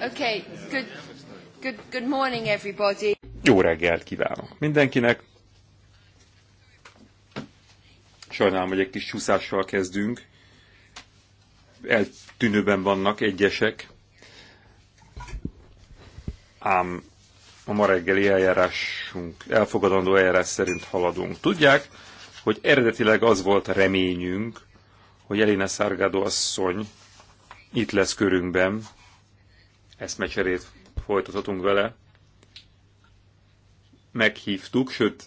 Okay, good, good, good morning everybody. Jó reggelt kívánok mindenkinek. Sajnálom, hogy egy kis csúszással kezdünk. Eltűnőben vannak egyesek. Ám a ma reggeli eljárásunk, elfogadandó eljárás szerint haladunk. Tudják, hogy eredetileg az volt a reményünk, hogy Elina Szárgádó asszony itt lesz körünkben, eszmecserét folytathatunk vele. Meghívtuk, sőt,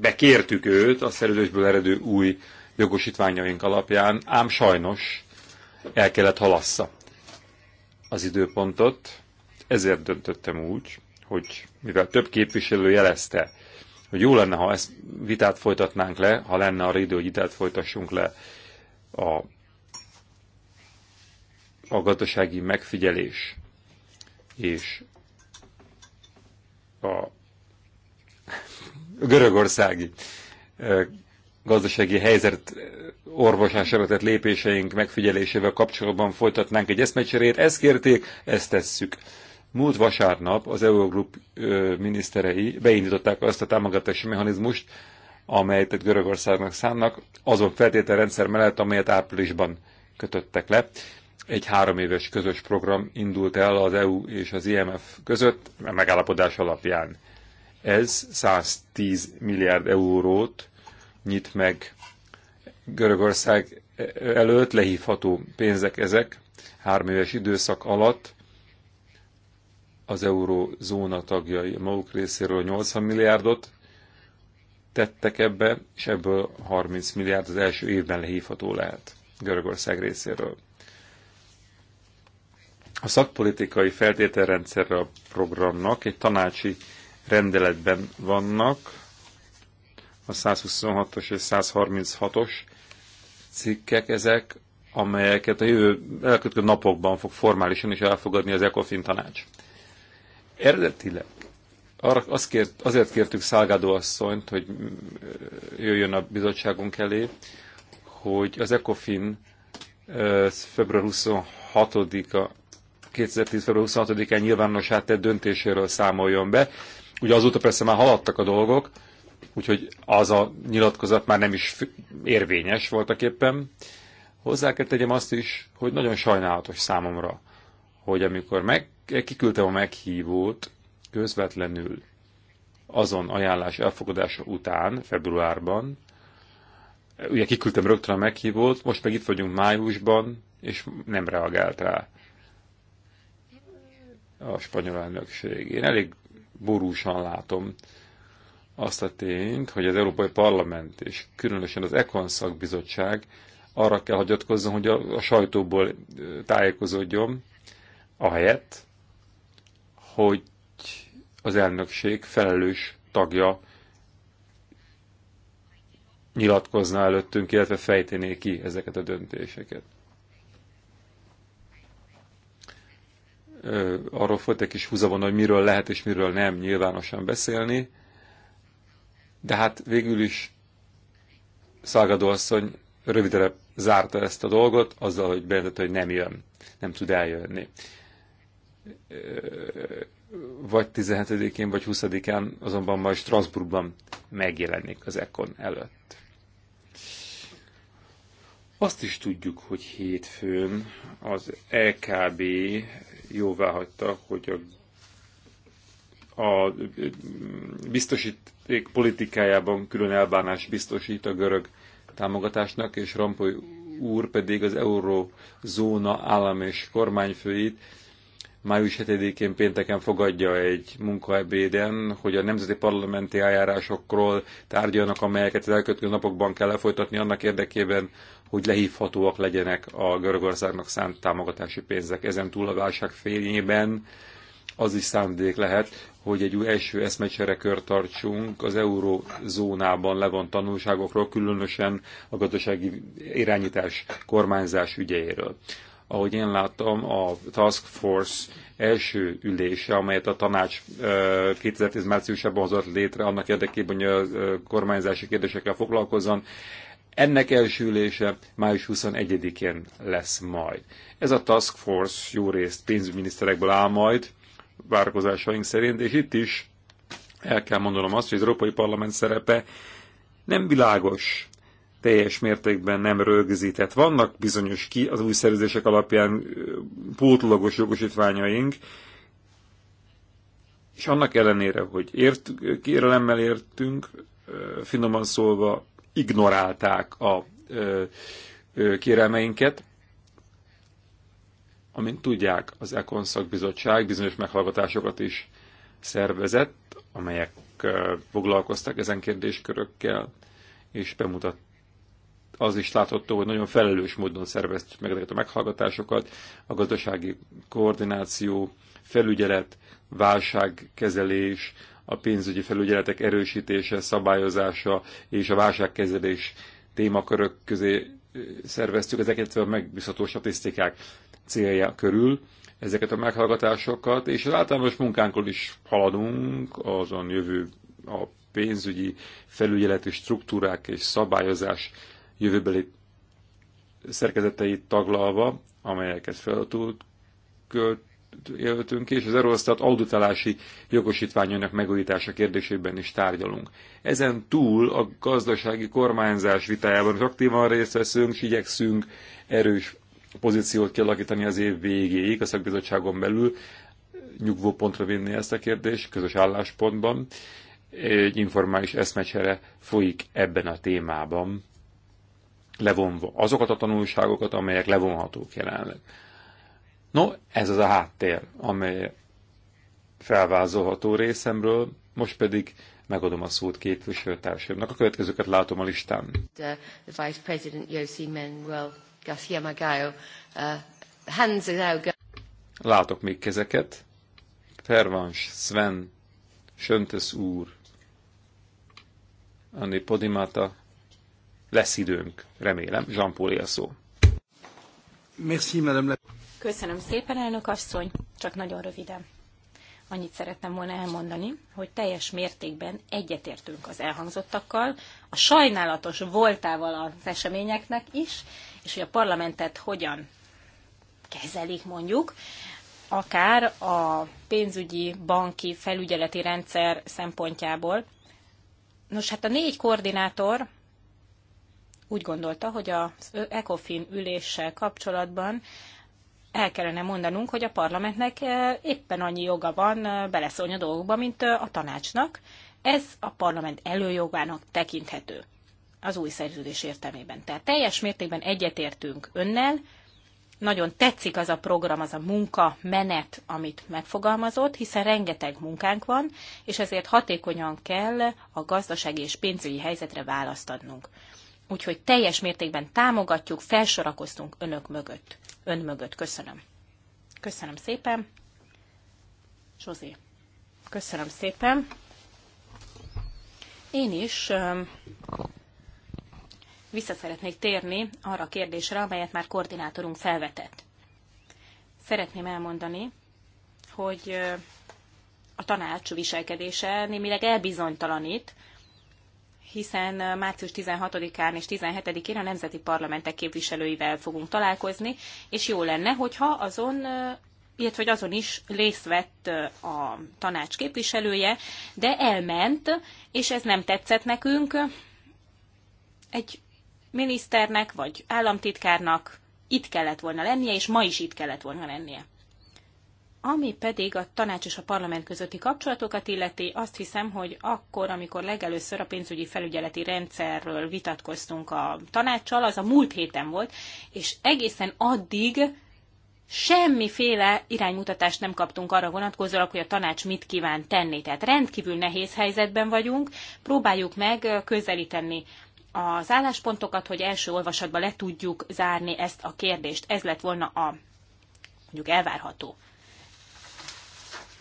bekértük őt a szerződésből eredő új jogosítványaink alapján, ám sajnos el kellett halassza az időpontot, ezért döntöttem úgy, hogy mivel több képviselő jelezte, hogy jó lenne, ha ezt vitát folytatnánk le, ha lenne arra idő, hogy vitát folytassunk le a, a gazdasági megfigyelés és a görögországi gazdasági helyzet orvosásra tett lépéseink megfigyelésével kapcsolatban folytatnánk egy eszmecserét. Ezt kérték, ezt tesszük. Múlt vasárnap az Eurogroup miniszterei beindították azt a támogatási mechanizmust, amelyet egy Görögországnak szánnak, azon rendszer mellett, amelyet áprilisban kötöttek le egy három éves közös program indult el az EU és az IMF között a megállapodás alapján. Ez 110 milliárd eurót nyit meg Görögország előtt, lehívható pénzek ezek, három éves időszak alatt az eurózóna tagjai maguk részéről 80 milliárdot tettek ebbe, és ebből 30 milliárd az első évben lehívható lehet Görögország részéről. A szakpolitikai feltételrendszerre a programnak egy tanácsi rendeletben vannak, a 126-os és 136-os cikkek ezek, amelyeket a jövő elkötő napokban fog formálisan is elfogadni az ECOFIN tanács. Eredetileg arra azt kért, azért kértük Szálgádó asszonyt, hogy mm, jöjjön a bizottságunk elé, hogy az ECOFIN február 26-a 2010. február 26-án nyilvánossá tett döntéséről számoljon be. Ugye azóta persze már haladtak a dolgok, úgyhogy az a nyilatkozat már nem is érvényes voltak éppen. Hozzá kell tegyem azt is, hogy nagyon sajnálatos számomra, hogy amikor meg, kiküldtem a meghívót közvetlenül azon ajánlás elfogadása után, februárban, ugye kiküldtem rögtön a meghívót, most meg itt vagyunk májusban, és nem reagált rá a spanyol elnökség. Én elég borúsan látom azt a tényt, hogy az Európai Parlament és különösen az Econ szakbizottság arra kell hagyatkozzon, hogy a, a sajtóból tájékozódjon, ahelyett, hogy az elnökség felelős tagja nyilatkozna előttünk, illetve fejtené ki ezeket a döntéseket. arról folyt egy kis húzavon, hogy miről lehet és miről nem nyilvánosan beszélni, de hát végül is Szálgadó asszony rövidre zárta ezt a dolgot, azzal, hogy bejelentette, hogy nem jön, nem tud eljönni. Vagy 17-én, vagy 20-án, azonban majd Strasbourgban megjelenik az Ekon előtt. Azt is tudjuk, hogy hétfőn az LKB e jóvá hagyta, hogy a, a biztosíték politikájában külön elbánás biztosít a görög támogatásnak, és Rampoly úr pedig az eurózóna állam és kormányfőit május 7-én pénteken fogadja egy munkaebéden, hogy a nemzeti parlamenti eljárásokról tárgyalnak, amelyeket az elkövetkező napokban kell lefolytatni annak érdekében, hogy lehívhatóak legyenek a Görögországnak szánt támogatási pénzek. Ezen túl a válság fényében az is szándék lehet, hogy egy új első kör tartsunk az eurózónában levont tanulságokról, különösen a gazdasági irányítás kormányzás ügyeiről ahogy én látom, a Task Force első ülése, amelyet a tanács 2010 márciusában hozott létre, annak érdekében, hogy a kormányzási kérdésekkel foglalkozzon, ennek első ülése május 21-én lesz majd. Ez a Task Force jó részt pénzügyminiszterekből áll majd, várakozásaink szerint, és itt is el kell mondanom azt, hogy az Európai Parlament szerepe nem világos teljes mértékben nem rögzített. Vannak bizonyos ki, az új szerződések alapján pótlagos jogosítványaink, és annak ellenére, hogy ért, kérelemmel értünk, finoman szólva ignorálták a kérelmeinket, amint tudják, az Econ szakbizottság bizonyos meghallgatásokat is szervezett, amelyek foglalkoztak ezen kérdéskörökkel, és bemutatták az is látható, hogy nagyon felelős módon szerveztük meg ezeket a meghallgatásokat, a gazdasági koordináció, felügyelet, válságkezelés, a pénzügyi felügyeletek erősítése, szabályozása és a válságkezelés témakörök közé szerveztük ezeket a megbízható statisztikák célja körül ezeket a meghallgatásokat, és az általános munkánkról is haladunk, azon jövő a pénzügyi felügyeleti struktúrák és szabályozás jövőbeli szerkezeteit taglalva, amelyeket feltúlt költünk, és az Eurostat auditálási jogosítványának megújítása kérdésében is tárgyalunk. Ezen túl a gazdasági kormányzás vitájában is aktívan részt veszünk, és igyekszünk erős pozíciót kialakítani az év végéig a szakbizottságon belül, nyugvó pontra vinni ezt a kérdést, közös álláspontban. Egy informális eszmecsere folyik ebben a témában levonva azokat a tanulságokat, amelyek levonhatók jelenleg. No, ez az a háttér, amely felvázolható részemről, most pedig megadom a szót képviselőtársamnak. A következőket látom a listán. Uh, the, Vice President Yossi Manuel Garcia Magallo, uh, Hans Látok még kezeket. Fervans, Sven, Söntes úr, Anni Podimata, lesz időnk, remélem. Jean-Paul a szó. Merci, madame. Köszönöm szépen, elnök asszony, csak nagyon röviden. Annyit szerettem volna elmondani, hogy teljes mértékben egyetértünk az elhangzottakkal, a sajnálatos voltával az eseményeknek is, és hogy a parlamentet hogyan kezelik mondjuk, akár a pénzügyi, banki, felügyeleti rendszer szempontjából. Nos, hát a négy koordinátor úgy gondolta, hogy az ECOFIN üléssel kapcsolatban el kellene mondanunk, hogy a parlamentnek e, éppen annyi joga van e, beleszólni a dolgokba, mint e, a tanácsnak. Ez a parlament előjogának tekinthető az új szerződés értelmében. Tehát teljes mértékben egyetértünk önnel, nagyon tetszik az a program, az a munka, menet, amit megfogalmazott, hiszen rengeteg munkánk van, és ezért hatékonyan kell a gazdasági és pénzügyi helyzetre választ adnunk. Úgyhogy teljes mértékben támogatjuk, felsorakoztunk önök mögött. Ön mögött. Köszönöm. Köszönöm szépen. Zsozé. Köszönöm szépen. Én is vissza szeretnék térni arra a kérdésre, amelyet már koordinátorunk felvetett. Szeretném elmondani, hogy a tanács viselkedése némileg elbizonytalanít, hiszen március 16-án és 17-én a nemzeti parlamentek képviselőivel fogunk találkozni, és jó lenne, hogyha azon illetve hogy azon is részt vett a tanács képviselője, de elment, és ez nem tetszett nekünk. Egy miniszternek vagy államtitkárnak itt kellett volna lennie, és ma is itt kellett volna lennie. Ami pedig a tanács és a parlament közötti kapcsolatokat illeti, azt hiszem, hogy akkor, amikor legelőször a pénzügyi felügyeleti rendszerről vitatkoztunk a tanácssal, az a múlt héten volt, és egészen addig semmiféle iránymutatást nem kaptunk arra vonatkozólag, hogy a tanács mit kíván tenni. Tehát rendkívül nehéz helyzetben vagyunk, próbáljuk meg közelíteni az álláspontokat, hogy első olvasatban le tudjuk zárni ezt a kérdést. Ez lett volna a mondjuk elvárható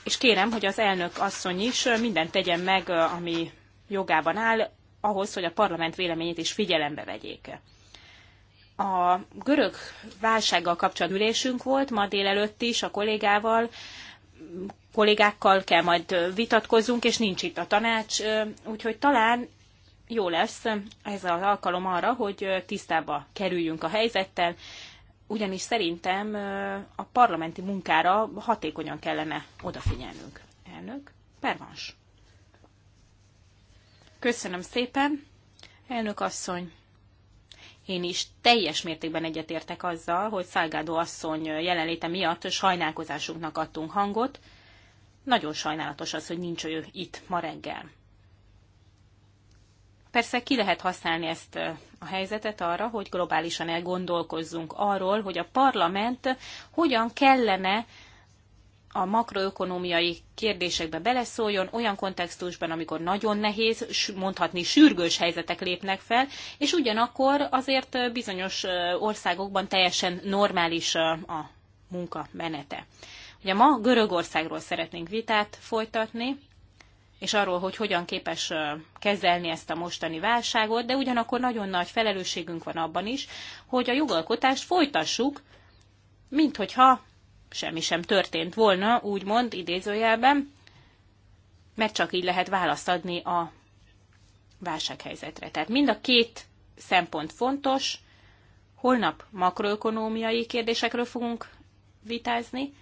és kérem, hogy az elnök asszony is mindent tegyen meg, ami jogában áll, ahhoz, hogy a parlament véleményét is figyelembe vegyék. A görög válsággal kapcsolatban ülésünk volt ma délelőtt is a kollégával, kollégákkal kell majd vitatkozzunk, és nincs itt a tanács, úgyhogy talán jó lesz ez az alkalom arra, hogy tisztába kerüljünk a helyzettel, ugyanis szerintem a parlamenti munkára hatékonyan kellene odafigyelnünk. Elnök, pervans. Köszönöm szépen, elnök asszony. Én is teljes mértékben egyetértek azzal, hogy Szálgádó asszony jelenléte miatt sajnálkozásunknak adtunk hangot. Nagyon sajnálatos az, hogy nincs ő itt ma reggel. Persze ki lehet használni ezt a helyzetet arra, hogy globálisan elgondolkozzunk arról, hogy a parlament hogyan kellene a makroökonomiai kérdésekbe beleszóljon olyan kontextusban, amikor nagyon nehéz, mondhatni sürgős helyzetek lépnek fel, és ugyanakkor azért bizonyos országokban teljesen normális a munka menete. Ugye ma Görögországról szeretnénk vitát folytatni, és arról, hogy hogyan képes kezelni ezt a mostani válságot, de ugyanakkor nagyon nagy felelősségünk van abban is, hogy a jogalkotást folytassuk, mint hogyha semmi sem történt volna, úgymond idézőjelben, mert csak így lehet választ adni a válsághelyzetre. Tehát mind a két szempont fontos. Holnap makroökonómiai kérdésekről fogunk vitázni,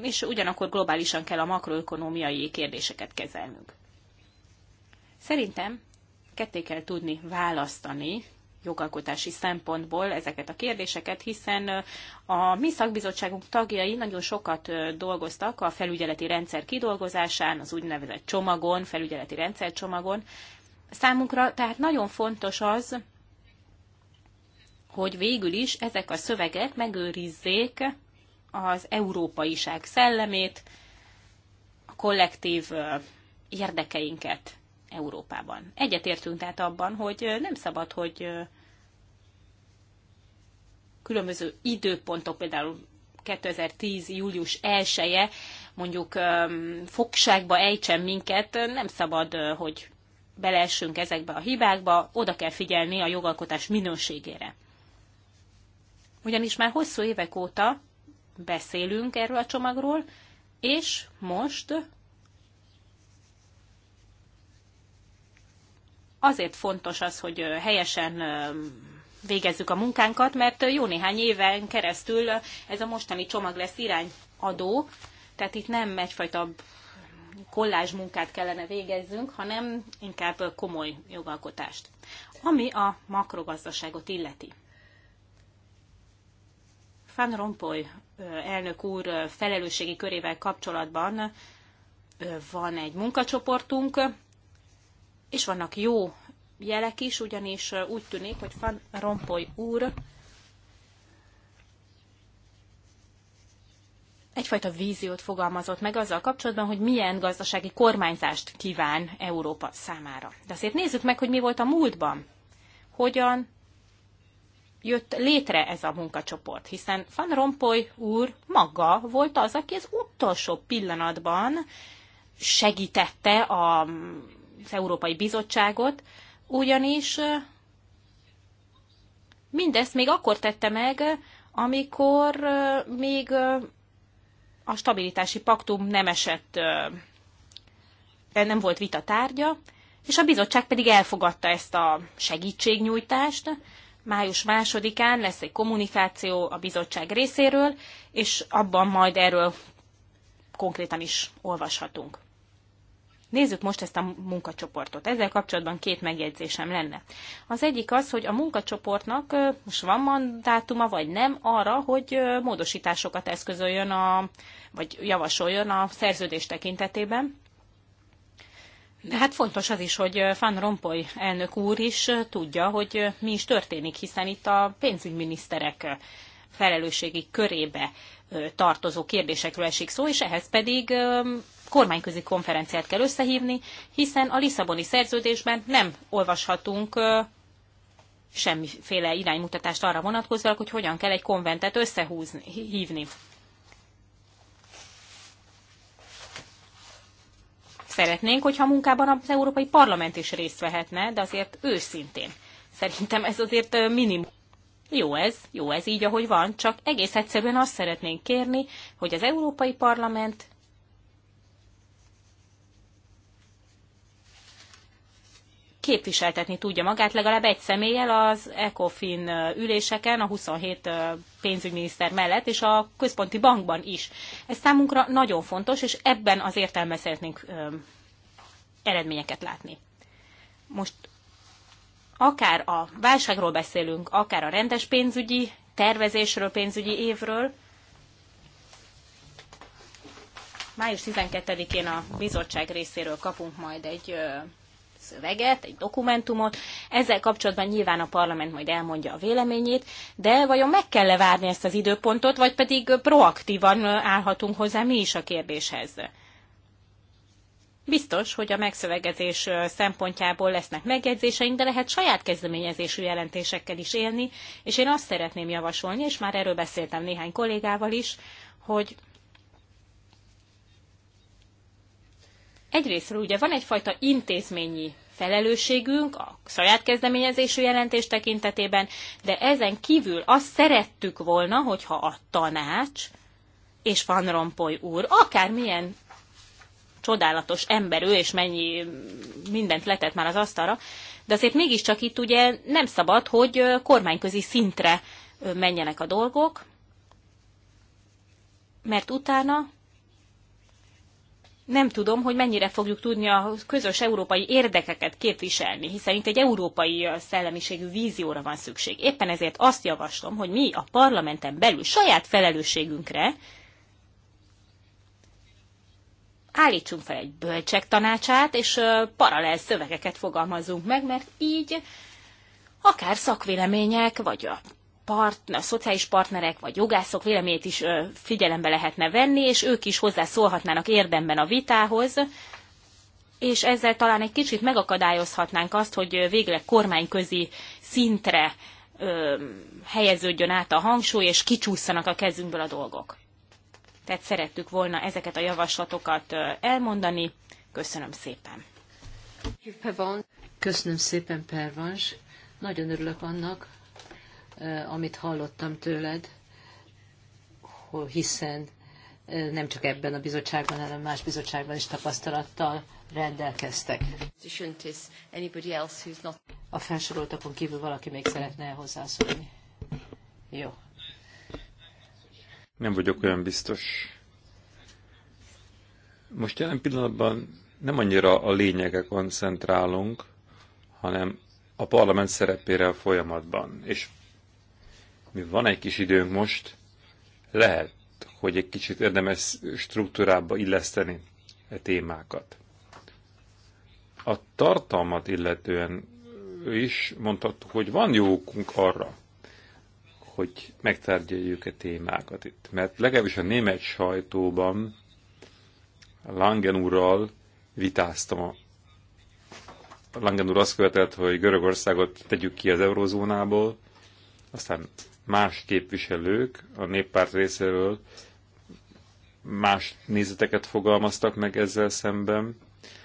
és ugyanakkor globálisan kell a makroökonómiai kérdéseket kezelnünk. Szerintem ketté kell tudni választani jogalkotási szempontból ezeket a kérdéseket, hiszen a mi szakbizottságunk tagjai nagyon sokat dolgoztak a felügyeleti rendszer kidolgozásán, az úgynevezett csomagon, felügyeleti rendszer csomagon. Számunkra tehát nagyon fontos az, hogy végül is ezek a szövegek megőrizzék az európaiság szellemét, a kollektív érdekeinket Európában. Egyetértünk tehát abban, hogy nem szabad, hogy különböző időpontok, például 2010. július 1-e mondjuk fogságba ejtsen minket, nem szabad, hogy beleessünk ezekbe a hibákba, oda kell figyelni a jogalkotás minőségére. Ugyanis már hosszú évek óta beszélünk erről a csomagról, és most azért fontos az, hogy helyesen végezzük a munkánkat, mert jó néhány éven keresztül ez a mostani csomag lesz irányadó, tehát itt nem egyfajta kollázs munkát kellene végezzünk, hanem inkább komoly jogalkotást. Ami a makrogazdaságot illeti. Van Rompuy elnök úr felelősségi körével kapcsolatban van egy munkacsoportunk, és vannak jó jelek is, ugyanis úgy tűnik, hogy Van Rompuy úr egyfajta víziót fogalmazott meg azzal kapcsolatban, hogy milyen gazdasági kormányzást kíván Európa számára. De azért nézzük meg, hogy mi volt a múltban. Hogyan jött létre ez a munkacsoport, hiszen Van Rompuy úr maga volt az, aki az utolsó pillanatban segítette a, az Európai Bizottságot, ugyanis mindezt még akkor tette meg, amikor még a stabilitási paktum nem esett, de nem volt vita tárgya, és a bizottság pedig elfogadta ezt a segítségnyújtást, május másodikán lesz egy kommunikáció a bizottság részéről, és abban majd erről konkrétan is olvashatunk. Nézzük most ezt a munkacsoportot. Ezzel kapcsolatban két megjegyzésem lenne. Az egyik az, hogy a munkacsoportnak most van mandátuma, vagy nem arra, hogy módosításokat eszközöljön, a, vagy javasoljon a szerződés tekintetében. De hát fontos az is, hogy Fan Rompoy elnök úr is tudja, hogy mi is történik, hiszen itt a pénzügyminiszterek felelősségi körébe tartozó kérdésekről esik szó, és ehhez pedig kormányközi konferenciát kell összehívni, hiszen a Lisszaboni szerződésben nem olvashatunk semmiféle iránymutatást arra vonatkozva, hogy hogyan kell egy konventet összehívni. Szeretnénk, hogyha a munkában az Európai Parlament is részt vehetne, de azért őszintén. Szerintem ez azért minimum. Jó ez, jó ez így, ahogy van, csak egész egyszerűen azt szeretnénk kérni, hogy az Európai Parlament képviseltetni tudja magát legalább egy személlyel az ECOFIN üléseken, a 27 pénzügyminiszter mellett, és a központi bankban is. Ez számunkra nagyon fontos, és ebben az értelme szeretnénk eredményeket látni. Most akár a válságról beszélünk, akár a rendes pénzügyi tervezésről, pénzügyi évről, május 12-én a bizottság részéről kapunk majd egy szöveget, egy dokumentumot. Ezzel kapcsolatban nyilván a parlament majd elmondja a véleményét, de vajon meg kell -e várni ezt az időpontot, vagy pedig proaktívan állhatunk hozzá mi is a kérdéshez? Biztos, hogy a megszövegezés szempontjából lesznek megjegyzéseink, de lehet saját kezdeményezésű jelentésekkel is élni, és én azt szeretném javasolni, és már erről beszéltem néhány kollégával is, hogy egyrésztről ugye van egyfajta intézményi felelősségünk a saját kezdeményezésű jelentés tekintetében, de ezen kívül azt szerettük volna, hogyha a tanács és Van Rompuy úr, akármilyen csodálatos ember ő, és mennyi mindent letett már az asztalra, de azért mégiscsak itt ugye nem szabad, hogy kormányközi szintre menjenek a dolgok, mert utána nem tudom, hogy mennyire fogjuk tudni a közös európai érdekeket képviselni, hiszen itt egy európai szellemiségű vízióra van szükség. Éppen ezért azt javaslom, hogy mi a parlamenten belül saját felelősségünkre állítsunk fel egy bölcsek tanácsát, és paralel szövegeket fogalmazunk meg, mert így akár szakvélemények, vagy a partner, a szociális partnerek vagy jogászok véleményét is figyelembe lehetne venni, és ők is hozzászólhatnának érdemben a vitához, és ezzel talán egy kicsit megakadályozhatnánk azt, hogy végleg kormányközi szintre ö, helyeződjön át a hangsúly, és kicsúszanak a kezünkből a dolgok. Tehát szerettük volna ezeket a javaslatokat elmondani. Köszönöm szépen. Köszönöm szépen, Pervans. Nagyon örülök annak, amit hallottam tőled, hiszen nem csak ebben a bizottságban, hanem más bizottságban is tapasztalattal rendelkeztek. A felsoroltakon kívül valaki még szeretne hozzászólni. Jó. Nem vagyok olyan biztos. Most jelen pillanatban nem annyira a lényege koncentrálunk, hanem a parlament szerepére a folyamatban, és van egy kis időnk most, lehet, hogy egy kicsit érdemes struktúrába illeszteni e témákat. A tartalmat illetően is mondhattuk, hogy van jókunk arra, hogy megtárgyaljuk a -e témákat itt. Mert legalábbis a német sajtóban Langen úrral vitáztam. A Langen úr azt követett, hogy Görögországot tegyük ki az eurozónából, aztán más képviselők a néppárt részéről más nézeteket fogalmaztak meg ezzel szemben.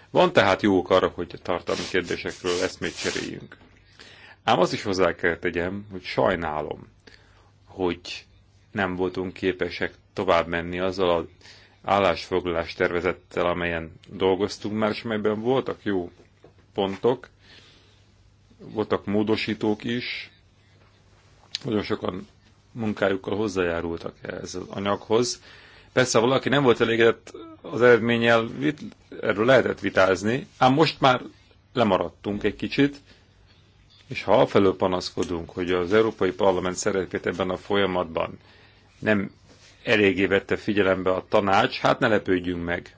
Van tehát jó ok arra, hogy a tartalmi kérdésekről eszmét cseréljünk. Ám azt is hozzá kell tegyem, hogy sajnálom, hogy nem voltunk képesek tovább menni azzal az állásfoglalás tervezettel, amelyen dolgoztunk már, és voltak jó pontok, voltak módosítók is, nagyon sokan munkájukkal hozzájárultak ez az anyaghoz. Persze, ha valaki nem volt elégedett az eredménnyel, erről lehetett vitázni, ám most már lemaradtunk egy kicsit, és ha afelől panaszkodunk, hogy az Európai Parlament szerepét ebben a folyamatban nem eléggé vette figyelembe a tanács, hát ne lepődjünk meg.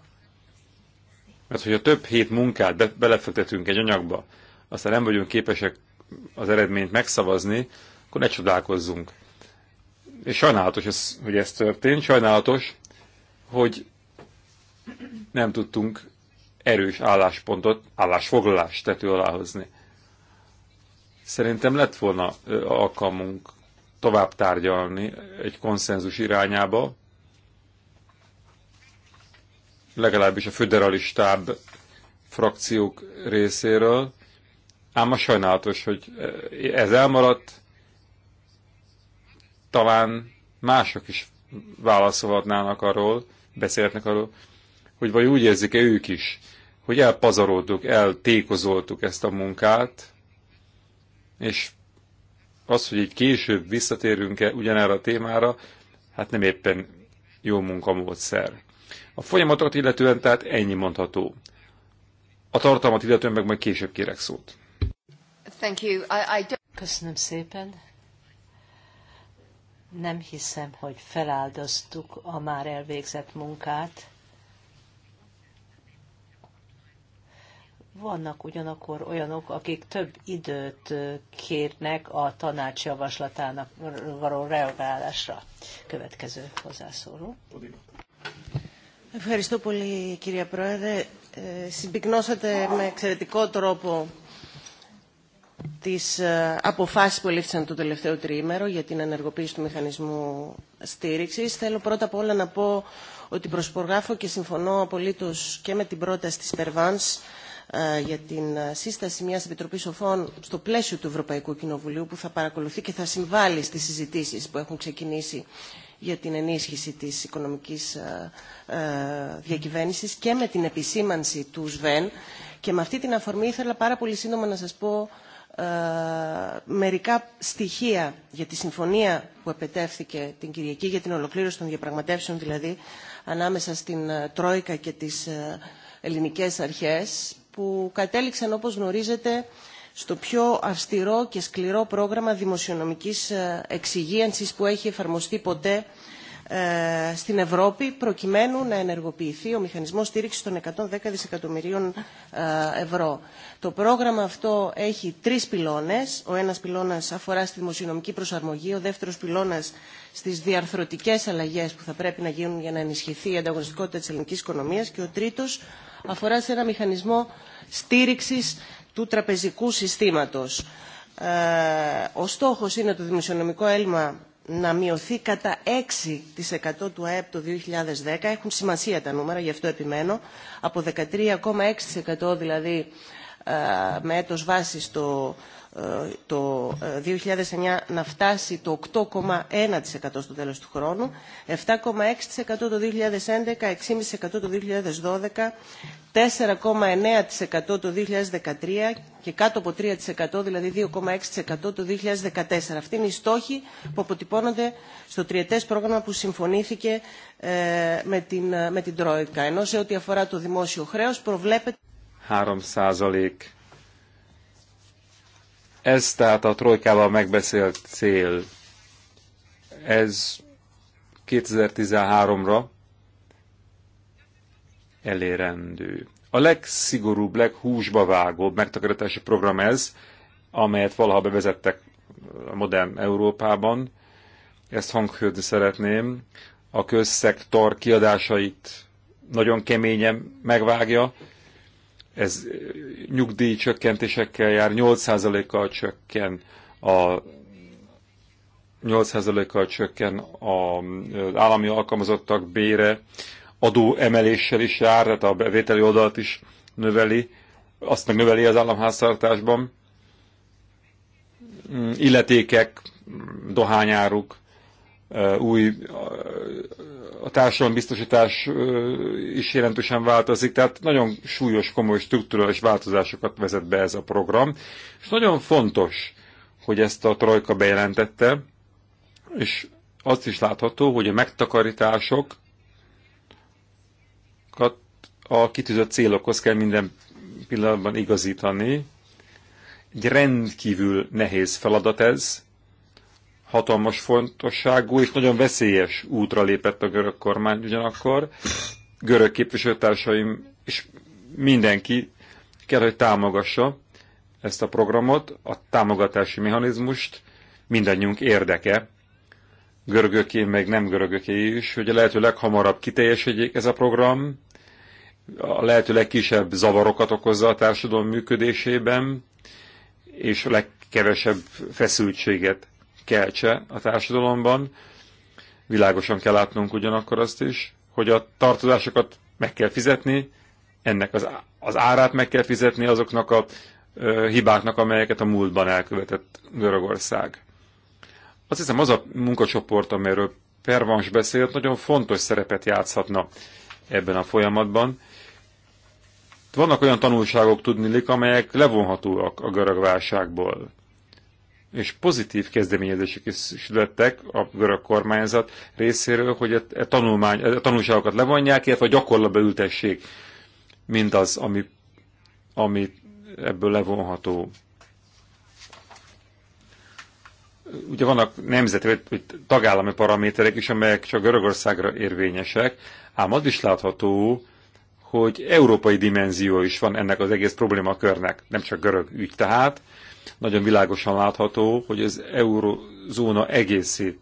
Mert hogyha több hét munkát be, belefektetünk egy anyagba, aztán nem vagyunk képesek az eredményt megszavazni, akkor ne csodálkozzunk. És sajnálatos, ez, hogy ez történt, sajnálatos, hogy nem tudtunk erős álláspontot, állásfoglalást tető alá hozni. Szerintem lett volna alkalmunk tovább tárgyalni egy konszenzus irányába, legalábbis a föderalistább frakciók részéről, ám a sajnálatos, hogy ez elmaradt, talán mások is válaszolhatnának arról, beszélhetnek arról, hogy vagy úgy érzik-e ők is, hogy elpazaroltuk, eltékozoltuk ezt a munkát, és az, hogy így később visszatérünk-e ugyanerre a témára, hát nem éppen jó munkamódszer. A folyamatokat illetően tehát ennyi mondható. A tartalmat illetően meg majd később kérek szót. Thank you. I, I Köszönöm szépen. Nem hiszem, hogy feláldoztuk a már elvégzett munkát. Vannak ugyanakkor olyanok, akik több időt kérnek a tanács javaslatának való reagálásra. Következő hozzászóló. Köszönöm szépen, κυρία Πρόεδρε. Συμπυκνώσατε με εξαιρετικό τρόπο τις αποφάσεις που ελήφθησαν το τελευταίο τριήμερο για την ενεργοποίηση του μηχανισμού στήριξης. Θέλω πρώτα απ' όλα να πω ότι προσπογράφω και συμφωνώ απολύτως και με την πρόταση της Περβάνς για την σύσταση μιας Επιτροπής Σοφών στο πλαίσιο του Ευρωπαϊκού Κοινοβουλίου που θα παρακολουθεί και θα συμβάλλει στις συζητήσεις που έχουν ξεκινήσει για την ενίσχυση της οικονομικής διακυβέρνησης και με την επισήμανση του ΣΒΕΝ. Και με αυτή την αφορμή ήθελα πάρα πολύ σύντομα να σας πω μερικά στοιχεία για τη συμφωνία που επετεύθηκε την Κυριακή για την ολοκλήρωση των διαπραγματεύσεων δηλαδή ανάμεσα στην Τρόικα και τις ελληνικές αρχές που κατέληξαν όπως γνωρίζετε στο πιο αυστηρό και σκληρό πρόγραμμα δημοσιονομικής εξυγίανσης που έχει εφαρμοστεί ποτέ στην Ευρώπη προκειμένου να ενεργοποιηθεί ο μηχανισμός στήριξης των 110 δισεκατομμυρίων ευρώ. Το πρόγραμμα αυτό έχει τρεις πυλώνες. Ο ένας πυλώνας αφορά στη δημοσιονομική προσαρμογή, ο δεύτερος πυλώνας στις διαρθρωτικές αλλαγές που θα πρέπει να γίνουν για να ενισχυθεί η ανταγωνιστικότητα της ελληνικής οικονομίας και ο τρίτος αφορά σε ένα μηχανισμό στήριξης του τραπεζικού συστήματος. Ο στόχος είναι το δημοσιονομικό έλλειμμα να μειωθεί κατά 6% του ΑΕΠ το 2010. Έχουν σημασία τα νούμερα, γι' αυτό επιμένω. Από 13,6% δηλαδή με έτος βάσης το το 2009 να φτάσει το 8,1% στο τέλος του χρόνου, 7,6% το 2011, 6,5% το 2012, 4,9% το 2013 και κάτω από 3%, δηλαδή 2,6% το 2014. Αυτή είναι η στόχη που αποτυπώνονται στο τριετές πρόγραμμα που συμφωνήθηκε ε, με, την, με την Τρόικα. Ενώ σε ό,τι αφορά το δημόσιο χρέος προβλέπεται... 3 százalék ez tehát a trojkával megbeszélt cél. Ez 2013-ra elérendő. A legszigorúbb, leghúsba vágóbb megtakarítási program ez, amelyet valaha bevezettek a modern Európában. Ezt hangfődni szeretném. A közszektor kiadásait nagyon keményen megvágja, ez nyugdíj csökkentésekkel jár, 8%-kal csökken a 8%-kal csökken az állami alkalmazottak bére, adó emeléssel is jár, tehát a bevételi oldalt is növeli, azt meg növeli az államháztartásban. Mm, illetékek, dohányáruk, új a társadalombiztosítás is jelentősen változik, tehát nagyon súlyos, komoly struktúrális változásokat vezet be ez a program, és nagyon fontos, hogy ezt a trojka bejelentette, és azt is látható, hogy a megtakarításokat a kitűzött célokhoz kell minden pillanatban igazítani. Egy rendkívül nehéz feladat ez, hatalmas fontosságú és nagyon veszélyes útra lépett a görög kormány ugyanakkor. Görög képviselőtársaim és mindenki kell, hogy támogassa ezt a programot, a támogatási mechanizmust mindannyiunk érdeke, görögöké, meg nem görögöké is, hogy a lehető leghamarabb kiteljesedjék ez a program, a lehető legkisebb zavarokat okozza a társadalom működésében, és a legkevesebb feszültséget keltse a társadalomban. Világosan kell látnunk ugyanakkor azt is, hogy a tartozásokat meg kell fizetni, ennek az, az árát meg kell fizetni azoknak a ö, hibáknak, amelyeket a múltban elkövetett Görögország. Azt hiszem az a munkacsoport, amelyről Pervans beszélt, nagyon fontos szerepet játszhatna ebben a folyamatban. Vannak olyan tanulságok tudnilik, amelyek levonhatóak a görög válságból és pozitív kezdeményezések is születtek a görög kormányzat részéről, hogy a, tanulmány, a tanulságokat levonják, illetve a gyakorlatba ültessék mindaz, ami, ami ebből levonható. Ugye vannak nemzeti vagy tagállami paraméterek is, amelyek csak Görögországra érvényesek, ám az is látható, hogy európai dimenzió is van ennek az egész problémakörnek, nem csak görög ügy tehát, nagyon világosan látható, hogy az eurozóna egészét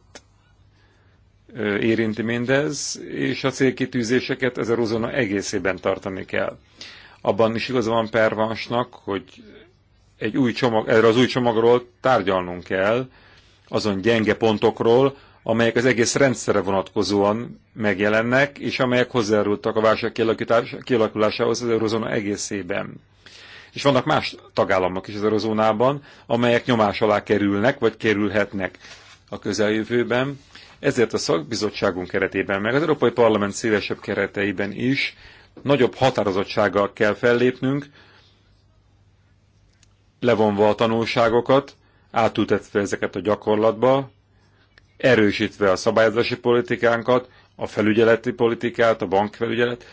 érinti mindez, és a célkitűzéseket az eurozóna egészében tartani kell. Abban is igaza van pervansnak, hogy egy új csomag, erre az új csomagról tárgyalnunk kell, azon gyenge pontokról, amelyek az egész rendszerre vonatkozóan megjelennek, és amelyek hozzájárultak a válság kialakulásához az eurozóna egészében és vannak más tagállamok is az eurozónában, amelyek nyomás alá kerülnek, vagy kerülhetnek a közeljövőben. Ezért a szakbizottságunk keretében, meg az Európai Parlament szélesebb kereteiben is nagyobb határozottsággal kell fellépnünk, levonva a tanulságokat, átültetve ezeket a gyakorlatba, erősítve a szabályozási politikánkat, a felügyeleti politikát, a bankfelügyelet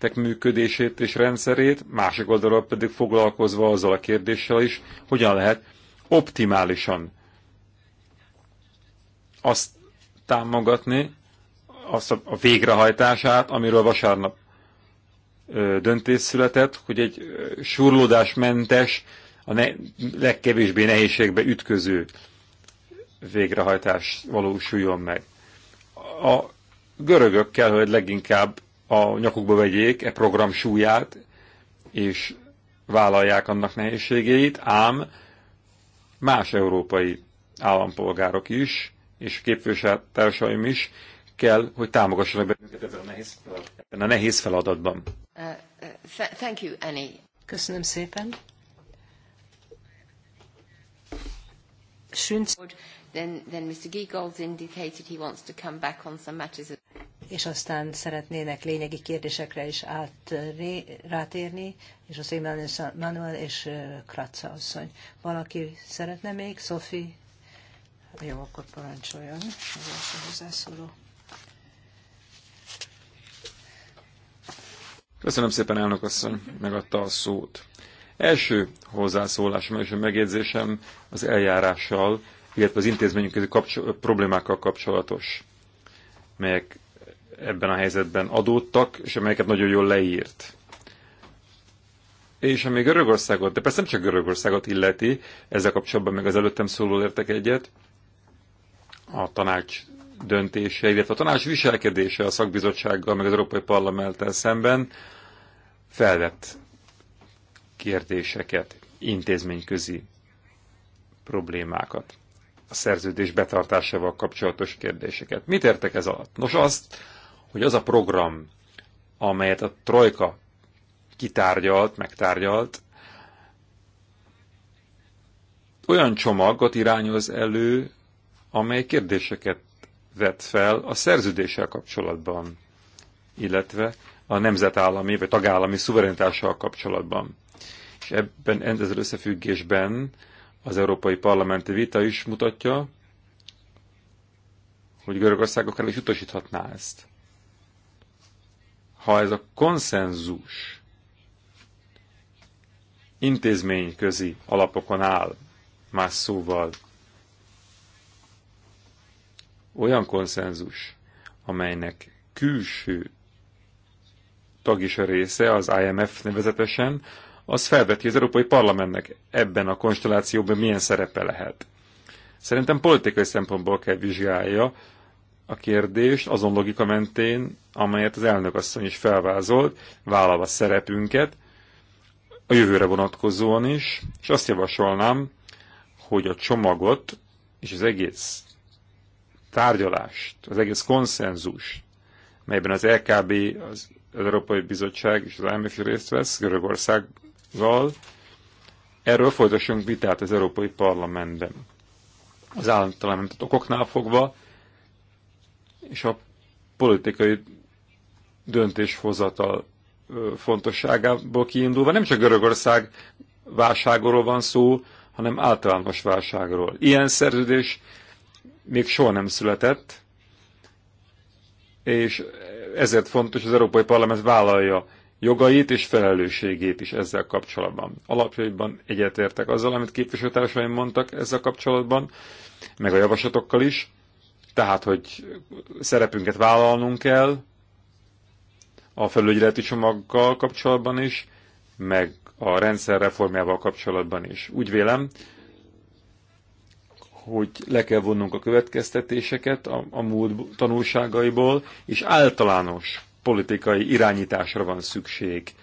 tek működését és rendszerét, másik oldalról pedig foglalkozva azzal a kérdéssel is, hogyan lehet optimálisan azt támogatni, azt a végrehajtását, amiről vasárnap döntés született, hogy egy surlódásmentes, a ne, legkevésbé nehézségbe ütköző végrehajtás valósuljon meg. A görögök kell, hogy leginkább a nyakukba vegyék e program súlyát, és vállalják annak nehézségeit, ám más európai állampolgárok is, és képviselőtársaim is kell, hogy támogassanak bennünket ebben a nehéz, ebben a nehéz feladatban. Uh, uh, thank you, Annie. Köszönöm szépen. Sünc Then, then Mr. Giegold indicated he wants to come back on some matters. És aztán szeretnének lényegi kérdésekre is át, ré, rátérni, és az én Manuel és Kratza asszony. Valaki szeretne még? Szofi? Jó, akkor parancsoljon az első hozzászóló. Köszönöm szépen, elnök asszony, megadta a szót. Első hozzászólásom és a megjegyzésem az eljárással illetve az intézményközi kapcsol problémákkal kapcsolatos, melyek ebben a helyzetben adódtak, és amelyeket nagyon jól leírt. És ami Görögországot, de persze nem csak Görögországot illeti, ezzel kapcsolatban meg az előttem szóló értek egyet, a tanács döntése, illetve a tanács viselkedése a szakbizottsággal, meg az Európai Parlamenttel szemben felvett kérdéseket, intézményközi problémákat a szerződés betartásával kapcsolatos kérdéseket. Mit értek ez alatt? Nos azt, hogy az a program, amelyet a Trojka kitárgyalt, megtárgyalt, olyan csomagot irányoz elő, amely kérdéseket vet fel a szerződéssel kapcsolatban, illetve a nemzetállami vagy tagállami szuverenitással kapcsolatban. És ebben, ezzel összefüggésben az Európai Parlamenti vita is mutatja, hogy Görögország akár is utasíthatná ezt. Ha ez a konszenzus intézményközi alapokon áll, más szóval olyan konszenzus, amelynek külső tag is a része, az IMF nevezetesen, az felveti az Európai Parlamentnek ebben a konstellációban milyen szerepe lehet. Szerintem politikai szempontból kell vizsgálja a kérdést azon logika mentén, amelyet az elnök asszony is felvázolt, vállalva szerepünket, a jövőre vonatkozóan is, és azt javasolnám, hogy a csomagot és az egész tárgyalást, az egész konszenzus, melyben az LKB, e az Európai Bizottság és az IMF részt vesz Görögország val Erről folytassunk vitát az Európai Parlamentben. Az általán okoknál fogva, és a politikai döntéshozatal fontosságából kiindulva nem csak Görögország válságról van szó, hanem általános válságról. Ilyen szerződés még soha nem született, és ezért fontos, hogy az Európai Parlament vállalja jogait és felelősségét is ezzel kapcsolatban. Alapjaiban egyetértek azzal, amit képviselőtársaim mondtak ezzel kapcsolatban, meg a javaslatokkal is, tehát, hogy szerepünket vállalnunk kell a felügyeleti csomaggal kapcsolatban is, meg a rendszer reformjával kapcsolatban is. Úgy vélem, hogy le kell vonnunk a következtetéseket a, a múlt tanulságaiból, és általános politikai irányításra van szükség.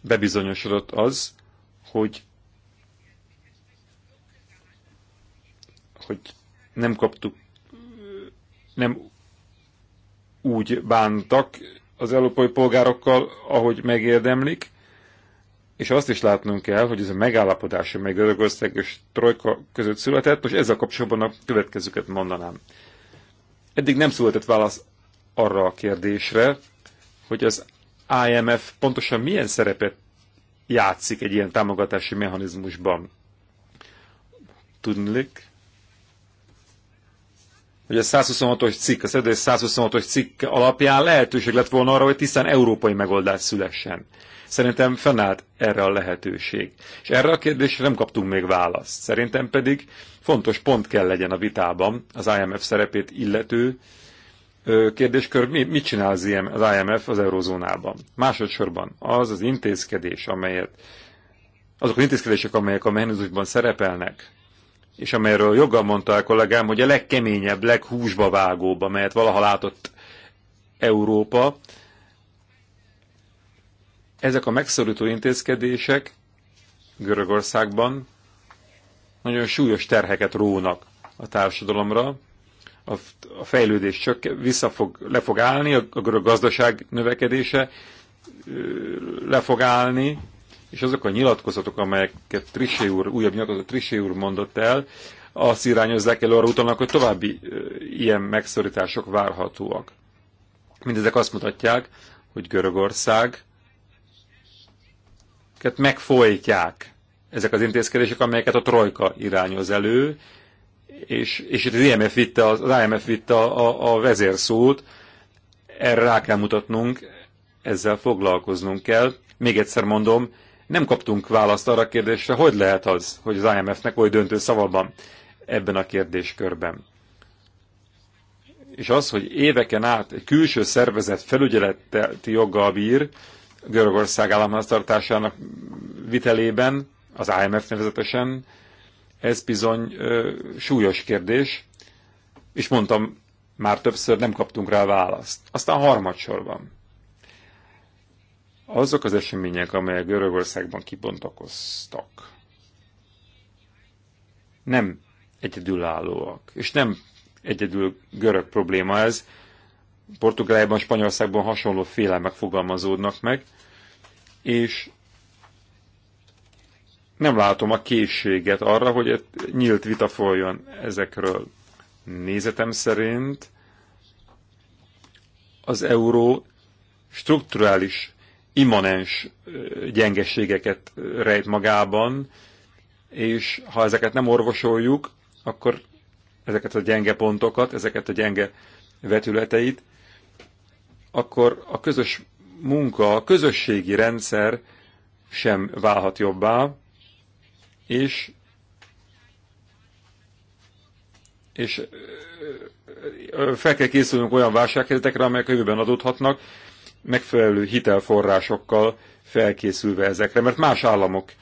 Bebizonyosodott az, hogy, hogy nem kaptuk, nem úgy bántak az európai polgárokkal, ahogy megérdemlik, és azt is látnunk kell, hogy ez a megállapodás, amely Görögország és Trojka között született, most ezzel kapcsolatban a következőket mondanám. Eddig nem született válasz arra a kérdésre, hogy az IMF pontosan milyen szerepet játszik egy ilyen támogatási mechanizmusban. Tudnék, hogy a 126-os cikk, a 126-os cikk alapján lehetőség lett volna arra, hogy tisztán európai megoldás szülessen. Szerintem fennállt erre a lehetőség. És erre a kérdésre nem kaptunk még választ. Szerintem pedig fontos pont kell legyen a vitában az IMF szerepét illető, kérdéskör, mit csinál az IMF az eurozónában? Másodszorban az az intézkedés, amelyet azok az intézkedések, amelyek a mechanizmusban szerepelnek, és amelyről joggal mondta a kollégám, hogy a legkeményebb, leghúsba vágóbb, amelyet valaha látott Európa, ezek a megszorító intézkedések Görögországban nagyon súlyos terheket rónak a társadalomra, a, a fejlődés csak vissza fog, le fog állni, a, a gazdaság növekedése le fog állni, és azok a nyilatkozatok, amelyeket Trissé úr, újabb nyilatkozat Trissé úr mondott el, azt irányozzák elő, arra utalnak, hogy további ilyen megszorítások várhatóak. Mindezek azt mutatják, hogy Görögország megfolytják ezek az intézkedések, amelyeket a trojka irányoz elő, és, és itt az IMF vitte, az IMF vitte a, a, a vezérszót, erre rá kell mutatnunk, ezzel foglalkoznunk kell. Még egyszer mondom, nem kaptunk választ arra a kérdésre, hogy lehet az, hogy az IMF-nek oly döntő szava van ebben a kérdéskörben. És az, hogy éveken át egy külső szervezet felügyeleti joggal bír Görögország államháztartásának vitelében, az IMF nevezetesen, ez bizony ö, súlyos kérdés, és mondtam, már többször nem kaptunk rá választ. Aztán harmadsorban. Azok az események, amelyek Görögországban kibontakoztak, nem egyedülállóak, és nem egyedül görög probléma ez. Portugáliában, Spanyolországban hasonló félelmek fogalmazódnak meg, és nem látom a készséget arra, hogy egy nyílt vita folyjon ezekről. Nézetem szerint az euró strukturális, immanens gyengességeket rejt magában, és ha ezeket nem orvosoljuk, akkor ezeket a gyenge pontokat, ezeket a gyenge vetületeit, akkor a közös munka, a közösségi rendszer sem válhat jobbá, és és fel kell készülnünk olyan válsághelyzetekre, amelyek jövőben adódhatnak, megfelelő hitelforrásokkal felkészülve ezekre, mert más államok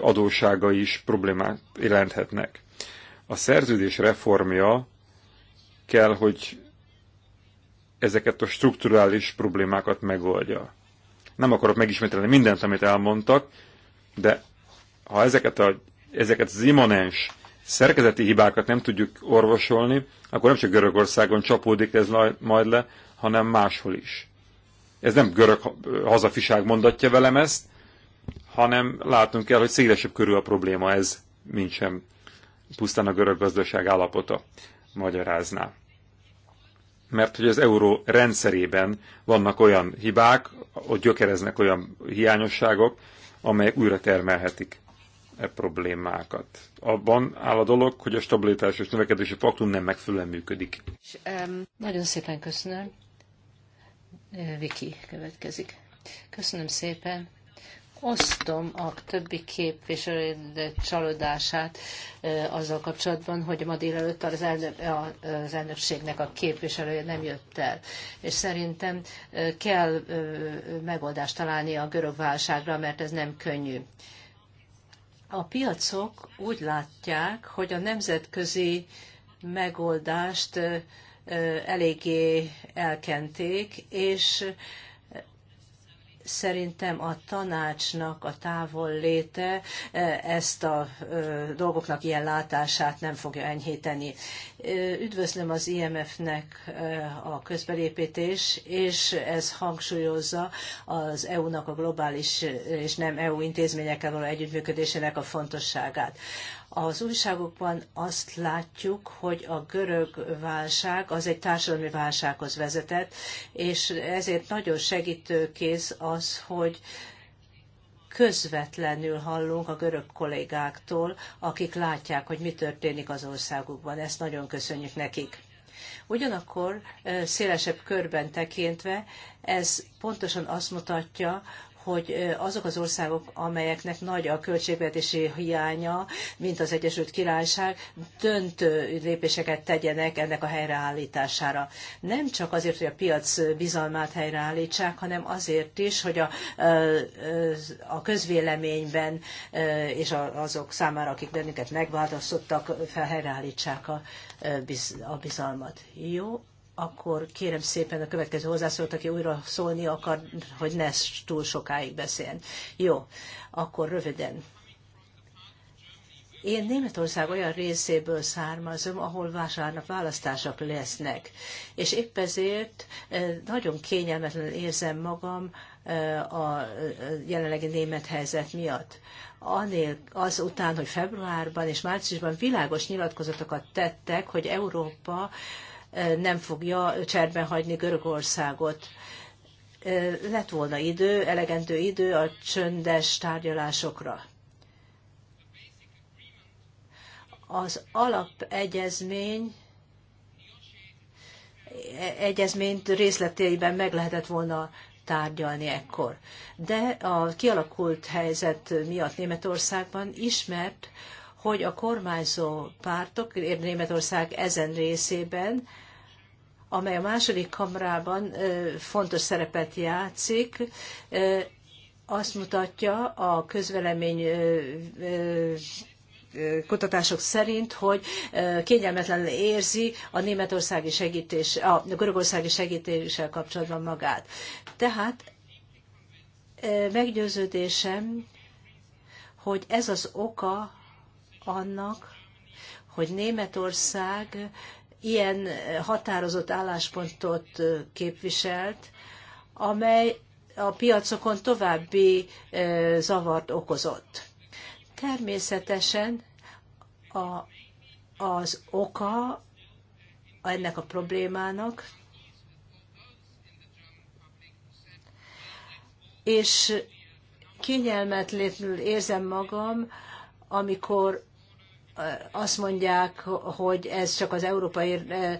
adóssága is problémát jelenthetnek. A szerződés reformja kell, hogy ezeket a strukturális problémákat megoldja. Nem akarok megismételni mindent, amit elmondtak, de ha ezeket, a, ezeket az immanens szerkezeti hibákat nem tudjuk orvosolni, akkor nem csak Görögországon csapódik ez majd le, hanem máshol is. Ez nem görög hazafiság mondatja velem ezt, hanem látunk kell, hogy szélesebb körül a probléma ez, mint sem pusztán a görög gazdaság állapota magyarázná. Mert hogy az euró rendszerében vannak olyan hibák, ott gyökereznek olyan hiányosságok, amelyek újra termelhetik e problémákat. Abban áll a dolog, hogy a stabilitás és növekedési paktum nem megfelelően működik. Nagyon szépen köszönöm. Viki következik. Köszönöm szépen. Osztom a többi képviselő csalódását azzal kapcsolatban, hogy ma délelőtt az, elnök, az elnökségnek a képviselője nem jött el. És szerintem kell megoldást találni a görög válságra, mert ez nem könnyű. A piacok úgy látják, hogy a nemzetközi megoldást eléggé elkenték, és szerintem a tanácsnak a távol léte e, ezt a e, dolgoknak ilyen látását nem fogja enyhíteni. E, üdvözlöm az IMF-nek a közbelépítés, és ez hangsúlyozza az EU-nak a globális és nem EU intézményekkel való együttműködésének a fontosságát. Az újságokban azt látjuk, hogy a görög válság az egy társadalmi válsághoz vezetett, és ezért nagyon segítőkész az, hogy közvetlenül hallunk a görög kollégáktól, akik látják, hogy mi történik az országukban. Ezt nagyon köszönjük nekik. Ugyanakkor szélesebb körben tekintve ez pontosan azt mutatja, hogy azok az országok, amelyeknek nagy a költségvetési hiánya, mint az Egyesült Királyság, döntő lépéseket tegyenek ennek a helyreállítására. Nem csak azért, hogy a piac bizalmát helyreállítsák, hanem azért is, hogy a, a közvéleményben és azok számára, akik bennünket megváltoztattak, felhelyreállítsák a, a bizalmat. Jó, akkor kérem szépen a következő hozzászólót, aki újra szólni akar, hogy ne túl sokáig beszéljen. Jó, akkor röviden. Én Németország olyan részéből származom, ahol vásárnap választások lesznek, és épp ezért e, nagyon kényelmetlenül érzem magam e, a e, jelenlegi német helyzet miatt. Anél azután, hogy februárban és márciusban világos nyilatkozatokat tettek, hogy Európa nem fogja cserben hagyni Görögországot. Lett volna idő, elegendő idő a csöndes tárgyalásokra. Az alapegyezmény e, egyezményt részletében meg lehetett volna tárgyalni ekkor. De a kialakult helyzet miatt Németországban ismert, hogy a kormányzó pártok Németország ezen részében, amely a második kamrában fontos szerepet játszik, azt mutatja a közvelemény kutatások szerint, hogy kényelmetlenül érzi a németországi segítés, a görögországi segítéssel kapcsolatban magát. Tehát meggyőződésem, hogy ez az oka annak, hogy Németország ilyen határozott álláspontot képviselt, amely a piacokon további zavart okozott. Természetesen a, az oka ennek a problémának, és kényelmetlenül érzem magam, amikor azt mondják, hogy ez csak az európai eh, eh,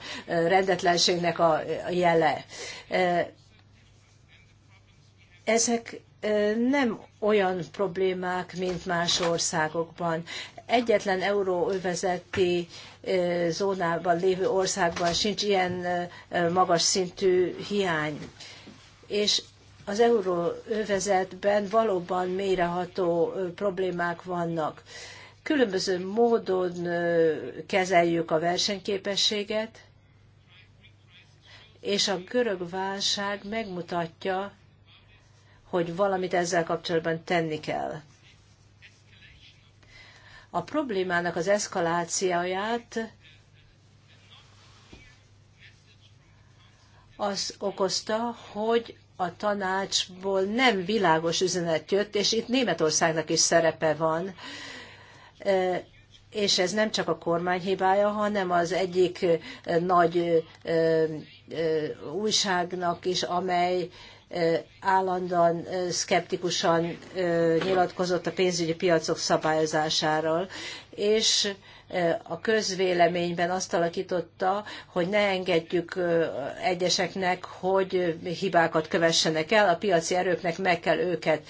rendetlenségnek a jele. Eh, ezek nem olyan problémák, mint más országokban. Egyetlen euróövezeti zónában lévő országban sincs ilyen magas szintű hiány. És az euróövezetben valóban mélyreható problémák vannak Különböző módon kezeljük a versenyképességet, és a görög válság megmutatja, hogy valamit ezzel kapcsolatban tenni kell. A problémának az eszkalációját az okozta, hogy a tanácsból nem világos üzenet jött, és itt Németországnak is szerepe van és ez nem csak a kormány hibája, hanem az egyik nagy újságnak is, amely állandóan szkeptikusan nyilatkozott a pénzügyi piacok szabályozásáról, és a közvéleményben azt alakította, hogy ne engedjük egyeseknek, hogy hibákat kövessenek el, a piaci erőknek meg kell őket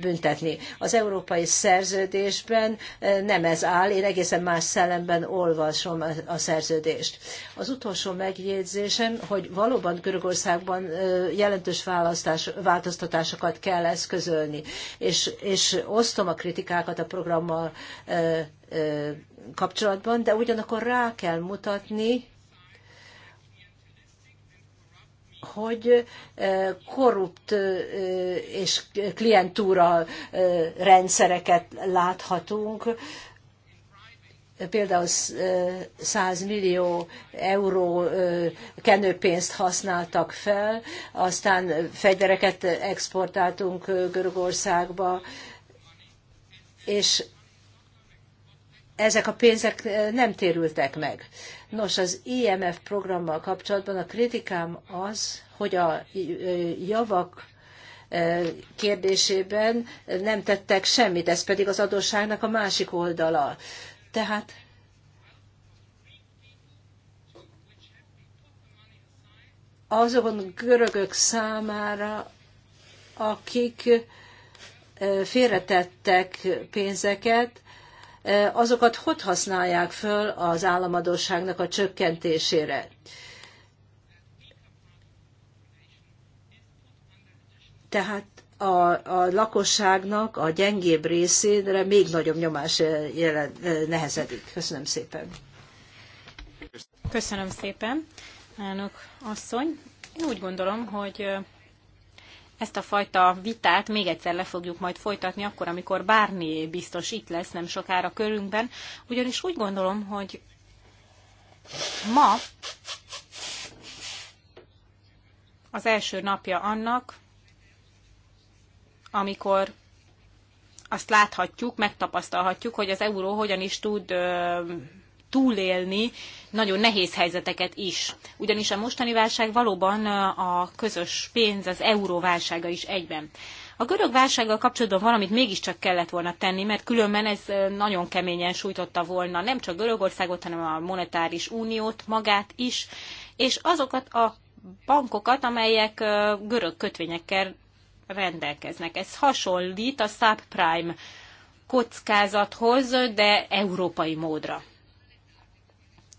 büntetni. Az európai szerződésben nem ez áll, én egészen más szellemben olvasom a szerződést. Az utolsó megjegyzésem, hogy valóban Görögországban jelentős választás, változtatásokat kell eszközölni, és, és osztom a kritikákat a programmal kapcsolatban, de ugyanakkor rá kell mutatni, hogy korrupt és klientúra rendszereket láthatunk, például 100 millió euró kenőpénzt használtak fel, aztán fegyvereket exportáltunk Görögországba, és ezek a pénzek nem térültek meg. Nos, az IMF programmal kapcsolatban a kritikám az, hogy a javak kérdésében nem tettek semmit, ez pedig az adósságnak a másik oldala. Tehát azokon görögök számára, akik félretettek pénzeket, Eh, azokat hogy használják föl az államadóságnak a csökkentésére. Tehát a, a lakosságnak a gyengébb részére még nagyobb nyomás eh, jelen, eh, nehezedik. Köszönöm szépen. Köszönöm szépen, elnök asszony. Én úgy gondolom, hogy ezt a fajta vitát még egyszer le fogjuk majd folytatni akkor, amikor bármi biztos itt lesz nem sokára körünkben, ugyanis úgy gondolom, hogy ma az első napja annak, amikor azt láthatjuk, megtapasztalhatjuk, hogy az euró hogyan is tud túlélni nagyon nehéz helyzeteket is. Ugyanis a mostani válság valóban a közös pénz, az euró válsága is egyben. A görög válsággal kapcsolatban valamit mégiscsak kellett volna tenni, mert különben ez nagyon keményen sújtotta volna nem csak Görögországot, hanem a monetáris uniót, magát is, és azokat a bankokat, amelyek görög kötvényekkel rendelkeznek. Ez hasonlít a subprime kockázathoz, de európai módra.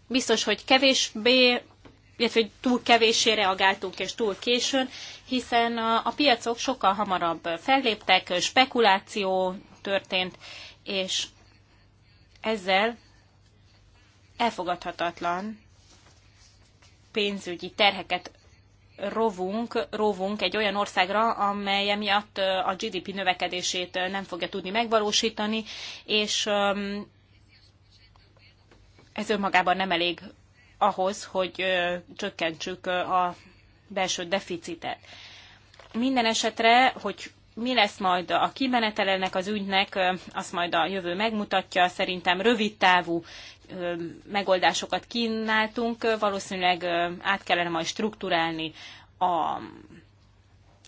Biztos, hogy kevésbé, illetve hogy túl kevéssé reagáltunk és túl későn, hiszen a, a piacok sokkal hamarabb felléptek, spekuláció történt, és ezzel elfogadhatatlan pénzügyi terheket rovunk, rovunk egy olyan országra, amely miatt a GDP növekedését nem fogja tudni megvalósítani, és ez önmagában nem elég ahhoz, hogy csökkentsük a belső deficitet. Minden esetre, hogy mi lesz majd a kimenetelenek az ügynek, azt majd a jövő megmutatja. Szerintem rövid távú megoldásokat kínáltunk, valószínűleg át kellene majd struktúrálni a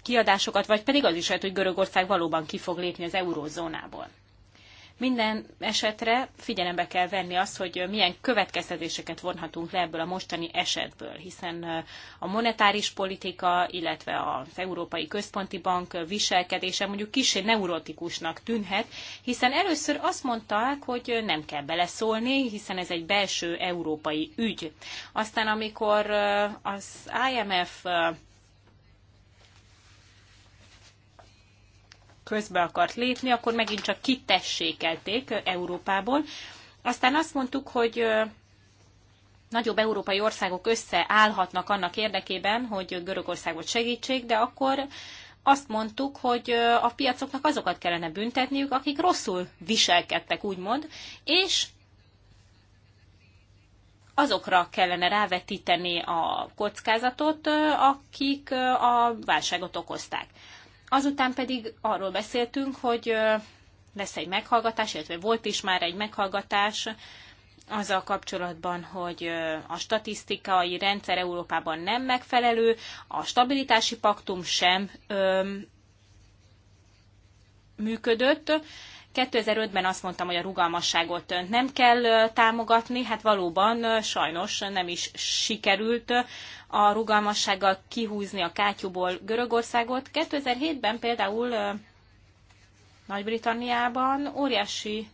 kiadásokat, vagy pedig az is lehet, hogy Görögország valóban ki fog lépni az eurózónából. Minden esetre figyelembe kell venni azt, hogy milyen következtetéseket vonhatunk le ebből a mostani esetből, hiszen eh, a monetáris politika, illetve az Európai Központi Bank viselkedése mondjuk kicsit neurotikusnak tűnhet, hiszen először azt mondták, hogy nem kell beleszólni, hiszen ez egy belső európai ügy. Aztán amikor eh, az IMF eh, közbe akart lépni, akkor megint csak kitessékelték Európából. Aztán azt mondtuk, hogy nagyobb európai országok összeállhatnak annak érdekében, hogy Görögországot segítsék, de akkor azt mondtuk, hogy a piacoknak azokat kellene büntetniük, akik rosszul viselkedtek, úgymond, és azokra kellene rávetíteni a kockázatot, akik a válságot okozták. Azután pedig arról beszéltünk, hogy lesz egy meghallgatás, illetve volt is már egy meghallgatás azzal kapcsolatban, hogy a statisztikai rendszer Európában nem megfelelő, a stabilitási paktum sem működött, 2005-ben azt mondtam, hogy a rugalmasságot nem kell támogatni, hát valóban sajnos nem is sikerült a rugalmassággal kihúzni a kátyúból Görögországot. 2007-ben például Nagy-Britanniában óriási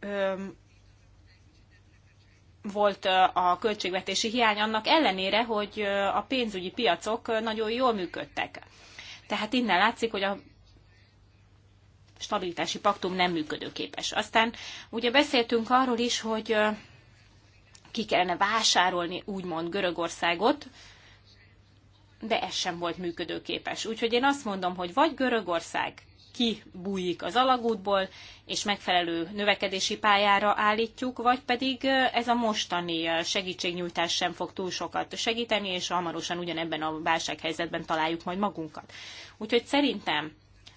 öm, volt a költségvetési hiány annak ellenére, hogy a pénzügyi piacok nagyon jól működtek. Tehát innen látszik, hogy a stabilitási paktum nem működőképes. Aztán ugye beszéltünk arról is, hogy ki kellene vásárolni úgymond Görögországot, de ez sem volt működőképes. Úgyhogy én azt mondom, hogy vagy Görögország kibújik az alagútból, és megfelelő növekedési pályára állítjuk, vagy pedig ez a mostani segítségnyújtás sem fog túl sokat segíteni, és hamarosan ugyanebben a válsághelyzetben találjuk majd magunkat. Úgyhogy szerintem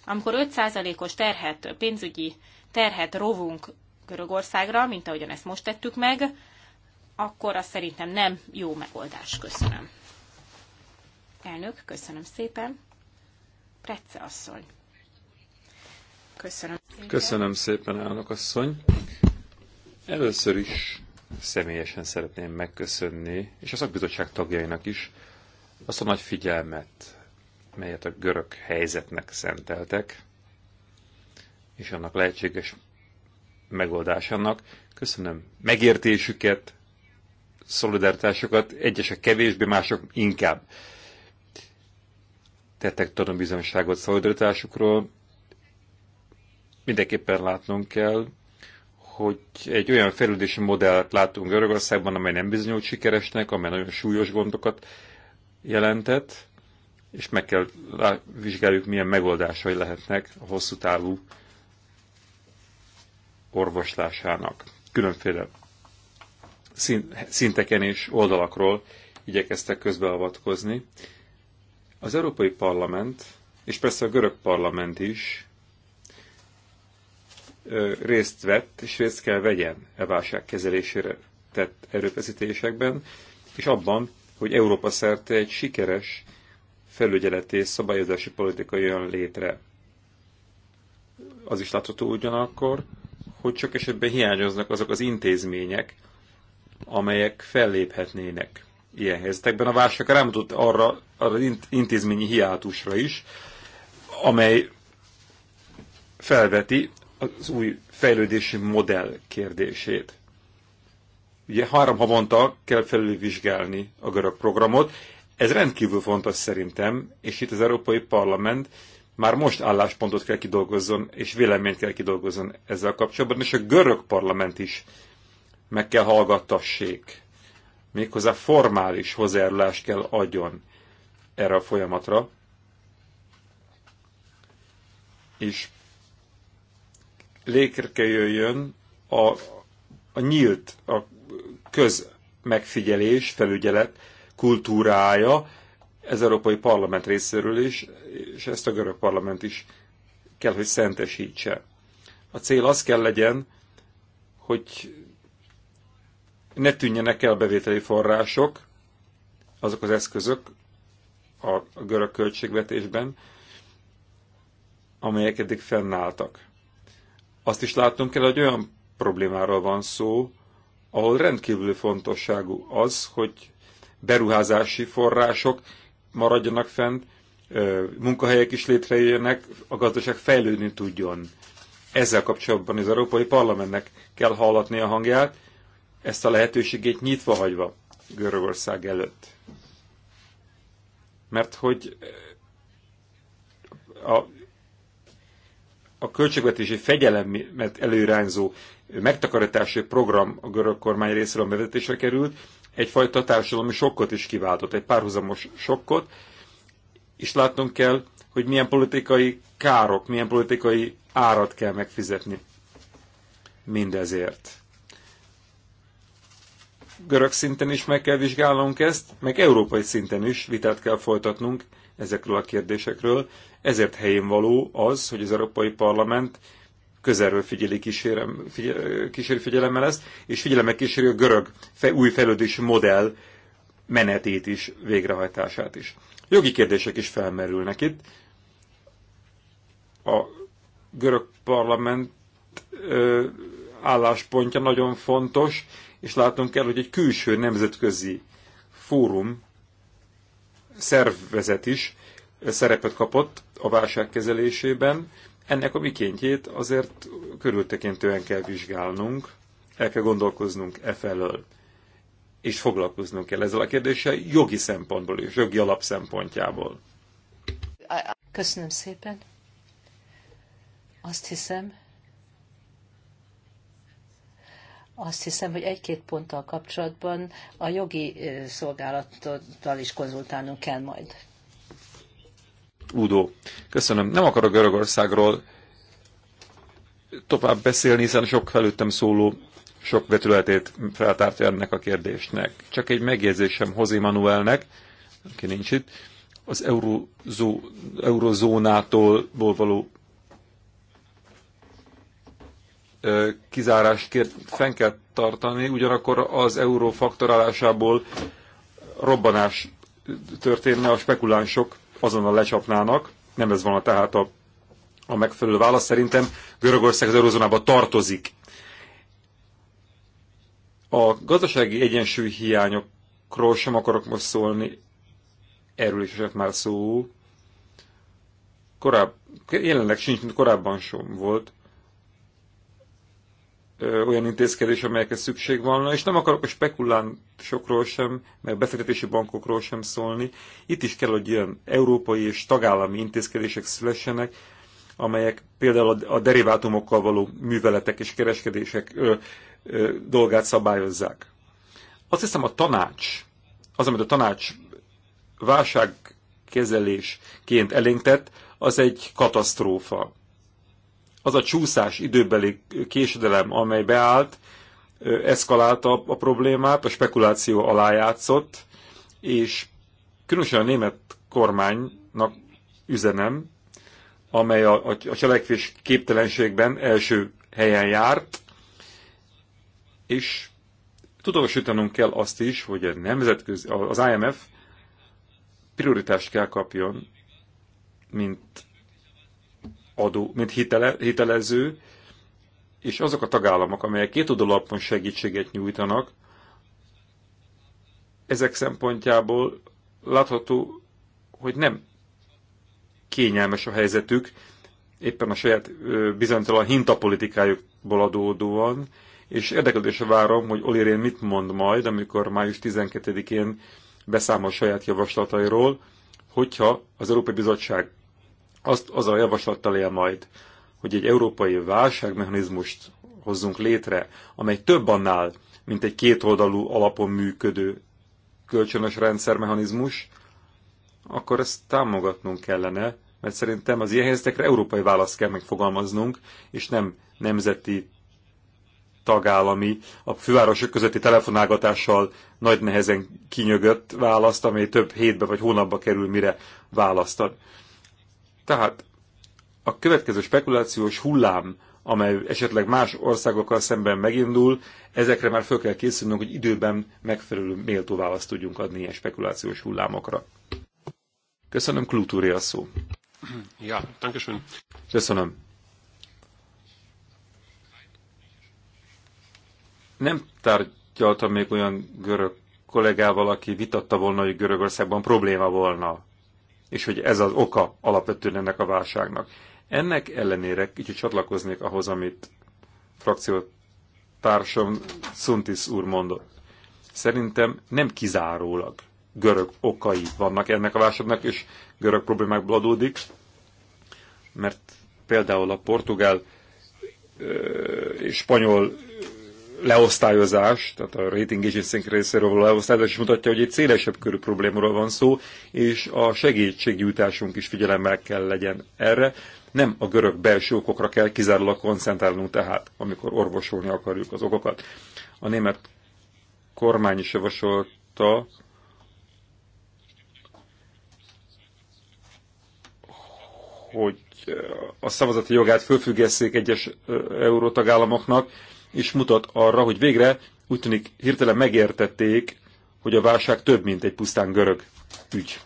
amikor 5%-os terhet, pénzügyi terhet rovunk Görögországra, mint ahogyan ezt most tettük meg, akkor az szerintem nem jó megoldás. Köszönöm. Elnök, köszönöm szépen. Prece asszony. Köszönöm szépen. Köszönöm szépen, elnök asszony. Először is személyesen szeretném megköszönni, és a szakbizottság tagjainak is, azt a nagy figyelmet, melyet a görög helyzetnek szenteltek, és annak lehetséges megoldásának. Köszönöm megértésüket, szolidaritásokat, egyesek kevésbé, mások inkább tettek tanúbizonyságot szolidaritásukról. Mindenképpen látnunk kell, hogy egy olyan fejlődési modellt látunk Görögországban, amely nem bizonyult sikeresnek, amely nagyon súlyos gondokat jelentett, és meg kell vizsgáljuk, milyen megoldásai lehetnek a hosszú távú orvoslásának. Különféle szinteken és oldalakról igyekeztek közbeavatkozni. Az Európai Parlament, és persze a görög parlament is részt vett, és részt kell vegyen e válság kezelésére tett erőfeszítésekben, és abban, hogy Európa szerte egy sikeres felügyeleti és szabályozási politika jön létre. Az is látható ugyanakkor, hogy csak esetben hiányoznak azok az intézmények, amelyek felléphetnének ilyen helyzetekben. A válság rámutott arra, arra az intézményi hiátusra is, amely felveti az új fejlődési modell kérdését. Ugye három havonta kell felülvizsgálni a görög programot, ez rendkívül fontos szerintem, és itt az Európai Parlament már most álláspontot kell kidolgozzon, és véleményt kell kidolgozzon ezzel kapcsolatban, és a görög parlament is meg kell hallgattassék. Méghozzá formális hozzájárulást kell adjon erre a folyamatra, és létre jöjjön a, a nyílt, a köz megfigyelés, felügyelet, kultúrája, ez Európai Parlament részéről is, és ezt a görög parlament is kell, hogy szentesítse. A cél az kell legyen, hogy ne tűnjenek el bevételi források, azok az eszközök a görög költségvetésben, amelyek eddig fennálltak. Azt is látnunk kell, hogy olyan problémáról van szó, ahol rendkívül fontosságú az, hogy beruházási források maradjanak fent, munkahelyek is létrejöjjenek, a gazdaság fejlődni tudjon. Ezzel kapcsolatban az Európai Parlamentnek kell hallatni a hangját, ezt a lehetőségét nyitva hagyva Görögország előtt. Mert hogy a, a költségvetési fegyelemet előirányzó megtakarítási program a görög kormány részéről bevezetésre került, egyfajta társadalmi sokkot is kiváltott, egy párhuzamos sokkot, és látnunk kell, hogy milyen politikai károk, milyen politikai árat kell megfizetni mindezért. Görög szinten is meg kell vizsgálnunk ezt, meg európai szinten is vitát kell folytatnunk ezekről a kérdésekről. Ezért helyén való az, hogy az Európai Parlament közelről figyeli kísérem, figyel, kíséri figyelemmel ezt, és figyelemmel kíséri a görög fe, új fejlődési modell menetét is, végrehajtását is. Jogi kérdések is felmerülnek itt. A görög parlament ö, álláspontja nagyon fontos, és látunk kell, hogy egy külső nemzetközi fórum szervezet is szerepet kapott a válság kezelésében, ennek a mikéntjét azért körültekintően kell vizsgálnunk, el kell gondolkoznunk e felől, és foglalkoznunk kell ezzel a kérdéssel jogi szempontból és jogi alap szempontjából. Köszönöm szépen. Azt hiszem, azt hiszem, hogy egy-két ponttal kapcsolatban a jogi szolgálattal is konzultálnunk kell majd. Udo. Köszönöm. Nem akarok Görögországról tovább beszélni, hiszen sok felőttem szóló sok vetületét feltártja ennek a kérdésnek. Csak egy megjegyzésem Hozé Manuelnek, aki nincs itt, az eurozó, eurozónától való kizárás fenn kell tartani, ugyanakkor az euró faktorálásából robbanás történne a spekulánsok azonnal lecsapnának, nem ez volna tehát a, a megfelelő válasz. Szerintem Görögország az eurozónába tartozik. A gazdasági egyensúly hiányokról sem akarok most szólni, erről is esett már szó. Korább, jelenleg sincs, mint korábban sem volt olyan intézkedés, amelyekre szükség van, és nem akarok a spekulánsokról sem, meg befektetési bankokról sem szólni. Itt is kell, hogy ilyen európai és tagállami intézkedések szülessenek, amelyek például a derivátumokkal való műveletek és kereskedések ö, ö, dolgát szabályozzák. Azt hiszem a tanács, az, amit a tanács válságkezelésként elénk tett, az egy katasztrófa az a csúszás, időbeli késedelem, amely beállt, eszkalálta a problémát, a spekuláció alájátszott, és különösen a német kormánynak üzenem, amely a, a, a cselekvés képtelenségben első helyen járt, és tudatosítanunk kell azt is, hogy a nemzetközi, az IMF prioritást kell kapjon, mint adó, mint hitele, hitelező, és azok a tagállamok, amelyek két alapon segítséget nyújtanak, ezek szempontjából látható, hogy nem kényelmes a helyzetük, éppen a saját bizonytalan hintapolitikájukból adódóan, és érdeklődésre várom, hogy Olirén mit mond majd, amikor május 12-én beszámol saját javaslatairól, hogyha az Európai Bizottság azt, az a javaslattal él majd, hogy egy európai válságmechanizmust hozzunk létre, amely több annál, mint egy kétoldalú alapon működő kölcsönös rendszermechanizmus, akkor ezt támogatnunk kellene, mert szerintem az ilyen helyzetekre európai választ kell megfogalmaznunk, és nem nemzeti tagállami, a fővárosok közötti telefonálgatással nagy nehezen kinyögött választ, amely több hétbe vagy hónapba kerül, mire választad. Tehát a következő spekulációs hullám, amely esetleg más országokkal szemben megindul, ezekre már föl kell készülnünk, hogy időben megfelelő méltó választ tudjunk adni ilyen spekulációs hullámokra. Köszönöm, Klutúri a szó. Ja, schön. Köszönöm. Nem tárgyaltam még olyan görög kollégával, aki vitatta volna, hogy Görögországban probléma volna és hogy ez az oka alapvetően ennek a válságnak. Ennek ellenére kicsit csatlakoznék ahhoz, amit frakciótársam Szuntis úr mondott. Szerintem nem kizárólag görög okai vannak ennek a válságnak, és görög problémákból adódik, mert például a portugál és spanyol leosztályozás, tehát a rating agency részéről való leosztályozás is mutatja, hogy egy szélesebb körű problémáról van szó, és a segítségnyújtásunk is figyelemmel kell legyen erre. Nem a görög belső okokra kell kizárólag koncentrálnunk tehát, amikor orvosolni akarjuk az okokat. A német kormány is javasolta, hogy a szavazati jogát fölfüggesszék egyes eurótagállamoknak, és mutat arra, hogy végre úgy tűnik hirtelen megértették, hogy a válság több, mint egy pusztán görög ügy.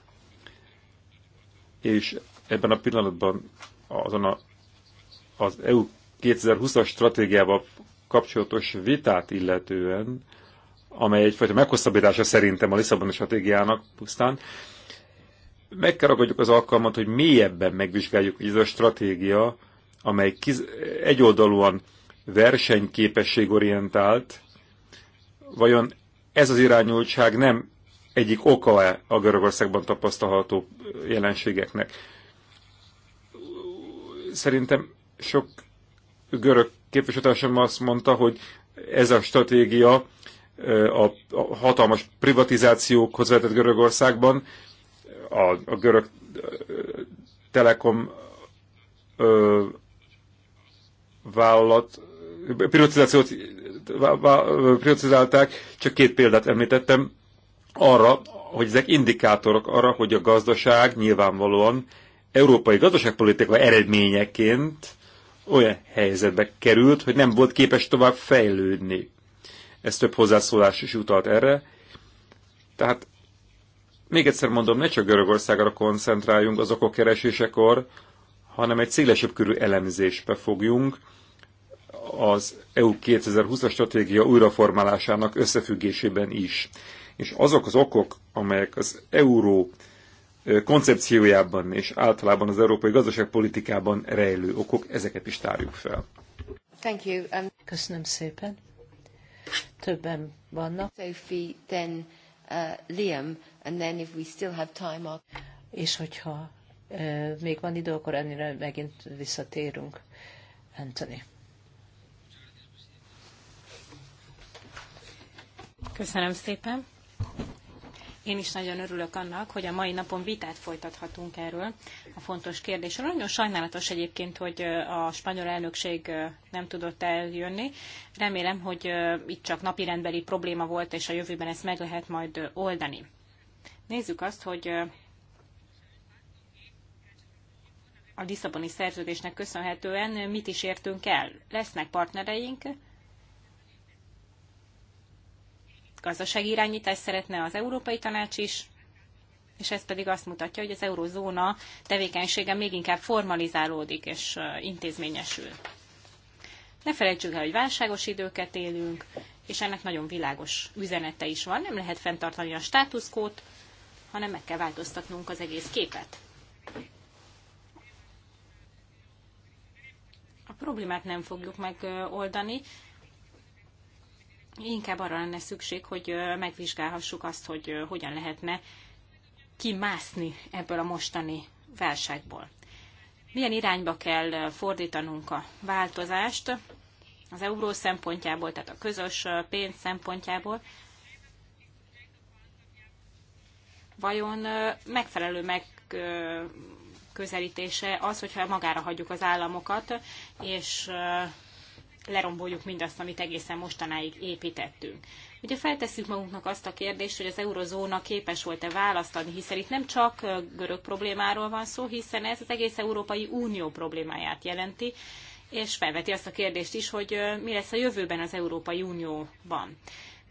És ebben a pillanatban azon a, az EU 2020-as stratégiával kapcsolatos vitát illetően, amely egyfajta meghosszabbítása szerintem a Lisszaboni stratégiának pusztán, meg kell ragadjuk az alkalmat, hogy mélyebben megvizsgáljuk, hogy ez a stratégia, amely kiz- egyoldalúan versenyképesség orientált, vajon ez az irányultság nem egyik oka-e a Görögországban tapasztalható jelenségeknek? Szerintem sok görög képviselőtársam azt mondta, hogy ez a stratégia a hatalmas privatizációkhoz vetett Görögországban, a, a görög telekom ö, vállalat privatizációt privatizálták, csak két példát említettem arra, hogy ezek indikátorok arra, hogy a gazdaság nyilvánvalóan európai gazdaságpolitika eredményeként olyan helyzetbe került, hogy nem volt képes tovább fejlődni. Ez több hozzászólás is utalt erre. Tehát még egyszer mondom, ne csak Görögországra koncentráljunk az okok keresésekor, hanem egy szélesebb körű elemzésbe fogjunk, az EU 2020-as stratégia újraformálásának összefüggésében is. És azok az okok, amelyek az euró koncepciójában és általában az európai gazdaságpolitikában rejlő okok, ezeket is tárjuk fel. Thank you. Um, Köszönöm szépen. Többen vannak. Sophie, then uh, Liam, and then if we still have time, I'll... És hogyha uh, még van idő, akkor ennyire megint visszatérünk. Anthony. Köszönöm szépen. Én is nagyon örülök annak, hogy a mai napon vitát folytathatunk erről a fontos kérdésről. Nagyon sajnálatos egyébként, hogy a spanyol elnökség nem tudott eljönni. Remélem, hogy itt csak napirendbeli probléma volt, és a jövőben ezt meg lehet majd oldani. Nézzük azt, hogy a Lisszaboni szerződésnek köszönhetően mit is értünk el. Lesznek partnereink, gazdasági irányítást szeretne az Európai Tanács is, és ez pedig azt mutatja, hogy az eurozóna tevékenysége még inkább formalizálódik és intézményesül. Ne felejtsük el, hogy válságos időket élünk, és ennek nagyon világos üzenete is van. Nem lehet fenntartani a státuszkót, hanem meg kell változtatnunk az egész képet. A problémát nem fogjuk megoldani, Inkább arra lenne szükség, hogy megvizsgálhassuk azt, hogy hogyan lehetne kimászni ebből a mostani válságból. Milyen irányba kell fordítanunk a változást az euró szempontjából, tehát a közös pénz szempontjából, vajon megfelelő megközelítése az, hogyha magára hagyjuk az államokat, és leromboljuk mindazt, amit egészen mostanáig építettünk. Ugye feltesszük magunknak azt a kérdést, hogy az eurozóna képes volt-e választ adni, hiszen itt nem csak görög problémáról van szó, hiszen ez az egész Európai Unió problémáját jelenti, és felveti azt a kérdést is, hogy mi lesz a jövőben az Európai Unióban.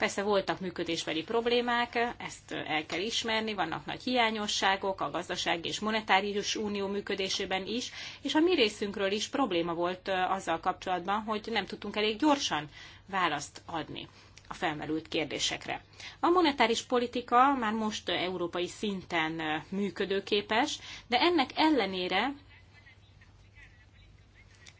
Persze voltak működésbeli problémák, ezt el kell ismerni, vannak nagy hiányosságok a gazdaság és monetárius unió működésében is, és a mi részünkről is probléma volt azzal kapcsolatban, hogy nem tudtunk elég gyorsan választ adni a felmerült kérdésekre. A monetáris politika már most európai szinten működőképes, de ennek ellenére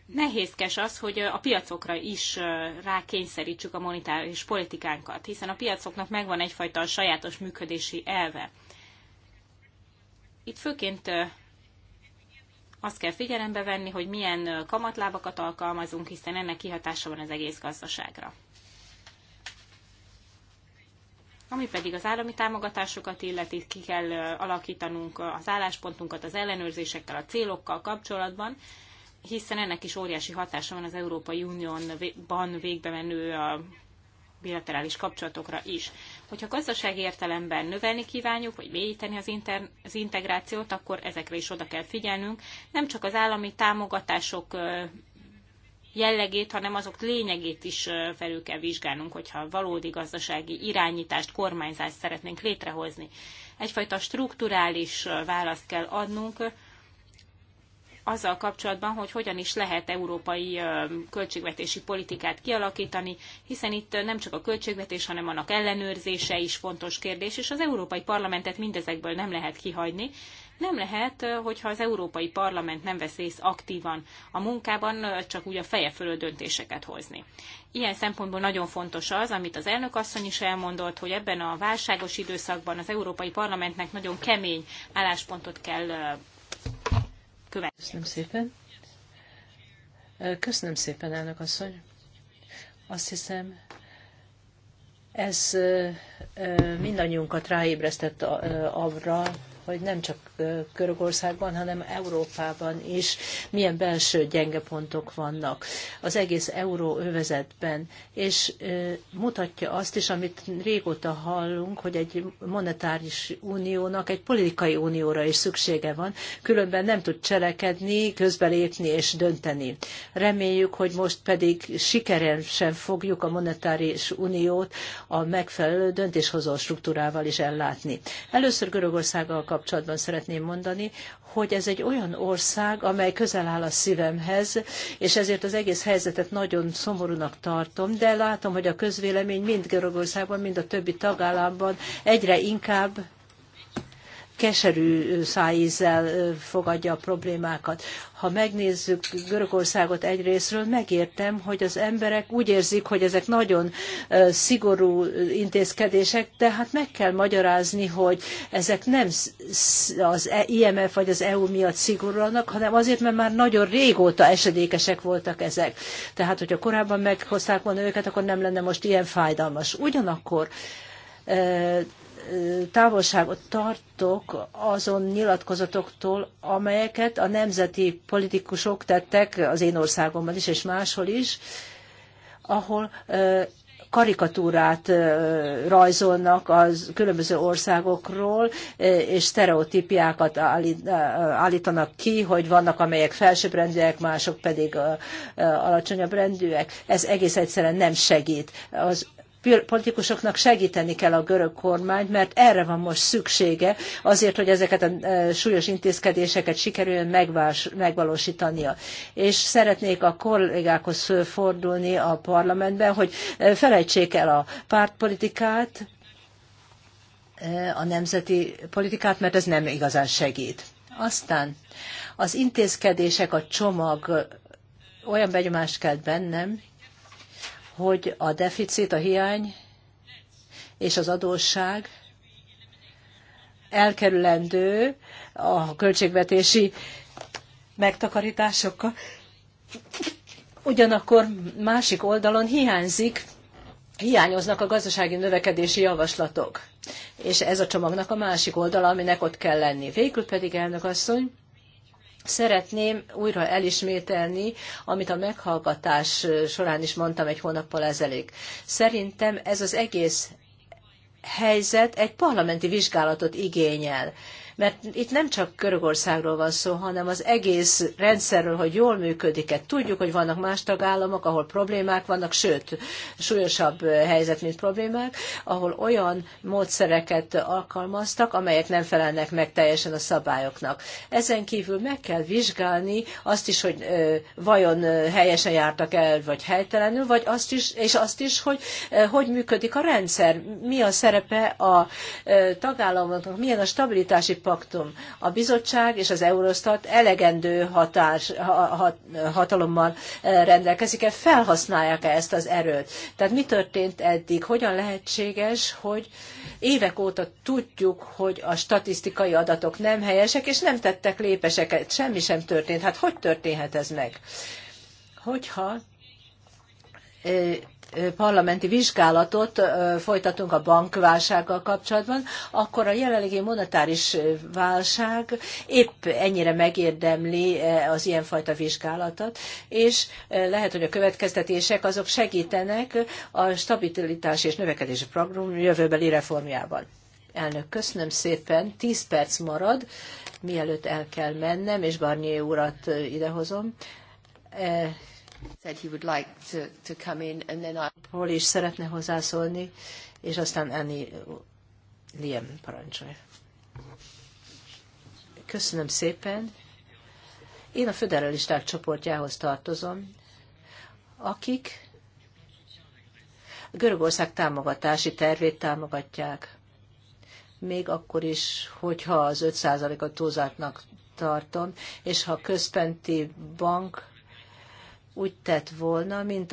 nehézkes az, hogy a piacokra is rákényszerítsük a monetáris politikánkat, hiszen a piacoknak megvan egyfajta sajátos működési elve. Itt főként azt kell figyelembe venni, hogy milyen kamatlábakat alkalmazunk, hiszen ennek kihatása van az egész gazdaságra. Ami pedig az állami támogatásokat illeti, ki kell alakítanunk az álláspontunkat az ellenőrzésekkel, a célokkal kapcsolatban, hiszen ennek is óriási hatása van az Európai Unióban végbe menő a bilaterális kapcsolatokra is. Hogyha gazdasági értelemben növelni kívánjuk, vagy mélyíteni az, inter, az integrációt, akkor ezekre is oda kell figyelnünk. Nem csak az állami támogatások jellegét, hanem azok lényegét is felül kell vizsgálnunk, hogyha valódi gazdasági irányítást, kormányzást szeretnénk létrehozni. Egyfajta strukturális választ kell adnunk azzal kapcsolatban, hogy hogyan is lehet európai költségvetési politikát kialakítani, hiszen itt nem csak a költségvetés, hanem annak ellenőrzése is fontos kérdés, és az Európai Parlamentet mindezekből nem lehet kihagyni. Nem lehet, hogyha az Európai Parlament nem vesz részt aktívan a munkában, csak úgy a feje fölött döntéseket hozni. Ilyen szempontból nagyon fontos az, amit az elnök asszony is elmondott, hogy ebben a válságos időszakban az Európai Parlamentnek nagyon kemény álláspontot kell következő. Köszönöm szépen. Köszönöm szépen, elnök asszony. Azt hiszem, ez mindannyiunkat ráébresztett arra, hogy nem csak Görögországban, hanem Európában is milyen belső gyenge pontok vannak az egész euróövezetben, és mutatja azt is, amit régóta hallunk, hogy egy monetáris uniónak egy politikai unióra is szüksége van, különben nem tud cselekedni, közbelépni és dönteni. Reméljük, hogy most pedig sem fogjuk a monetáris uniót a megfelelő döntéshozó struktúrával is ellátni. Először Görögországgal kapcsolatban szeretném mondani, hogy ez egy olyan ország, amely közel áll a szívemhez, és ezért az egész helyzetet nagyon szomorúnak tartom, de látom, hogy a közvélemény mind Görögországban, mind a többi tagállamban egyre inkább keserű szájízzel fogadja a problémákat. Ha megnézzük Görögországot egyrésztről, megértem, hogy az emberek úgy érzik, hogy ezek nagyon szigorú intézkedések, de hát meg kell magyarázni, hogy ezek nem az e-, IMF vagy az EU miatt szigorúanak, hanem azért, mert már nagyon régóta esedékesek voltak ezek. Tehát, hogyha korábban meghozták volna őket, akkor nem lenne most ilyen fájdalmas. Ugyanakkor távolságot tartok azon nyilatkozatoktól, amelyeket a nemzeti politikusok tettek az én országomban is, és máshol is, ahol karikatúrát rajzolnak az különböző országokról, és sztereotípiákat állítanak ki, hogy vannak amelyek felsőbbrendűek, mások pedig alacsonyabb rendűek. Ez egész egyszerűen nem segít. Az politikusoknak segíteni kell a görög kormányt, mert erre van most szüksége azért, hogy ezeket a e, súlyos intézkedéseket sikerüljön megvás, megvalósítania. És szeretnék a kollégákhoz fordulni a parlamentben, hogy e, felejtsék el a pártpolitikát, e, a nemzeti politikát, mert ez nem igazán segít. Aztán az intézkedések, a csomag olyan benyomást kelt bennem, hogy a deficit, a hiány és az adósság elkerülendő a költségvetési megtakarításokkal. Ugyanakkor másik oldalon hiányzik, hiányoznak a gazdasági növekedési javaslatok. És ez a csomagnak a másik oldala, aminek ott kell lenni. Végül pedig, elnök asszony, Szeretném újra elismételni, amit a meghallgatás során is mondtam egy hónappal ezelőtt. Szerintem ez az egész helyzet egy parlamenti vizsgálatot igényel mert itt nem csak Görögországról van szó, hanem az egész rendszerről, hogy jól működik-e. Tudjuk, hogy vannak más tagállamok, ahol problémák vannak, sőt, súlyosabb helyzet, mint problémák, ahol olyan módszereket alkalmaztak, amelyek nem felelnek meg teljesen a szabályoknak. Ezen kívül meg kell vizsgálni azt is, hogy vajon helyesen jártak el, vagy helytelenül, vagy azt is, és azt is, hogy hogy működik a rendszer, mi a szerepe a tagállamoknak, milyen a stabilitási paktum. A bizottság és az Eurostat elegendő hatás, hatalommal eh, rendelkezik-e, felhasználják-e ezt az erőt? Tehát mi történt eddig? Hogyan lehetséges, hogy évek óta tudjuk, hogy a statisztikai adatok nem helyesek, és nem tettek lépeseket, semmi sem történt. Hát hogy történhet ez meg? Hogyha eh, parlamenti vizsgálatot folytatunk a bankválsággal kapcsolatban, akkor a jelenlegi monetáris válság épp ennyire megérdemli az ilyenfajta vizsgálatot, és lehet, hogy a következtetések azok segítenek a stabilitás és növekedési program jövőbeli reformjában. Elnök, köszönöm szépen. Tíz perc marad, mielőtt el kell mennem, és Barnier urat idehozom Said he would like to, to come in, and then I... Paul is szeretne hozzászólni, és aztán Annie Liam parancsolja. Köszönöm szépen. Én a föderalisták csoportjához tartozom, akik Görögország támogatási tervét támogatják. Még akkor is, hogyha az 5%-ot túlzátnak tartom, és ha a központi bank úgy tett volna, mint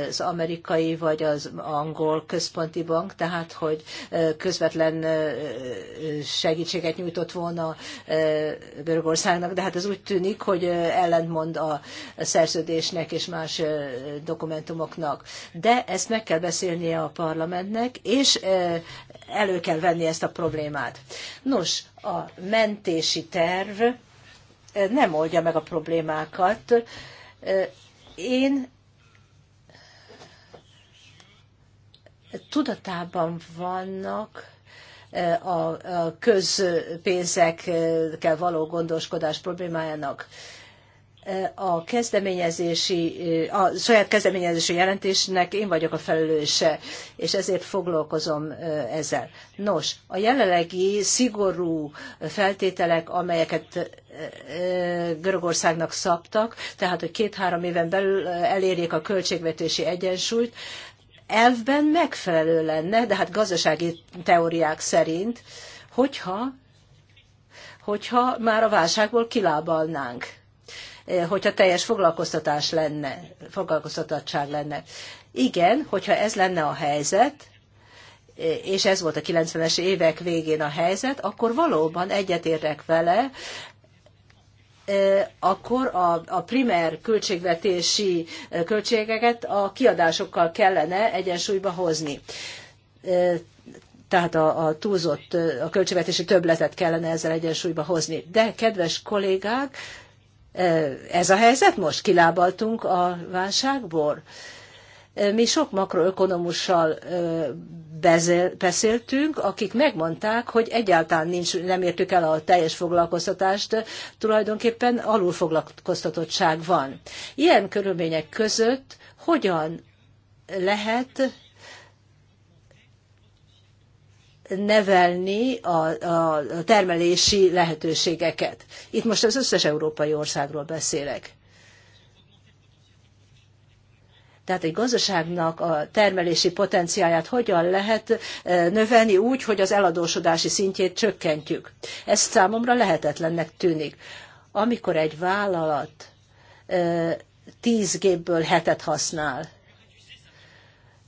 az amerikai vagy az angol központi bank, tehát hogy közvetlen segítséget nyújtott volna Görögországnak, de hát ez úgy tűnik, hogy ellentmond a szerződésnek és más dokumentumoknak. De ezt meg kell beszélnie a parlamentnek, és elő kell venni ezt a problémát. Nos, a mentési terv nem oldja meg a problémákat, én tudatában vannak a közpénzekkel való gondoskodás problémájának a kezdeményezési, a saját kezdeményezési jelentésnek én vagyok a felelőse, és ezért foglalkozom ezzel. Nos, a jelenlegi szigorú feltételek, amelyeket Görögországnak szabtak, tehát hogy két-három éven belül elérjék a költségvetési egyensúlyt, elvben megfelelő lenne, de hát gazdasági teóriák szerint, hogyha, hogyha már a válságból kilábalnánk Eh, hogyha teljes foglalkoztatás lenne, foglalkoztatottság lenne. Igen, hogyha ez lenne a helyzet, eh, és ez volt a 90-es évek végén a helyzet, akkor valóban egyetértek vele, eh, akkor a, a primer költségvetési költségeket a kiadásokkal kellene egyensúlyba hozni. Tehát a, a túlzott, a költségvetési többletet kellene ezzel egyensúlyba hozni. De, kedves kollégák, ez a helyzet most? Kilábaltunk a válságból? Mi sok makroökonomussal beszéltünk, akik megmondták, hogy egyáltalán nincs, nem értük el a teljes foglalkoztatást, tulajdonképpen alulfoglalkoztatottság van. Ilyen körülmények között hogyan lehet nevelni a, a termelési lehetőségeket. Itt most az összes európai országról beszélek. Tehát egy gazdaságnak a termelési potenciáját hogyan lehet e, növelni úgy, hogy az eladósodási szintjét csökkentjük. Ez számomra lehetetlennek tűnik. Amikor egy vállalat 10 e, gépből hetet használ,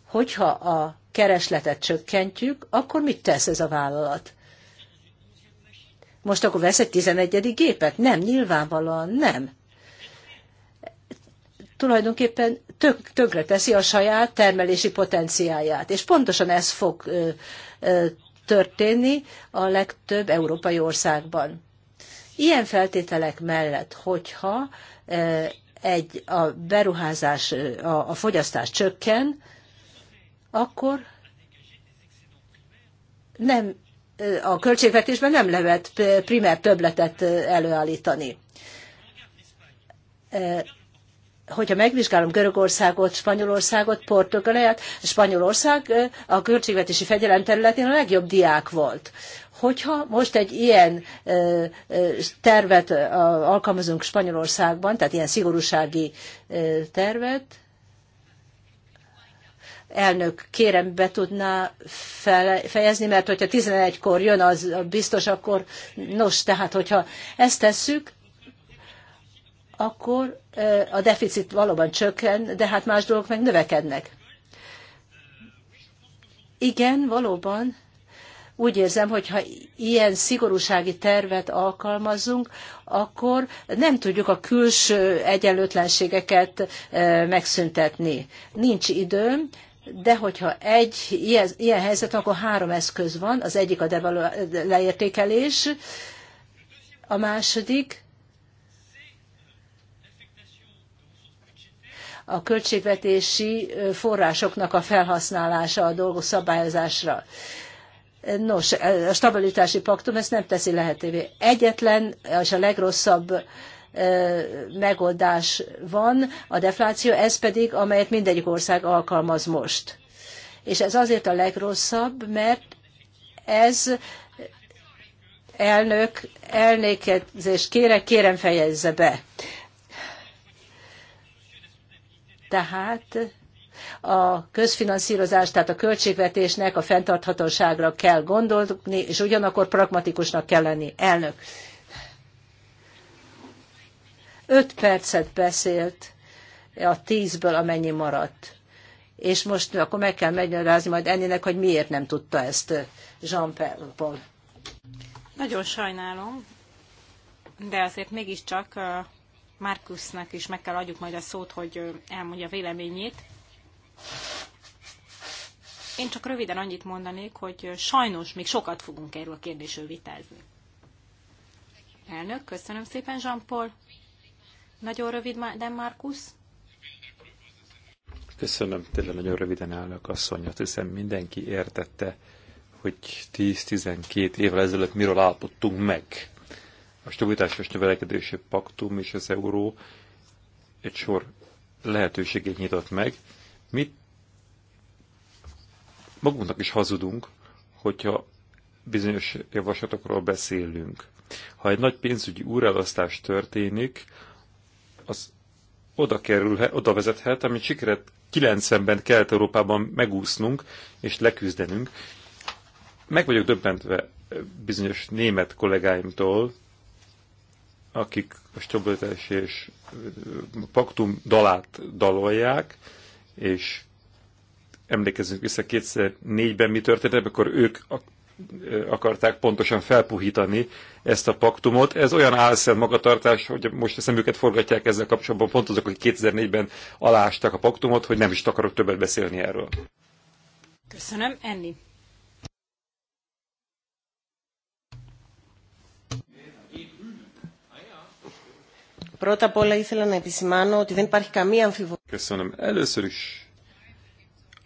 hogyha a keresletet csökkentjük, akkor mit tesz ez a vállalat? Most akkor vesz egy 11. gépet? Nem, nyilvánvalóan nem. Tulajdonképpen tök, tökre teszi a saját termelési potenciáját. És pontosan ez fog ö, ö, történni a legtöbb európai országban. Ilyen feltételek mellett, hogyha ö, egy, a beruházás, a, a fogyasztás csökken, akkor nem, a költségvetésben nem lehet primer töbletet előállítani. Hogyha megvizsgálom Görögországot, Spanyolországot, Portugáliát, Spanyolország a költségvetési fegyelem területén a legjobb diák volt hogyha most egy ilyen tervet alkalmazunk Spanyolországban, tehát ilyen szigorúsági tervet, elnök, kérem be tudná fejezni, mert hogyha 11-kor jön, az biztos, akkor nos, tehát hogyha ezt tesszük, akkor a deficit valóban csökken, de hát más dolgok meg növekednek. Igen, valóban úgy érzem, hogy ha ilyen szigorúsági tervet alkalmazunk, akkor nem tudjuk a külső egyenlőtlenségeket megszüntetni. Nincs időm, de hogyha egy ilyen, ilyen helyzet, akkor három eszköz van. Az egyik a leértékelés, a második a költségvetési forrásoknak a felhasználása a dolgok szabályozásra. Nos, a stabilitási paktum ezt nem teszi lehetővé. Egyetlen és a legrosszabb megoldás van, a defláció, ez pedig, amelyet mindegyik ország alkalmaz most. És ez azért a legrosszabb, mert ez elnök, elnékezést kérek, kérem fejezze be. Tehát a közfinanszírozás, tehát a költségvetésnek a fenntarthatóságra kell gondolni, és ugyanakkor pragmatikusnak kell lenni. Elnök öt percet beszélt a tízből amennyi maradt. És most akkor meg kell megnyarázni majd ennének, hogy miért nem tudta ezt Jean-Paul. Nagyon sajnálom, de azért mégiscsak Markusnak is meg kell adjuk majd a szót, hogy elmondja véleményét. Én csak röviden annyit mondanék, hogy sajnos még sokat fogunk erről a kérdésről vitázni. Elnök, köszönöm szépen, Jean-Paul. Nagyon rövid, de Markus? Köszönöm, tényleg nagyon röviden állnak asszonyat, hiszen mindenki értette, hogy 10-12 évvel ezelőtt miről állapodtunk meg. A stabilitásos növekedési paktum és az euró egy sor lehetőségét nyitott meg. Mi magunknak is hazudunk, hogyha bizonyos javaslatokról beszélünk. Ha egy nagy pénzügyi úrelasztás történik, az oda, kerülhet, oda vezethet, amit sikeret 90-ben Kelet-Európában megúsznunk és leküzdenünk. Meg vagyok döbbentve bizonyos német kollégáimtól, akik a stabilitási és paktum dalát dalolják, és emlékezzünk vissza 2004-ben mi történt, amikor ők a akarták pontosan felpuhítani ezt a paktumot. Ez olyan álszent magatartás, hogy most a szemüket forgatják ezzel kapcsolatban pont azok, akik 2004-ben alásták a paktumot, hogy nem is akarok többet beszélni erről. Köszönöm, Enni. Köszönöm. Először is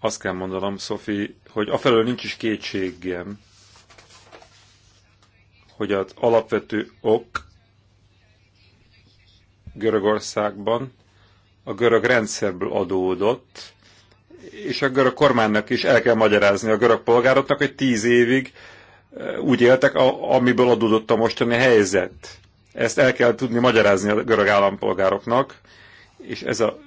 azt kell mondanom, Szofi, hogy afelől nincs is kétségem, hogy az alapvető ok Görögországban a görög rendszerből adódott, és a görög kormánynak is el kell magyarázni a görög polgároknak, hogy tíz évig e, úgy éltek, amiből adódott a mostani helyzet. Ezt el kell tudni magyarázni a görög állampolgároknak, és ez a,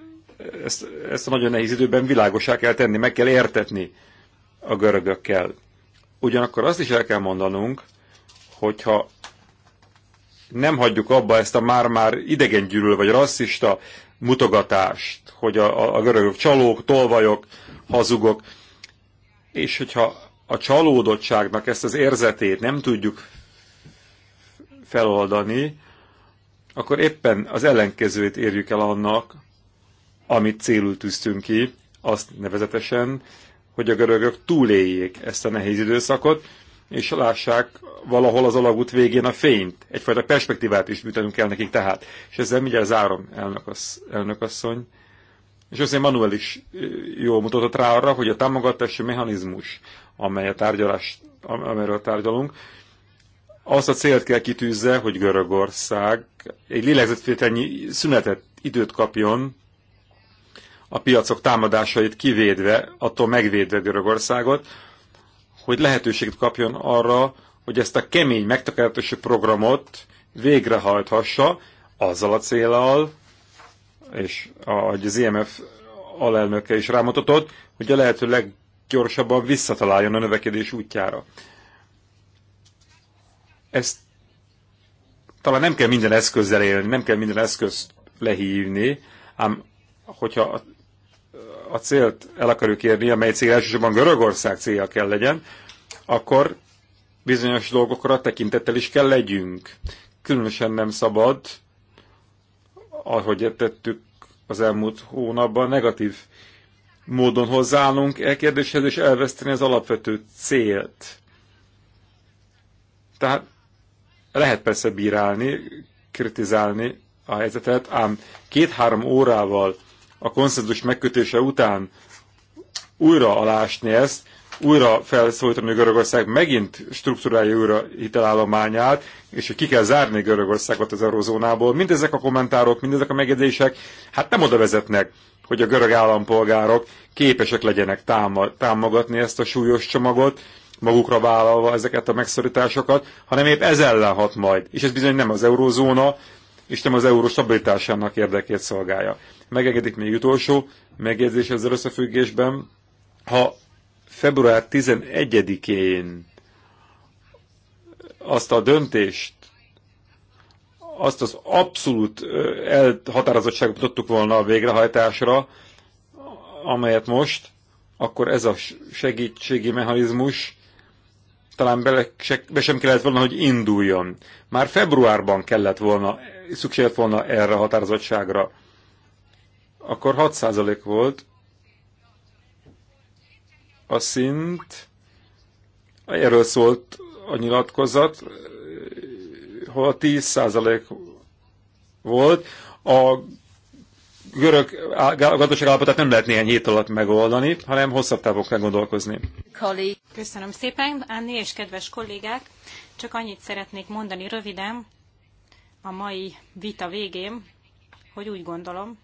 ezt, ezt a nagyon nehéz időben világosá kell tenni, meg kell értetni a görögökkel. Ugyanakkor azt is el kell mondanunk, hogyha nem hagyjuk abba ezt a már-már idegen gyűlöl, vagy rasszista mutogatást, hogy a, a görögök csalók, tolvajok, hazugok, és hogyha a csalódottságnak ezt az érzetét nem tudjuk feloldani, akkor éppen az ellenkezőjét érjük el annak, amit célul tűztünk ki, azt nevezetesen, hogy a görögök túléljék ezt a nehéz időszakot, és lássák valahol az alagút végén a fényt. Egyfajta perspektívát is bűtenünk kell nekik tehát. És ezzel mindjárt zárom, elnökasszony. És azért Manuel is jól mutatott rá arra, hogy a támogatási mechanizmus, amely a tárgyalás, amelyről tárgyalunk, azt a célt kell kitűzze, hogy Görögország egy lélegzetvételnyi szünetet, időt kapjon, a piacok támadásait kivédve, attól megvédve Görögországot, hogy lehetőséget kapjon arra, hogy ezt a kemény megtakarítási programot végrehajthassa azzal a célral, és ahogy az IMF alelnöke is rámutatott, hogy a lehető leggyorsabban visszataláljon a növekedés útjára. Ezt talán nem kell minden eszközzel élni, nem kell minden eszközt lehívni, ám hogyha a célt el akarjuk érni, amely cél elsősorban Görögország célja kell legyen, akkor bizonyos dolgokra tekintettel is kell legyünk. Különösen nem szabad, ahogy tettük az elmúlt hónapban, negatív módon hozzáállunk e kérdéshez, és elveszteni az alapvető célt. Tehát lehet persze bírálni, kritizálni a helyzetet, ám két-három órával a konszenzus megkötése után újra alásni ezt, újra felszólítani, a Görögország megint struktúrája újra hitelállományát, és hogy ki kell zárni Görögországot az eurozónából. Mindezek a kommentárok, mindezek a megjegyzések, hát nem oda vezetnek, hogy a görög állampolgárok képesek legyenek támogatni ezt a súlyos csomagot, magukra vállalva ezeket a megszorításokat, hanem épp ez ellen hat majd. És ez bizony nem az eurozóna, és nem az euró stabilitásának érdekét szolgálja. Megegedik még utolsó megjegyzés ezzel összefüggésben, ha február 11-én azt a döntést, azt az abszolút elhatározottságot tudtuk volna a végrehajtásra, amelyet most, akkor ez a segítségi mechanizmus talán bele se, be sem kellett volna, hogy induljon. Már februárban kellett volna, szükség volna erre a határozottságra. Akkor 6% volt a szint, erről szólt a nyilatkozat, hol 10% volt, a görög állapotát nem lehet néhány hét alatt megoldani, hanem hosszabb távok kell gondolkozni. Köszönöm szépen, Anni és kedves kollégák! Csak annyit szeretnék mondani röviden a mai vita végén, hogy úgy gondolom,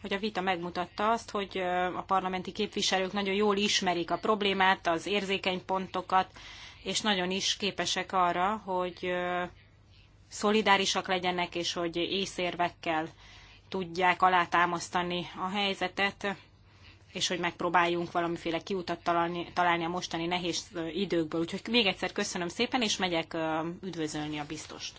hogy a vita megmutatta azt, hogy a parlamenti képviselők nagyon jól ismerik a problémát, az érzékeny pontokat, és nagyon is képesek arra, hogy szolidárisak legyenek, és hogy észérvekkel tudják alátámasztani a helyzetet, és hogy megpróbáljunk valamiféle kiutat találni, találni a mostani nehéz időkből. Úgyhogy még egyszer köszönöm szépen, és megyek üdvözölni a biztost.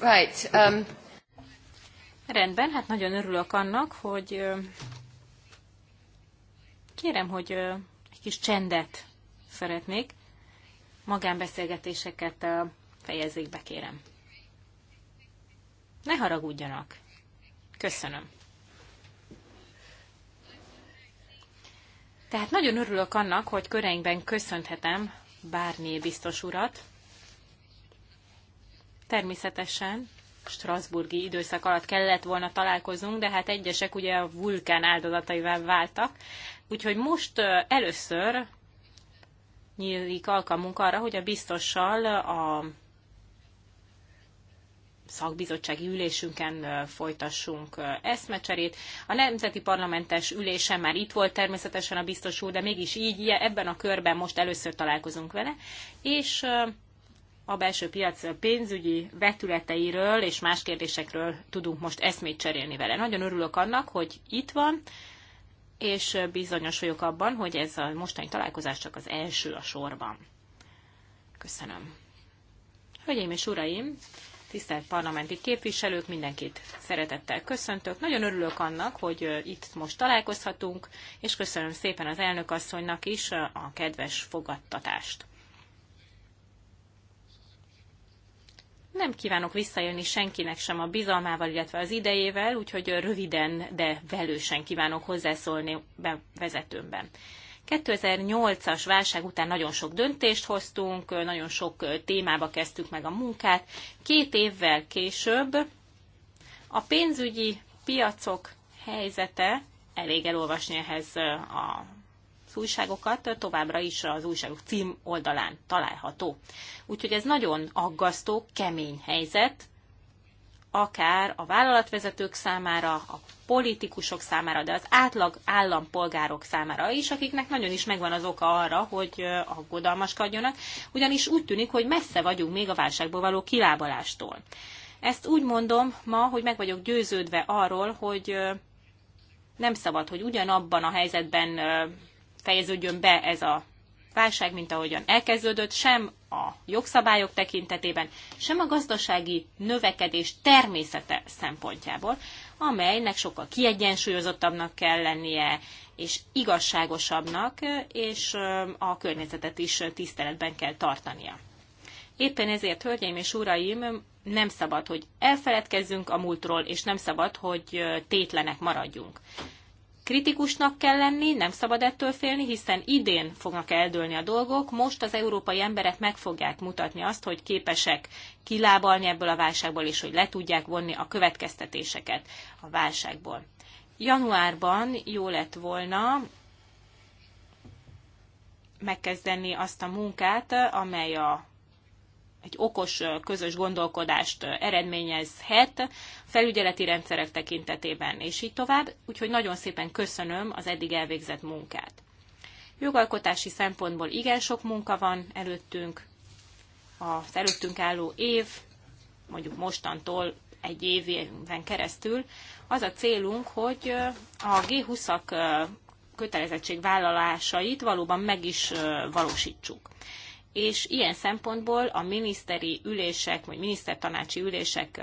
Right. Um... Rendben, hát nagyon örülök annak, hogy kérem, hogy egy kis csendet szeretnék. Magánbeszélgetéseket fejezzék be, kérem. Ne haragudjanak. Köszönöm. Tehát nagyon örülök annak, hogy köreinkben köszönhetem Bárné biztos urat, Természetesen Strasburgi időszak alatt kellett volna találkoznunk, de hát egyesek ugye a vulkán áldozataival váltak. Úgyhogy most először nyílik alkalmunk arra, hogy a biztossal a szakbizottsági ülésünken folytassunk eszmecserét. A nemzeti parlamentes ülésen már itt volt természetesen a biztos úr, de mégis így ebben a körben most először találkozunk vele, és a belső piac pénzügyi vetületeiről és más kérdésekről tudunk most eszmét cserélni vele. Nagyon örülök annak, hogy itt van, és bizonyos vagyok abban, hogy ez a mostani találkozás csak az első a sorban. Köszönöm. Hölgyeim és uraim, tisztelt parlamenti képviselők, mindenkit szeretettel köszöntök. Nagyon örülök annak, hogy itt most találkozhatunk, és köszönöm szépen az elnök asszonynak is a kedves fogadtatást. Nem kívánok visszaélni senkinek sem a bizalmával, illetve az idejével, úgyhogy röviden, de velősen kívánok hozzászólni bevezetőmben. 2008-as válság után nagyon sok döntést hoztunk, nagyon sok témába kezdtük meg a munkát. Két évvel később a pénzügyi piacok helyzete, elég elolvasni ehhez a újságokat továbbra is az újságok cím oldalán található. Úgyhogy ez nagyon aggasztó, kemény helyzet, akár a vállalatvezetők számára, a politikusok számára, de az átlag állampolgárok számára is, akiknek nagyon is megvan az oka arra, hogy aggodalmaskodjanak, ugyanis úgy tűnik, hogy messze vagyunk még a válságból való kilábalástól. Ezt úgy mondom ma, hogy meg vagyok győződve arról, hogy nem szabad, hogy ugyanabban a helyzetben fejeződjön be ez a válság, mint ahogyan elkezdődött, sem a jogszabályok tekintetében, sem a gazdasági növekedés természete szempontjából, amelynek sokkal kiegyensúlyozottabbnak kell lennie, és igazságosabbnak, és a környezetet is tiszteletben kell tartania. Éppen ezért, hölgyeim és uraim, nem szabad, hogy elfeledkezzünk a múltról, és nem szabad, hogy tétlenek maradjunk. Kritikusnak kell lenni, nem szabad ettől félni, hiszen idén fognak eldőlni a dolgok, most az európai emberek meg fogják mutatni azt, hogy képesek kilábalni ebből a válságból, és hogy le tudják vonni a következtetéseket a válságból. Januárban jó lett volna megkezdeni azt a munkát, amely a egy okos közös gondolkodást eredményezhet felügyeleti rendszerek tekintetében, és így tovább. Úgyhogy nagyon szépen köszönöm az eddig elvégzett munkát. Jogalkotási szempontból igen sok munka van előttünk, az előttünk álló év, mondjuk mostantól egy évben keresztül. Az a célunk, hogy a G20-ak kötelezettségvállalásait valóban meg is valósítsuk és ilyen szempontból a miniszteri ülések, vagy minisztertanácsi ülések,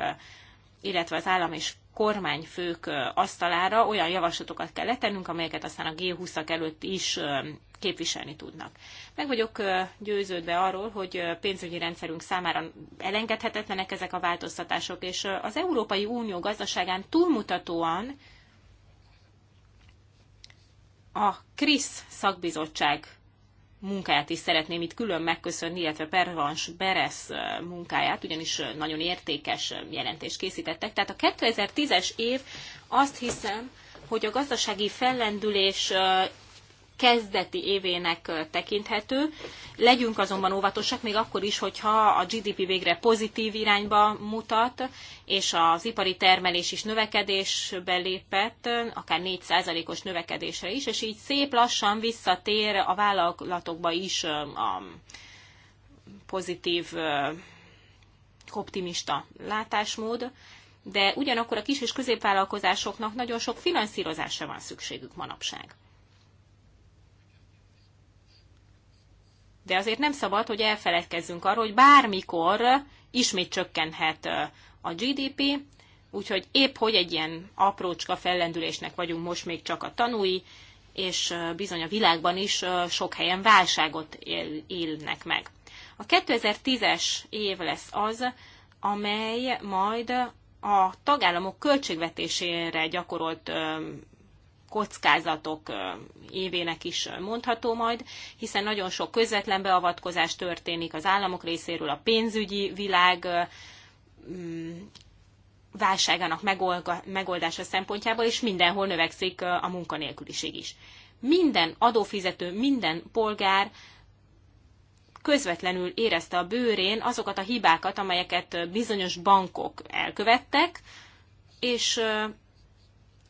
illetve az állam és kormányfők asztalára olyan javaslatokat kell letennünk, amelyeket aztán a G20-ak előtt is képviselni tudnak. Meg vagyok győződve arról, hogy pénzügyi rendszerünk számára elengedhetetlenek ezek a változtatások, és az Európai Unió gazdaságán túlmutatóan a KRISZ szakbizottság munkáját is szeretném itt külön megköszönni, illetve Pervans Beres munkáját, ugyanis nagyon értékes jelentést készítettek. Tehát a 2010-es év azt hiszem, hogy a gazdasági fellendülés kezdeti évének tekinthető. Legyünk azonban óvatosak, még akkor is, hogyha a GDP végre pozitív irányba mutat, és az ipari termelés is növekedésbe lépett, akár 4%-os növekedésre is, és így szép lassan visszatér a vállalatokba is a pozitív optimista látásmód, de ugyanakkor a kis és középvállalkozásoknak nagyon sok finanszírozásra van szükségük manapság. de azért nem szabad, hogy elfeledkezzünk arról, hogy bármikor ismét csökkenhet a GDP, úgyhogy épp hogy egy ilyen aprócska fellendülésnek vagyunk most még csak a tanúi, és bizony a világban is sok helyen válságot él, élnek meg. A 2010-es év lesz az, amely majd a tagállamok költségvetésére gyakorolt kockázatok évének is mondható majd, hiszen nagyon sok közvetlen beavatkozás történik az államok részéről, a pénzügyi világ mm, válságának megoldása szempontjából, és mindenhol növekszik a munkanélküliség is. Minden adófizető, minden polgár közvetlenül érezte a bőrén azokat a hibákat, amelyeket bizonyos bankok elkövettek, és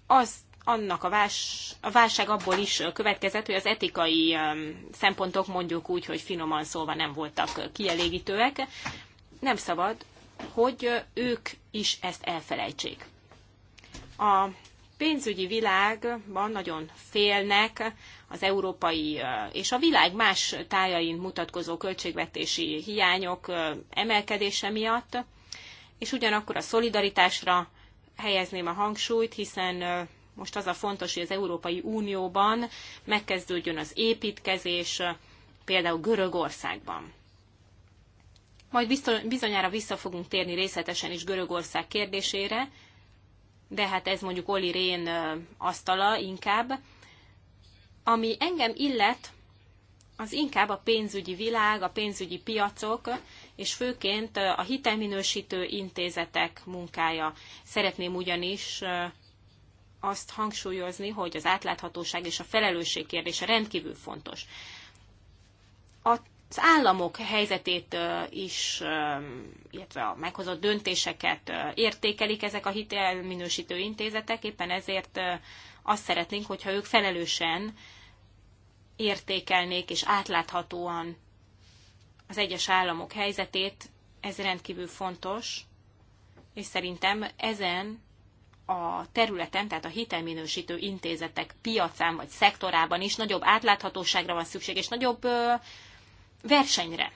az annak a, vás, a válság abból is következett, hogy az etikai um, szempontok mondjuk úgy, hogy finoman szólva nem voltak kielégítőek. Nem szabad, hogy ők is ezt elfelejtsék. A pénzügyi világban nagyon félnek az európai uh, és a világ más tájain mutatkozó költségvetési hiányok uh, emelkedése miatt, és ugyanakkor a szolidaritásra helyezném a hangsúlyt, hiszen uh, most az a fontos, hogy az Európai Unióban megkezdődjön az építkezés, például Görögországban. Majd bizonyára vissza fogunk térni részletesen is Görögország kérdésére, de hát ez mondjuk Oli Rén asztala inkább. Ami engem illet, az inkább a pénzügyi világ, a pénzügyi piacok, és főként a hitelminősítő intézetek munkája. Szeretném ugyanis azt hangsúlyozni, hogy az átláthatóság és a felelősség kérdése rendkívül fontos. Az államok helyzetét is, illetve a meghozott döntéseket értékelik ezek a hitelminősítő intézetek, éppen ezért azt szeretnénk, hogyha ők felelősen értékelnék és átláthatóan az egyes államok helyzetét, ez rendkívül fontos, és szerintem ezen a területen, tehát a hitelminősítő intézetek piacán vagy szektorában is nagyobb átláthatóságra van szükség, és nagyobb versenyre.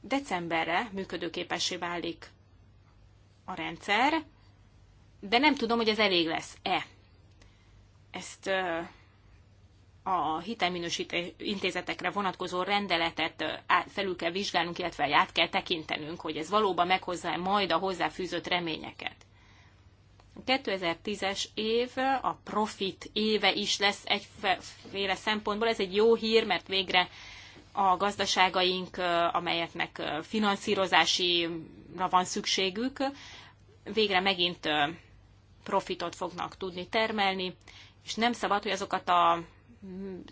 Decemberre működőképessé válik a rendszer, de nem tudom, hogy ez elég lesz-e. Ezt a hitelminősítő intézetekre vonatkozó rendeletet felül kell vizsgálnunk, illetve át kell tekintenünk, hogy ez valóban meghozza majd a hozzáfűzött reményeket. A 2010-es év a profit éve is lesz egyféle szempontból. Ez egy jó hír, mert végre a gazdaságaink, amelyeknek finanszírozásira van szükségük, végre megint profitot fognak tudni termelni, és nem szabad, hogy azokat a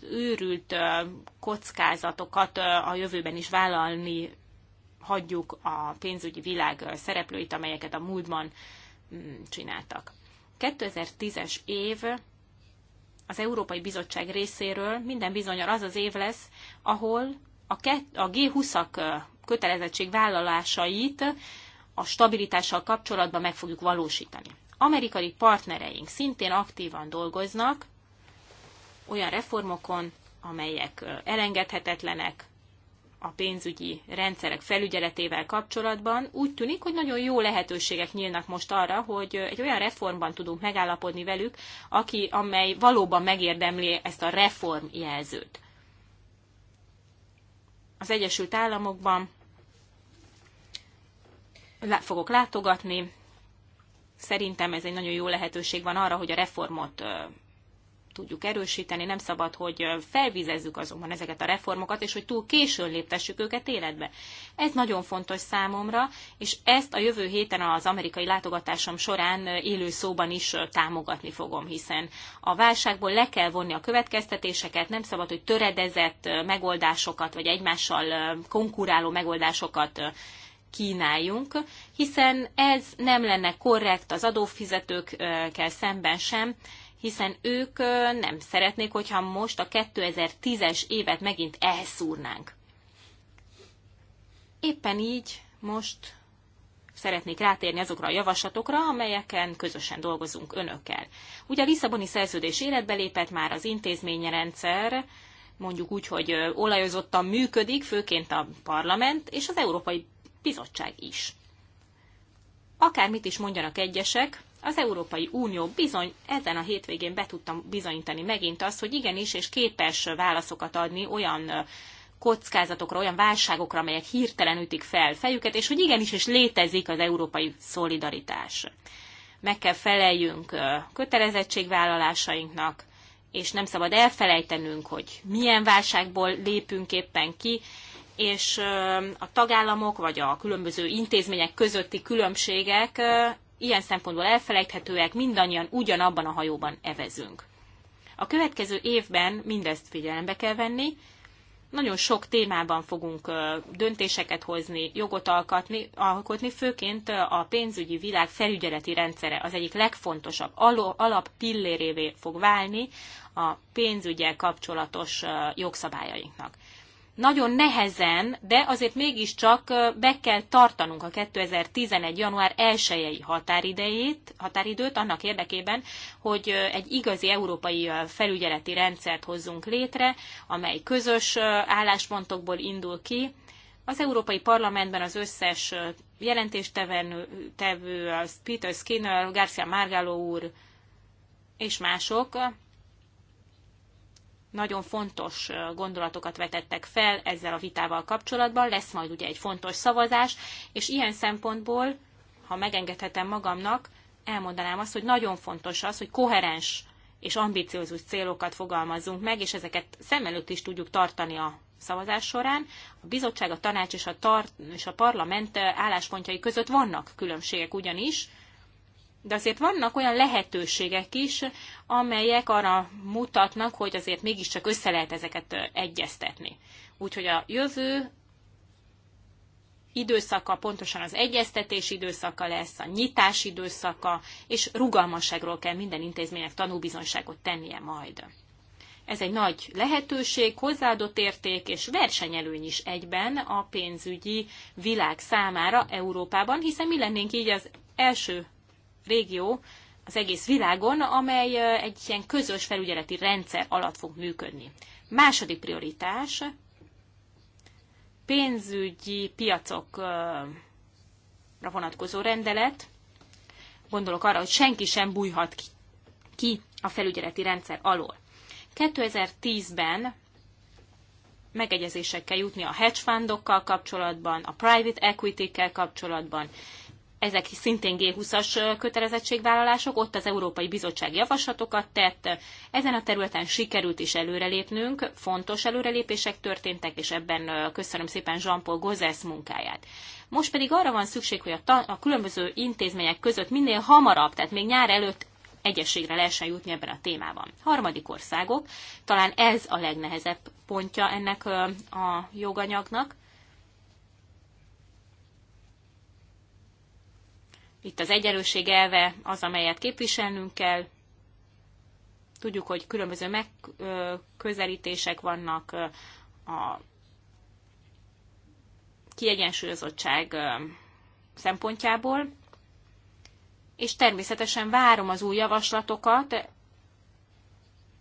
őrült kockázatokat a jövőben is vállalni hagyjuk a pénzügyi világ szereplőit, amelyeket a múltban mm, csináltak. 2010-es év az Európai Bizottság részéről minden bizonyal az az év lesz, ahol a G20-ak vállalásait a stabilitással kapcsolatban meg fogjuk valósítani. Amerikai partnereink szintén aktívan dolgoznak olyan reformokon, amelyek elengedhetetlenek a pénzügyi rendszerek felügyeletével kapcsolatban. Úgy tűnik, hogy nagyon jó lehetőségek nyílnak most arra, hogy egy olyan reformban tudunk megállapodni velük, aki, amely valóban megérdemli ezt a reform jelzőt. Az Egyesült Államokban fogok látogatni. Szerintem ez egy nagyon jó lehetőség van arra, hogy a reformot tudjuk erősíteni, nem szabad, hogy felvizezzük azonban ezeket a reformokat, és hogy túl későn léptessük őket életbe. Ez nagyon fontos számomra, és ezt a jövő héten az amerikai látogatásom során élő szóban is támogatni fogom, hiszen a válságból le kell vonni a következtetéseket, nem szabad, hogy töredezett megoldásokat, vagy egymással konkuráló megoldásokat kínáljunk, hiszen ez nem lenne korrekt az adófizetőkkel szemben sem, hiszen ők nem szeretnék, hogyha most a 2010-es évet megint elszúrnánk. Éppen így most szeretnék rátérni azokra a javaslatokra, amelyeken közösen dolgozunk önökkel. Ugye a Lisszaboni szerződés életbe lépett már az intézményrendszer, mondjuk úgy, hogy olajozottan működik, főként a parlament és az Európai Bizottság is. Akármit is mondjanak egyesek, az Európai Unió bizony ezen a hétvégén be tudtam bizonyítani megint azt, hogy igenis, és képes válaszokat adni olyan kockázatokra, olyan válságokra, amelyek hirtelen ütik fel fejüket, és hogy igenis, és létezik az európai szolidaritás. Meg kell feleljünk kötelezettségvállalásainknak, és nem szabad elfelejtenünk, hogy milyen válságból lépünk éppen ki, és a tagállamok vagy a különböző intézmények közötti különbségek ilyen szempontból elfelejthetőek, mindannyian ugyanabban a hajóban evezünk. A következő évben mindezt figyelembe kell venni, nagyon sok témában fogunk döntéseket hozni, jogot alkotni, alkotni, főként a pénzügyi világ felügyeleti rendszere az egyik legfontosabb alap pillérévé fog válni a pénzügyel kapcsolatos jogszabályainknak nagyon nehezen, de azért mégiscsak be kell tartanunk a 2011. január 1-i határidejét, határidőt annak érdekében, hogy egy igazi európai felügyeleti rendszert hozzunk létre, amely közös álláspontokból indul ki. Az Európai Parlamentben az összes jelentéstevő, Peter Skinner, Garcia Margalo úr és mások nagyon fontos gondolatokat vetettek fel ezzel a vitával kapcsolatban, lesz majd ugye egy fontos szavazás, és ilyen szempontból, ha megengedhetem magamnak, elmondanám azt, hogy nagyon fontos az, hogy koherens és ambiciózus célokat fogalmazzunk meg, és ezeket szem előtt is tudjuk tartani a szavazás során. A bizottság, a tanács és a, tar- és a parlament álláspontjai között vannak különbségek ugyanis, de azért vannak olyan lehetőségek is, amelyek arra mutatnak, hogy azért mégiscsak össze lehet ezeket egyeztetni. Úgyhogy a jövő időszaka pontosan az egyeztetés időszaka lesz, a nyitás időszaka, és rugalmasságról kell minden intézménynek tanúbizonyságot tennie majd. Ez egy nagy lehetőség, hozzáadott érték és versenyelőny is egyben a pénzügyi világ számára Európában, hiszen mi lennénk így az első régió az egész világon, amely egy ilyen közös felügyeleti rendszer alatt fog működni. Második prioritás, pénzügyi piacokra vonatkozó rendelet. Gondolok arra, hogy senki sem bújhat ki a felügyeleti rendszer alól. 2010-ben megegyezésekkel jutni a hedge fundokkal kapcsolatban, a private equity-kkel kapcsolatban, ezek szintén G20-as kötelezettségvállalások, ott az Európai Bizottság javaslatokat tett, ezen a területen sikerült is előrelépnünk, fontos előrelépések történtek, és ebben köszönöm szépen Jean-Paul Gozes munkáját. Most pedig arra van szükség, hogy a, a különböző intézmények között minél hamarabb, tehát még nyár előtt egyességre lehessen jutni ebben a témában. Harmadik országok, talán ez a legnehezebb pontja ennek a joganyagnak, Itt az egyenlőség elve az, amelyet képviselnünk kell. Tudjuk, hogy különböző megközelítések vannak a kiegyensúlyozottság szempontjából, és természetesen várom az új javaslatokat,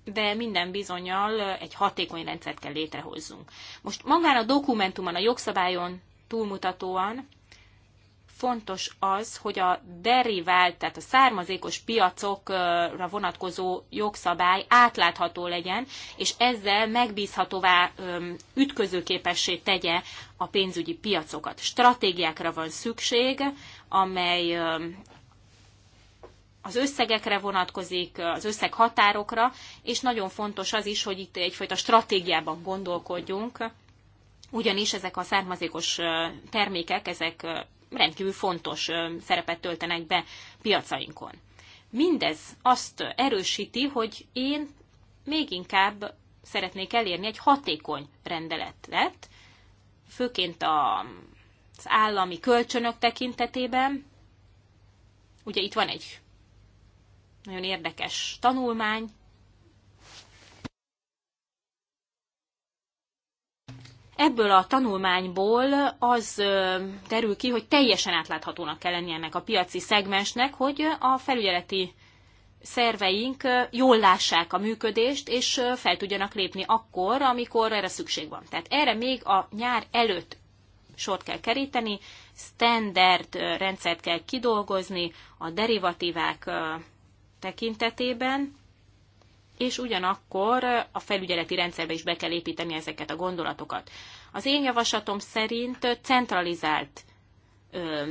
de minden bizonyal egy hatékony rendszert kell létrehozzunk. Most magán a dokumentumon, a jogszabályon túlmutatóan fontos az, hogy a derivált, tehát a származékos piacokra vonatkozó jogszabály átlátható legyen, és ezzel megbízhatóvá, ütközőképessé tegye a pénzügyi piacokat. Stratégiákra van szükség, amely az összegekre vonatkozik, az összeg határokra, és nagyon fontos az is, hogy itt egyfajta stratégiában gondolkodjunk, ugyanis ezek a származékos termékek, ezek rendkívül fontos szerepet töltenek be piacainkon. Mindez azt erősíti, hogy én még inkább szeretnék elérni egy hatékony rendeletet, főként az állami kölcsönök tekintetében. Ugye itt van egy nagyon érdekes tanulmány, Ebből a tanulmányból az derül ki, hogy teljesen átláthatónak kell lenni ennek a piaci szegmensnek, hogy a felügyeleti szerveink jól lássák a működést, és fel tudjanak lépni akkor, amikor erre szükség van. Tehát erre még a nyár előtt sort kell keríteni, standard rendszert kell kidolgozni a derivatívák tekintetében, és ugyanakkor a felügyeleti rendszerbe is be kell építeni ezeket a gondolatokat. Az én javaslatom szerint centralizált ö,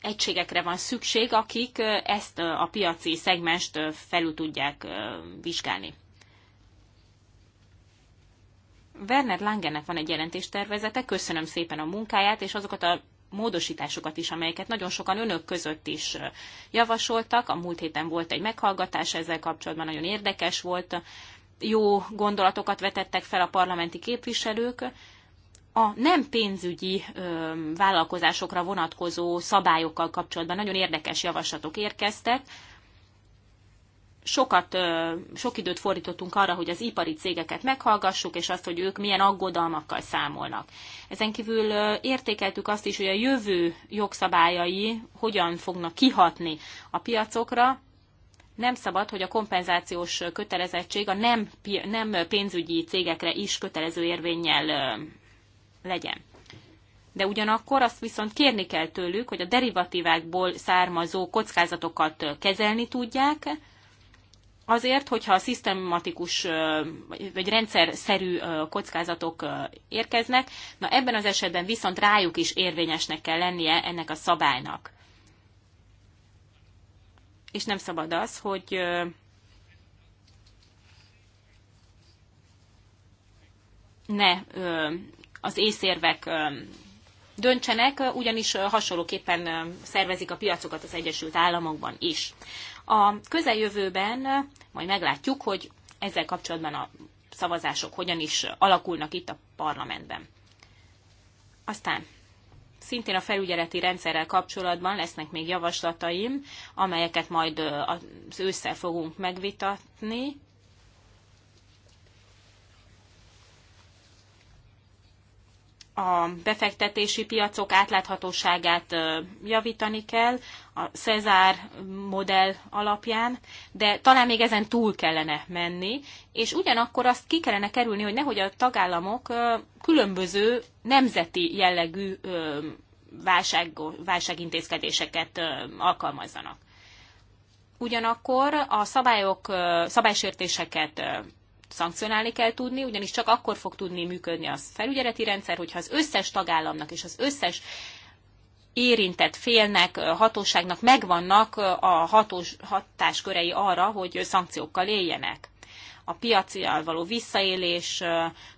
egységekre van szükség, akik ezt a piaci szegmest felül tudják vizsgálni. Werner Langennek van egy jelentéstervezete, köszönöm szépen a munkáját, és azokat a módosításokat is, amelyeket nagyon sokan önök között is javasoltak. A múlt héten volt egy meghallgatás ezzel kapcsolatban, nagyon érdekes volt. Jó gondolatokat vetettek fel a parlamenti képviselők. A nem pénzügyi ö, vállalkozásokra vonatkozó szabályokkal kapcsolatban nagyon érdekes javaslatok érkeztek sokat, sok időt fordítottunk arra, hogy az ipari cégeket meghallgassuk, és azt, hogy ők milyen aggodalmakkal számolnak. Ezen kívül értékeltük azt is, hogy a jövő jogszabályai hogyan fognak kihatni a piacokra, nem szabad, hogy a kompenzációs kötelezettség a nem, nem pénzügyi cégekre is kötelező érvényel legyen. De ugyanakkor azt viszont kérni kell tőlük, hogy a derivatívákból származó kockázatokat kezelni tudják, azért, hogyha a szisztematikus vagy rendszerszerű kockázatok érkeznek, na ebben az esetben viszont rájuk is érvényesnek kell lennie ennek a szabálynak. És nem szabad az, hogy ne az észérvek döntsenek, ugyanis hasonlóképpen szervezik a piacokat az Egyesült Államokban is. A közeljövőben majd meglátjuk, hogy ezzel kapcsolatban a szavazások hogyan is alakulnak itt a parlamentben. Aztán szintén a felügyeleti rendszerrel kapcsolatban lesznek még javaslataim, amelyeket majd az ősszel fogunk megvitatni, a befektetési piacok átláthatóságát javítani kell a Cezár modell alapján, de talán még ezen túl kellene menni, és ugyanakkor azt ki kellene kerülni, hogy nehogy a tagállamok különböző nemzeti jellegű válság, válságintézkedéseket alkalmazzanak. Ugyanakkor a szabályok, szabálysértéseket szankcionálni kell tudni, ugyanis csak akkor fog tudni működni a felügyeleti rendszer, hogyha az összes tagállamnak és az összes érintett félnek, hatóságnak megvannak a hatós, hatáskörei arra, hogy szankciókkal éljenek. A piaci való visszaélés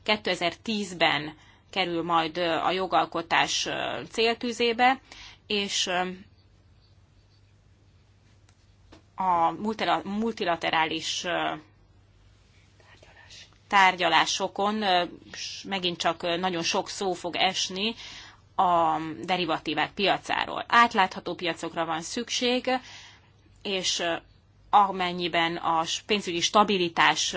2010-ben kerül majd a jogalkotás céltűzébe, és a multilaterális tárgyalásokon megint csak nagyon sok szó fog esni a derivatívák piacáról. Átlátható piacokra van szükség, és amennyiben a pénzügyi stabilitás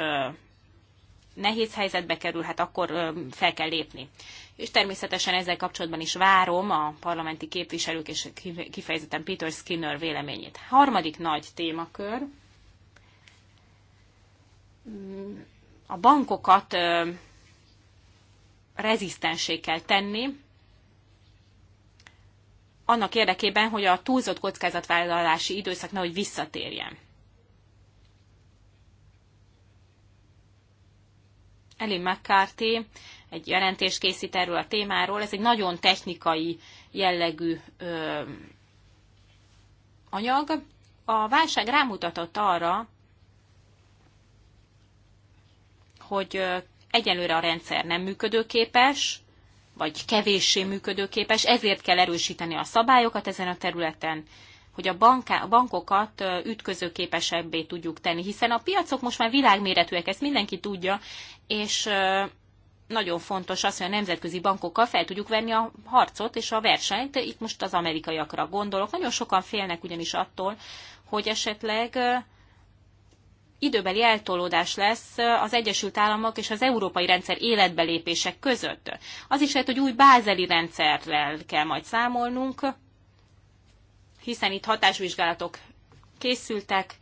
nehéz helyzetbe kerül, hát akkor fel kell lépni. És természetesen ezzel kapcsolatban is várom a parlamenti képviselők és kifejezetten Peter Skinner véleményét. Harmadik nagy témakör a bankokat rezisztensé kell tenni, annak érdekében, hogy a túlzott kockázatvállalási időszak nehogy visszatérjen. Elin McCarthy egy jelentés készít erről a témáról. Ez egy nagyon technikai jellegű ö, anyag. A válság rámutatott arra, hogy egyelőre a rendszer nem működőképes, vagy kevéssé működőképes, ezért kell erősíteni a szabályokat ezen a területen, hogy a, banká, a bankokat ütközőképesebbé tudjuk tenni, hiszen a piacok most már világméretűek, ezt mindenki tudja, és nagyon fontos az, hogy a nemzetközi bankokkal fel tudjuk venni a harcot és a versenyt. Itt most az amerikaiakra gondolok. Nagyon sokan félnek ugyanis attól, hogy esetleg időbeli eltolódás lesz az Egyesült Államok és az európai rendszer életbelépések között. Az is lehet, hogy új bázeli rendszerrel kell majd számolnunk, hiszen itt hatásvizsgálatok készültek,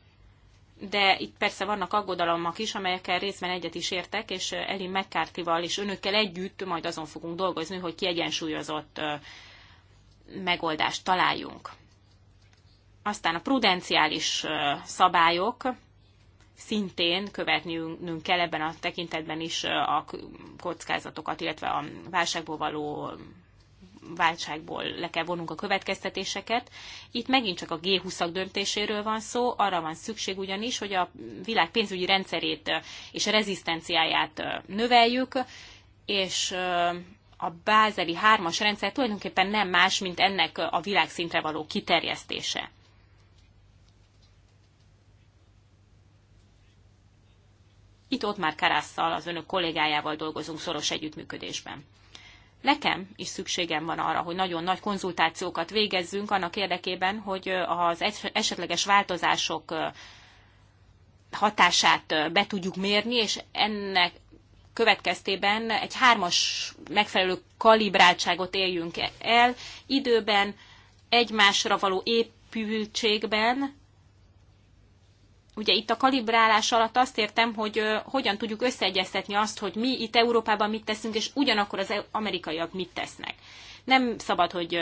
de itt persze vannak aggodalommak is, amelyekkel részben egyet is értek, és Elin mccarthy és önökkel együtt majd azon fogunk dolgozni, hogy kiegyensúlyozott megoldást találjunk. Aztán a prudenciális szabályok, szintén követnünk kell ebben a tekintetben is a kockázatokat, illetve a válságból való válságból le kell vonunk a következtetéseket. Itt megint csak a G20-ak döntéséről van szó, arra van szükség ugyanis, hogy a világ pénzügyi rendszerét és a rezisztenciáját növeljük, és a bázeli hármas rendszer tulajdonképpen nem más, mint ennek a világszintre való kiterjesztése. itt-ott már Karásszal, az önök kollégájával dolgozunk szoros együttműködésben. Nekem is szükségem van arra, hogy nagyon nagy konzultációkat végezzünk annak érdekében, hogy az esetleges változások hatását be tudjuk mérni, és ennek következtében egy hármas megfelelő kalibráltságot éljünk el időben, egymásra való épültségben, ugye itt a kalibrálás alatt azt értem, hogy hogyan tudjuk összeegyeztetni azt, hogy mi itt Európában mit teszünk, és ugyanakkor az e- amerikaiak mit tesznek. Nem szabad, hogy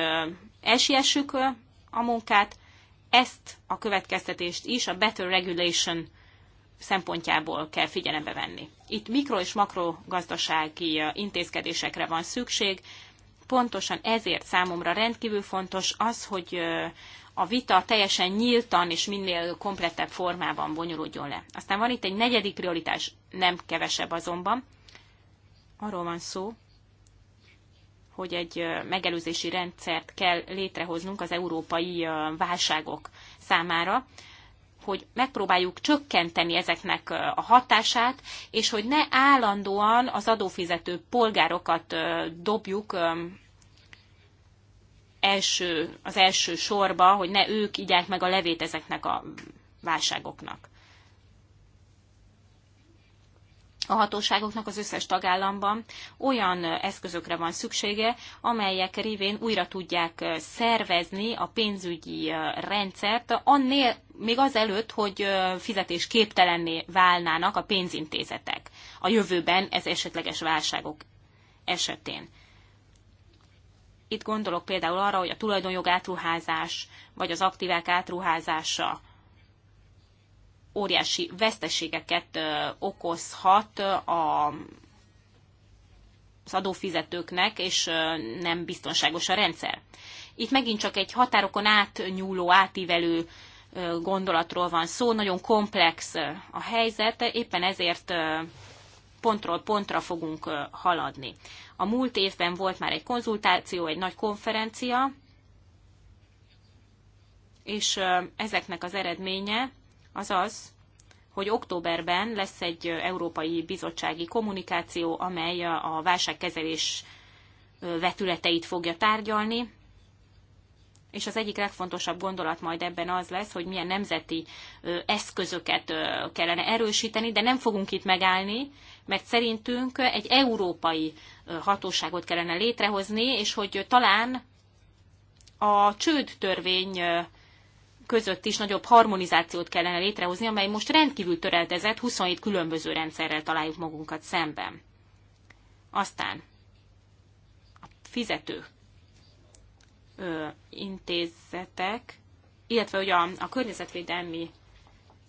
elsiessük a munkát, ezt a következtetést is a better regulation szempontjából kell figyelembe venni. Itt mikro és makro gazdasági intézkedésekre van szükség, pontosan ezért számomra rendkívül fontos az, hogy a vita teljesen nyíltan és minél komplettebb formában bonyolódjon le. Aztán van itt egy negyedik prioritás, nem kevesebb azonban. Arról van szó, hogy egy megelőzési rendszert kell létrehoznunk az európai válságok számára hogy megpróbáljuk csökkenteni ezeknek a hatását, és hogy ne állandóan az adófizető polgárokat dobjuk első, az első sorba, hogy ne ők igyák meg a levét ezeknek a válságoknak. a hatóságoknak az összes tagállamban olyan eszközökre van szüksége, amelyek révén újra tudják szervezni a pénzügyi rendszert, annél, még azelőtt, hogy fizetésképtelenné válnának a pénzintézetek a jövőben ez esetleges válságok esetén. Itt gondolok például arra, hogy a tulajdonjog átruházás, vagy az aktívák átruházása óriási veszteségeket okozhat a az adófizetőknek, és nem biztonságos a rendszer. Itt megint csak egy határokon átnyúló, átívelő gondolatról van szó, nagyon komplex a helyzet, éppen ezért pontról pontra fogunk haladni. A múlt évben volt már egy konzultáció, egy nagy konferencia, és ezeknek az eredménye az az, hogy októberben lesz egy Európai Bizottsági Kommunikáció, amely a válságkezelés vetületeit fogja tárgyalni, és az egyik legfontosabb gondolat majd ebben az lesz, hogy milyen nemzeti eszközöket kellene erősíteni, de nem fogunk itt megállni, mert szerintünk egy európai hatóságot kellene létrehozni, és hogy talán a csőd törvény között is nagyobb harmonizációt kellene létrehozni, amely most rendkívül töreltezett, 27 különböző rendszerrel találjuk magunkat szemben. Aztán a fizető ö, intézetek, illetve ugye a, a környezetvédelmi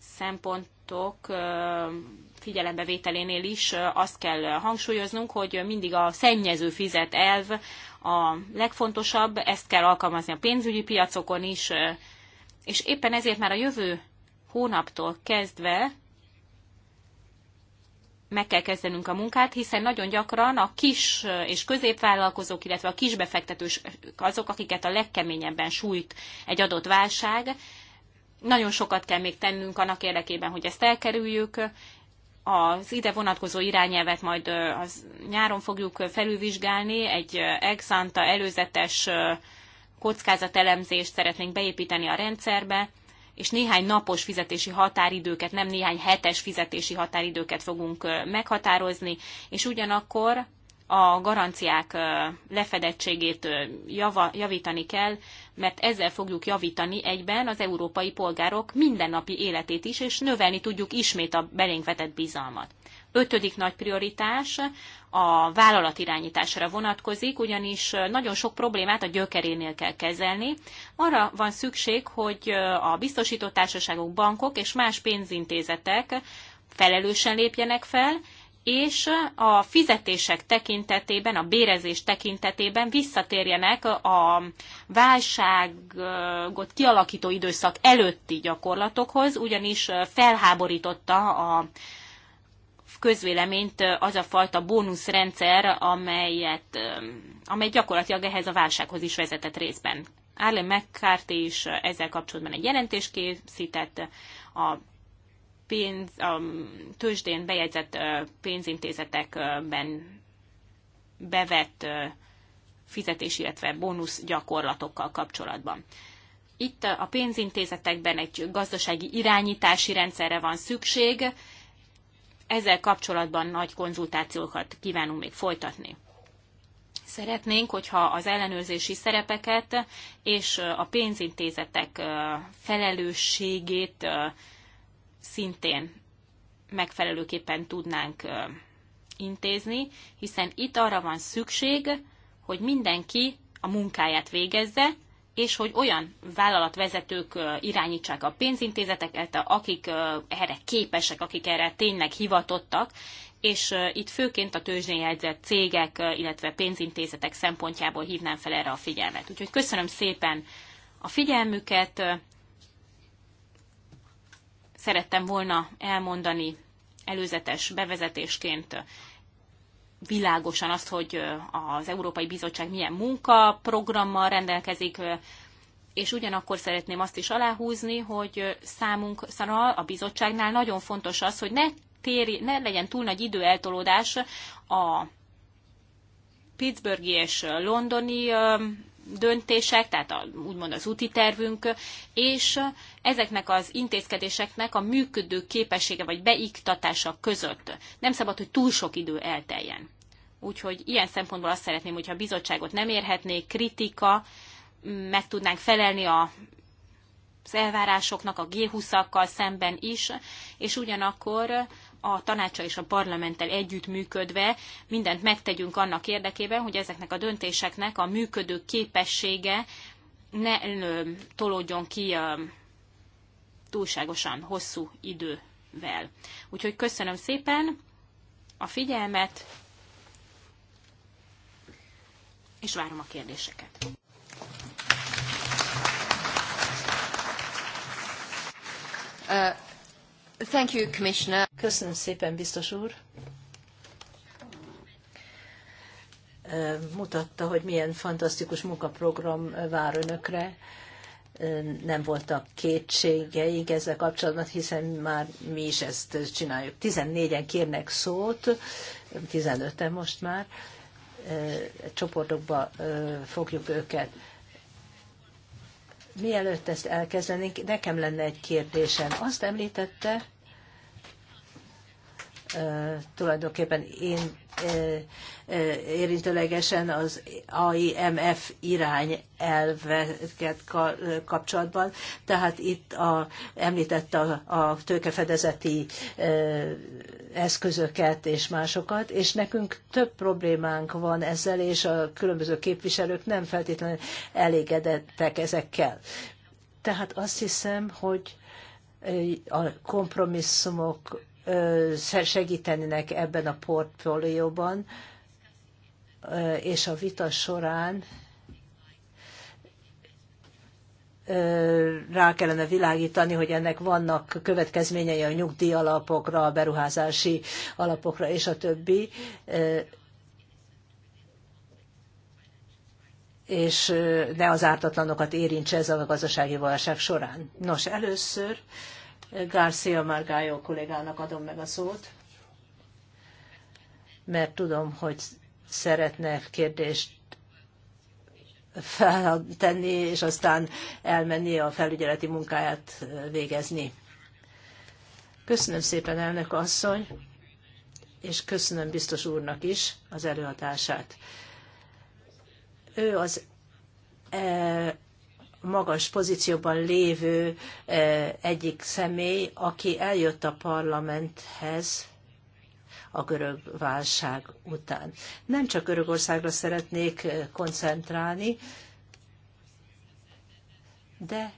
szempontok ö, figyelembevételénél is ö, azt kell hangsúlyoznunk, hogy mindig a szennyező fizet elv a legfontosabb, ezt kell alkalmazni a pénzügyi piacokon is, ö, és éppen ezért már a jövő hónaptól kezdve meg kell kezdenünk a munkát, hiszen nagyon gyakran a kis és középvállalkozók, illetve a kisbefektetős azok, akiket a legkeményebben sújt egy adott válság. Nagyon sokat kell még tennünk annak érdekében, hogy ezt elkerüljük. Az ide vonatkozó irányelvet majd az nyáron fogjuk felülvizsgálni, egy exanta előzetes kockázatelemzést szeretnénk beépíteni a rendszerbe, és néhány napos fizetési határidőket, nem néhány hetes fizetési határidőket fogunk meghatározni, és ugyanakkor a garanciák lefedettségét java, javítani kell, mert ezzel fogjuk javítani egyben az európai polgárok mindennapi életét is, és növelni tudjuk ismét a belénk vetett bizalmat ötödik nagy prioritás a irányításra vonatkozik, ugyanis nagyon sok problémát a gyökerénél kell kezelni. Arra van szükség, hogy a biztosított társaságok, bankok és más pénzintézetek felelősen lépjenek fel, és a fizetések tekintetében, a bérezés tekintetében visszatérjenek a válságot kialakító időszak előtti gyakorlatokhoz, ugyanis felháborította a közvéleményt az a fajta bónuszrendszer, amelyet, amely gyakorlatilag ehhez a válsághoz is vezetett részben. Arlen McCarthy is ezzel kapcsolatban egy jelentést készített a pénz, a tőzsdén bejegyzett pénzintézetekben bevett fizetés, illetve bónusz gyakorlatokkal kapcsolatban. Itt a pénzintézetekben egy gazdasági irányítási rendszerre van szükség, ezzel kapcsolatban nagy konzultációkat kívánunk még folytatni. Szeretnénk, hogyha az ellenőrzési szerepeket és a pénzintézetek felelősségét szintén megfelelőképpen tudnánk intézni, hiszen itt arra van szükség, hogy mindenki a munkáját végezze, és hogy olyan vállalatvezetők irányítsák a pénzintézeteket, akik erre képesek, akik erre tényleg hivatottak, és itt főként a tőzsdén jegyzett cégek, illetve pénzintézetek szempontjából hívnám fel erre a figyelmet. Úgyhogy köszönöm szépen a figyelmüket, szerettem volna elmondani előzetes bevezetésként világosan azt, hogy az Európai Bizottság milyen munkaprogrammal rendelkezik, és ugyanakkor szeretném azt is aláhúzni, hogy számunkra a bizottságnál nagyon fontos az, hogy ne, téri, ne legyen túl nagy időeltolódás a Pittsburghi és londoni döntések, tehát a, úgymond az úti tervünk, és ezeknek az intézkedéseknek a működő képessége vagy beiktatása között nem szabad, hogy túl sok idő elteljen. Úgyhogy ilyen szempontból azt szeretném, hogyha a bizottságot nem érhetnék kritika, meg tudnánk felelni a az elvárásoknak a G20-akkal szemben is, és ugyanakkor a tanácsa és a parlamenttel együttműködve mindent megtegyünk annak érdekében, hogy ezeknek a döntéseknek a működő képessége ne tolódjon ki túlságosan hosszú idővel. Úgyhogy köszönöm szépen a figyelmet, és várom a kérdéseket. Uh, Thank you, Commissioner. Köszönöm szépen, biztos úr. Mutatta, hogy milyen fantasztikus munkaprogram vár önökre nem voltak kétségeik ezzel kapcsolatban, hiszen már mi is ezt csináljuk. 14-en kérnek szót, 15-en most már, csoportokba fogjuk őket. Mielőtt ezt elkezdenénk, nekem lenne egy kérdésem. Azt említette, tulajdonképpen én érintőlegesen az AIMF irány elveket kapcsolatban. Tehát itt a, említett a, a tőkefedezeti eszközöket és másokat, és nekünk több problémánk van ezzel, és a különböző képviselők nem feltétlenül elégedettek ezekkel. Tehát azt hiszem, hogy a kompromisszumok segítenének ebben a portfólióban, és a vita során rá kellene világítani, hogy ennek vannak következményei a nyugdíj alapokra, a beruházási alapokra és a többi. és ne az ártatlanokat érintse ez a gazdasági válság során. Nos, először Garcia Margallo kollégának adom meg a szót, mert tudom, hogy szeretne kérdést feltenni, és aztán elmenni a felügyeleti munkáját végezni. Köszönöm szépen, elnök asszony, és köszönöm biztos úrnak is az előadását. Ő az e, magas pozícióban lévő e, egyik személy, aki eljött a parlamenthez a görög válság után. Nem csak Görögországra szeretnék e, koncentrálni, de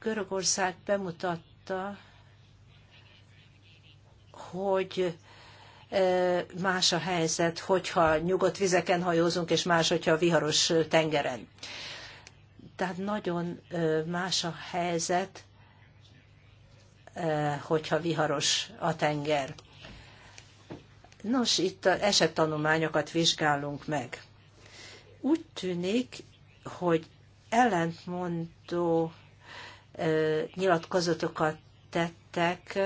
Görögország bemutatta, hogy e, más a helyzet, hogyha nyugodt vizeken hajózunk, és más, hogyha viharos tengeren. Tehát nagyon más a helyzet, hogyha viharos a tenger. Nos, itt esettanulmányokat vizsgálunk meg. Úgy tűnik, hogy ellentmondó nyilatkozatokat tettek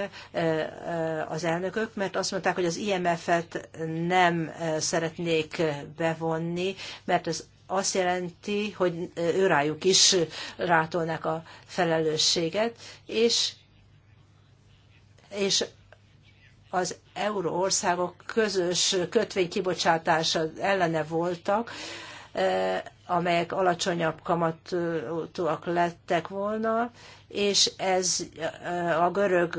az elnökök, mert azt mondták, hogy az IMF-et nem szeretnék bevonni, mert az azt jelenti, hogy őrájuk is rátolnak a felelősséget, és, és az euróországok közös kötvénykibocsátása ellene voltak, amelyek alacsonyabb kamatúak lettek volna, és ez a görög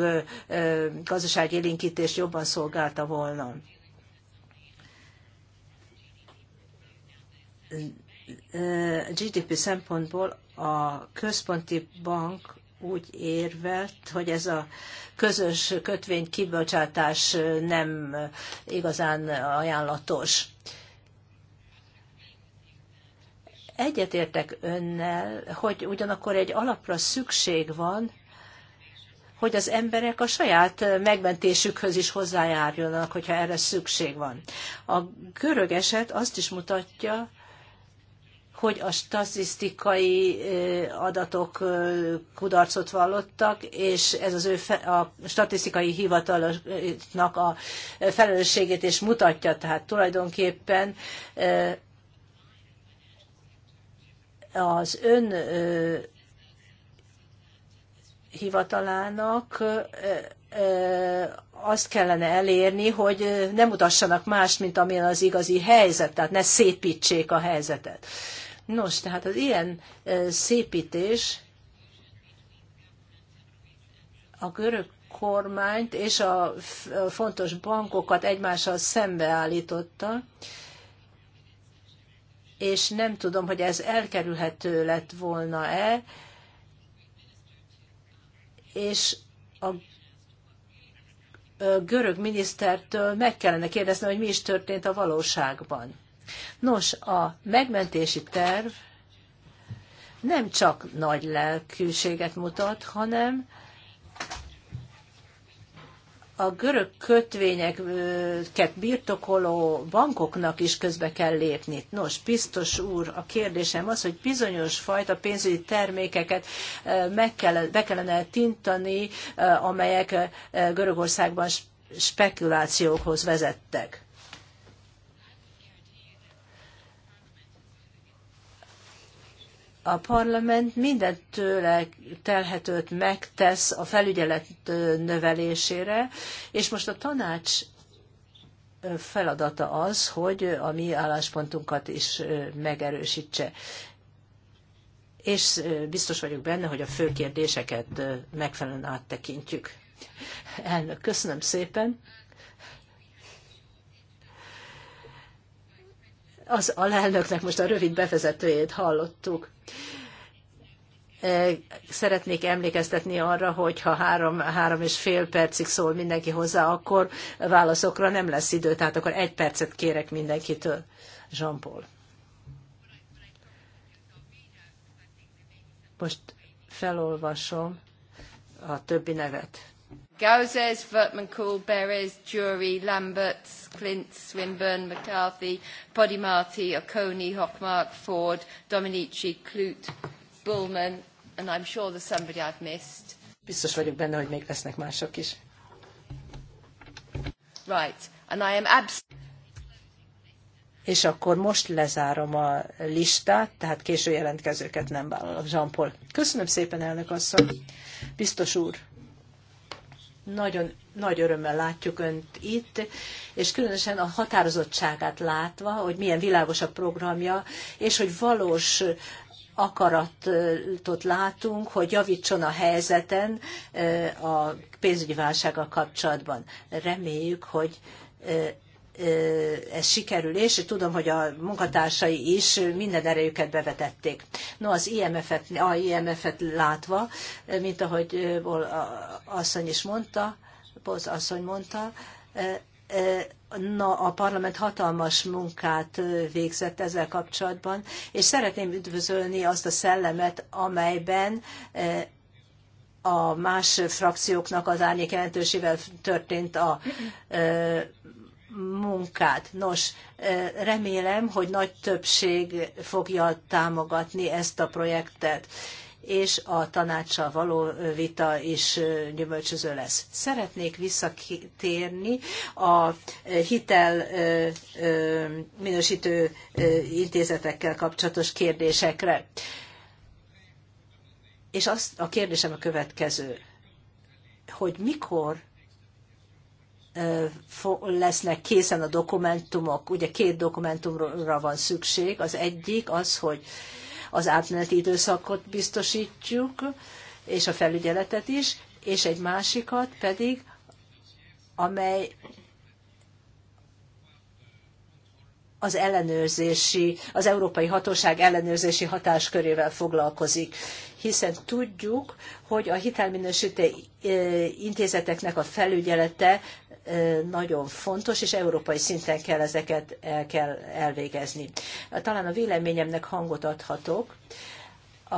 gazdasági élinkítést jobban szolgálta volna. GDP szempontból a központi bank úgy érvelt, hogy ez a közös kötvény kibocsátás nem igazán ajánlatos. Egyetértek önnel, hogy ugyanakkor egy alapra szükség van, hogy az emberek a saját megmentésükhöz is hozzájárjanak, hogyha erre szükség van. A görög eset azt is mutatja, hogy a statisztikai adatok kudarcot vallottak, és ez az ő a statisztikai hivatalnak a felelősségét is mutatja, tehát tulajdonképpen az ön hivatalának azt kellene elérni, hogy nem mutassanak más, mint amilyen az igazi helyzet, tehát ne szépítsék a helyzetet. Nos, tehát az ilyen szépítés a görög kormányt és a fontos bankokat egymással szembeállította, és nem tudom, hogy ez elkerülhető lett volna-e, és a görög minisztertől meg kellene kérdezni, hogy mi is történt a valóságban. Nos, a megmentési terv nem csak nagy lelkűséget mutat, hanem a görög kötvényeket birtokoló bankoknak is közbe kell lépni. Nos, biztos úr, a kérdésem az, hogy bizonyos fajta pénzügyi termékeket eh, meg kell, be kellene tintani, eh, amelyek eh, Görögországban spekulációkhoz vezettek. A parlament mindent tőle telhetőt megtesz a felügyelet növelésére, és most a tanács feladata az, hogy a mi álláspontunkat is megerősítse. És biztos vagyok benne, hogy a fő kérdéseket megfelelően áttekintjük. Elnök, köszönöm szépen. Az alelnöknek most a rövid bevezetőjét hallottuk. E, szeretnék emlékeztetni arra, hogy ha három, három és fél percig szól mindenki hozzá, akkor válaszokra nem lesz idő, tehát akkor egy percet kérek mindenkitől. Jean-Paul. Most felolvasom a többi nevet. Gauzes, Vertman Cool, Beres, Jury, Lamberts, Clint, Swinburne, McCarthy, Podimati, Oconee, Hockmark, Ford, Dominici, Clute, Bullman, and I'm sure there's somebody I've missed. Biztos vagyok benne, hogy még lesznek mások is. Right, and I am absolutely és akkor most lezárom a listát, tehát késő jelentkezőket nem vállalok. Jean-Paul. Köszönöm szépen, elnök asszony. Biztos úr nagyon nagy örömmel látjuk Önt itt, és különösen a határozottságát látva, hogy milyen világos a programja, és hogy valós akaratot látunk, hogy javítson a helyzeten eh, a pénzügyi válsággal kapcsolatban. Reméljük, hogy eh, ez sikerül, és tudom, hogy a munkatársai is minden erejüket bevetették. No, az IMF-et, a IMF-et látva, mint ahogy asszony is mondta, Boz asszony mondta, Na, a parlament hatalmas munkát végzett ezzel kapcsolatban, és szeretném üdvözölni azt a szellemet, amelyben a más frakcióknak az árnyék jelentősével történt a munkát. Nos, remélem, hogy nagy többség fogja támogatni ezt a projektet, és a tanácssal való vita is gyümölcsöző lesz. Szeretnék visszatérni a hitel minősítő intézetekkel kapcsolatos kérdésekre. És azt a kérdésem a következő, hogy mikor lesznek készen a dokumentumok. Ugye két dokumentumra van szükség. Az egyik az, hogy az átmeneti időszakot biztosítjuk, és a felügyeletet is, és egy másikat pedig, amely az ellenőrzési, az Európai Hatóság ellenőrzési hatáskörével foglalkozik, hiszen tudjuk, hogy a hitelminősítő intézeteknek a felügyelete nagyon fontos, és európai szinten kell ezeket el kell elvégezni. Talán a véleményemnek hangot adhatok, a,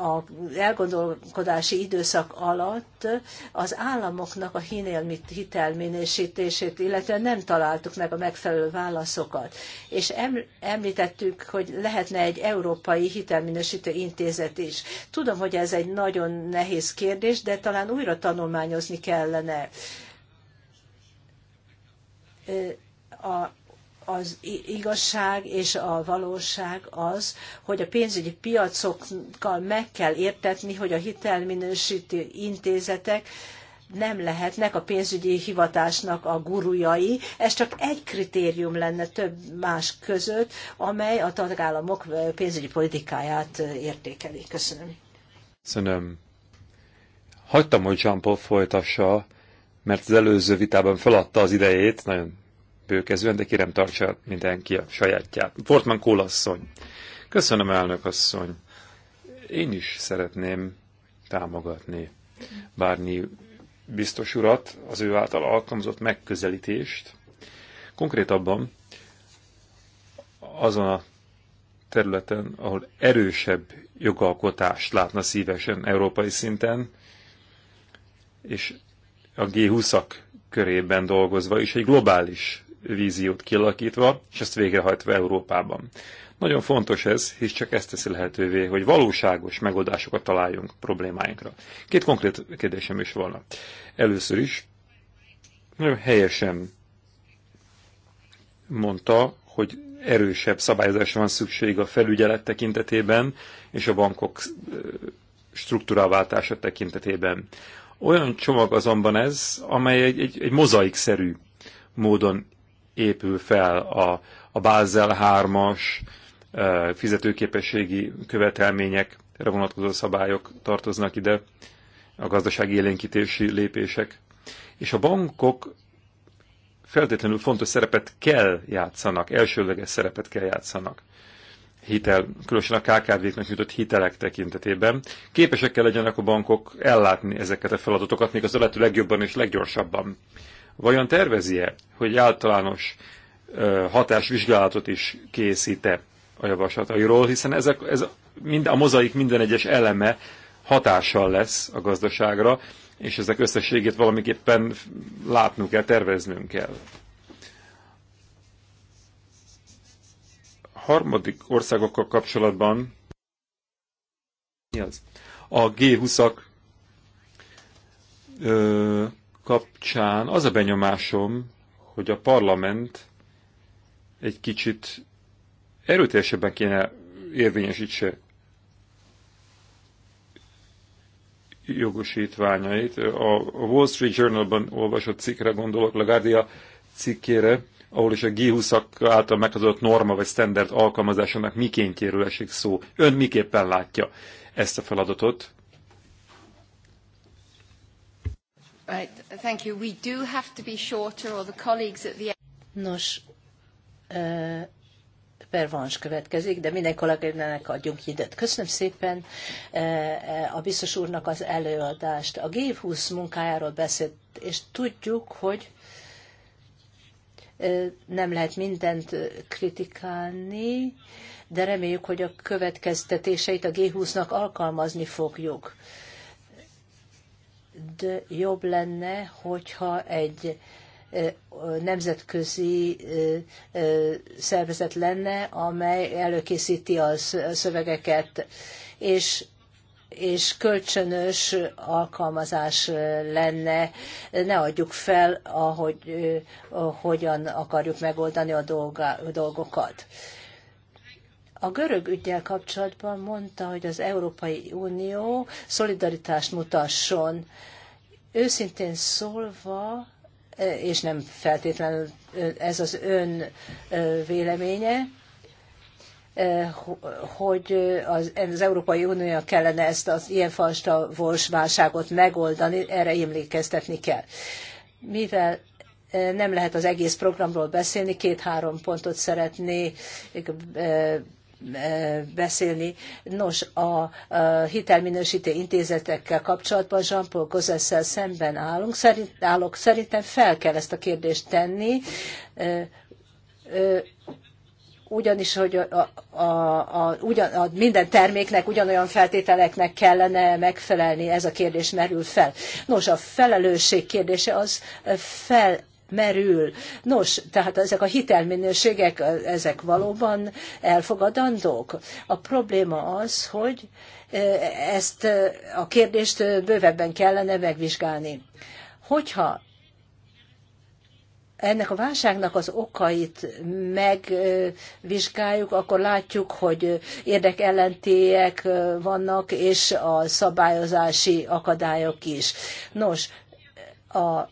a elgondolkodási időszak alatt az államoknak a hitelminősítését, illetve nem találtuk meg a megfelelő válaszokat. És említettük, hogy lehetne egy európai hitelminősítő intézet is. Tudom, hogy ez egy nagyon nehéz kérdés, de talán újra tanulmányozni kellene. A, az igazság és a valóság az, hogy a pénzügyi piacokkal meg kell értetni, hogy a hitelminősítő intézetek nem lehetnek a pénzügyi hivatásnak a gurujai. Ez csak egy kritérium lenne több más között, amely a tagállamok pénzügyi politikáját értékeli. Köszönöm. Köszönöm. Hagytam, hogy Jean-Paul folytassa, mert az előző vitában feladta az idejét, nagyon bőkezően, de kérem tartsa mindenki a sajátját. Portman Kólasszony. Köszönöm, elnök asszony. Én is szeretném támogatni Bárni biztos urat, az ő által alkalmazott megközelítést. Konkrétabban azon a területen, ahol erősebb jogalkotást látna szívesen európai szinten, és a G20-ak körében dolgozva is egy globális víziót kialakítva, és ezt végrehajtva Európában. Nagyon fontos ez, hisz csak ezt teszi lehetővé, hogy valóságos megoldásokat találjunk problémáinkra. Két konkrét kérdésem is volna. Először is, nagyon helyesen mondta, hogy erősebb szabályozásra van szükség a felügyelet tekintetében és a bankok struktúráváltása tekintetében. Olyan csomag azonban ez, amely egy, egy, egy mozaik-szerű módon épül fel a, a Basel 3-as e, fizetőképességi követelményekre vonatkozó szabályok tartoznak ide, a gazdasági élénkítési lépések. És a bankok feltétlenül fontos szerepet kell játszanak, elsőleges szerepet kell játszanak hitel, különösen a KKV-knak nyújtott hitelek tekintetében. Képesek kell legyenek a bankok ellátni ezeket a feladatokat, még az a lehető legjobban és leggyorsabban. Vajon tervezi-e, hogy általános hatásvizsgálatot is készíte a javaslatairól, hiszen ezek, ez mind, a mozaik minden egyes eleme hatással lesz a gazdaságra, és ezek összességét valamiképpen látnunk kell, terveznünk kell. harmadik országokkal kapcsolatban mi az? A G20-ak kapcsán az a benyomásom, hogy a parlament egy kicsit erőteljesebben kéne érvényesítse jogosítványait. A Wall Street Journalban olvasott cikkre gondolok, Guardia cikkére, ahol is a g 20 által meghozott norma vagy standard alkalmazásának mikéntjéről esik szó. Ön miképpen látja ezt a feladatot? Right, thank you. We do have to be shorter or the colleagues at the end. Nos, uh pervans következik, de minden kollégának adjunk időt. Köszönöm szépen a biztos úrnak az előadást. A G20 munkájáról beszélt, és tudjuk, hogy nem lehet mindent kritikálni, de reméljük, hogy a következtetéseit a G20-nak alkalmazni fogjuk de jobb lenne, hogyha egy nemzetközi szervezet lenne, amely előkészíti a szövegeket, és és kölcsönös alkalmazás lenne. Ne adjuk fel, ahogy hogyan akarjuk megoldani a dolgokat. A görög ügyel kapcsolatban mondta, hogy az Európai Unió szolidaritást mutasson. Őszintén szólva, e, és nem feltétlenül ez az ön véleménye, e, hogy az, az Európai Unió kellene ezt az ilyen fajta válságot megoldani, erre emlékeztetni kell. Mivel e, nem lehet az egész programról beszélni, két-három pontot szeretnék beszélni. Nos, a hitelminősítő intézetekkel kapcsolatban Jean-Paul Gozesszel szemben állunk. Szerint, állok, szerintem fel kell ezt a kérdést tenni ugyanis, hogy a, a, a, ugyan, a minden terméknek ugyanolyan feltételeknek kellene megfelelni, ez a kérdés merül fel. Nos, a felelősség kérdése az fel merül. Nos, tehát ezek a hitelminőségek, ezek valóban elfogadandók. A probléma az, hogy e, ezt e, a kérdést bővebben kellene megvizsgálni. Hogyha ennek a válságnak az okait megvizsgáljuk, akkor látjuk, hogy érdekellentélyek vannak, és a szabályozási akadályok is. Nos, a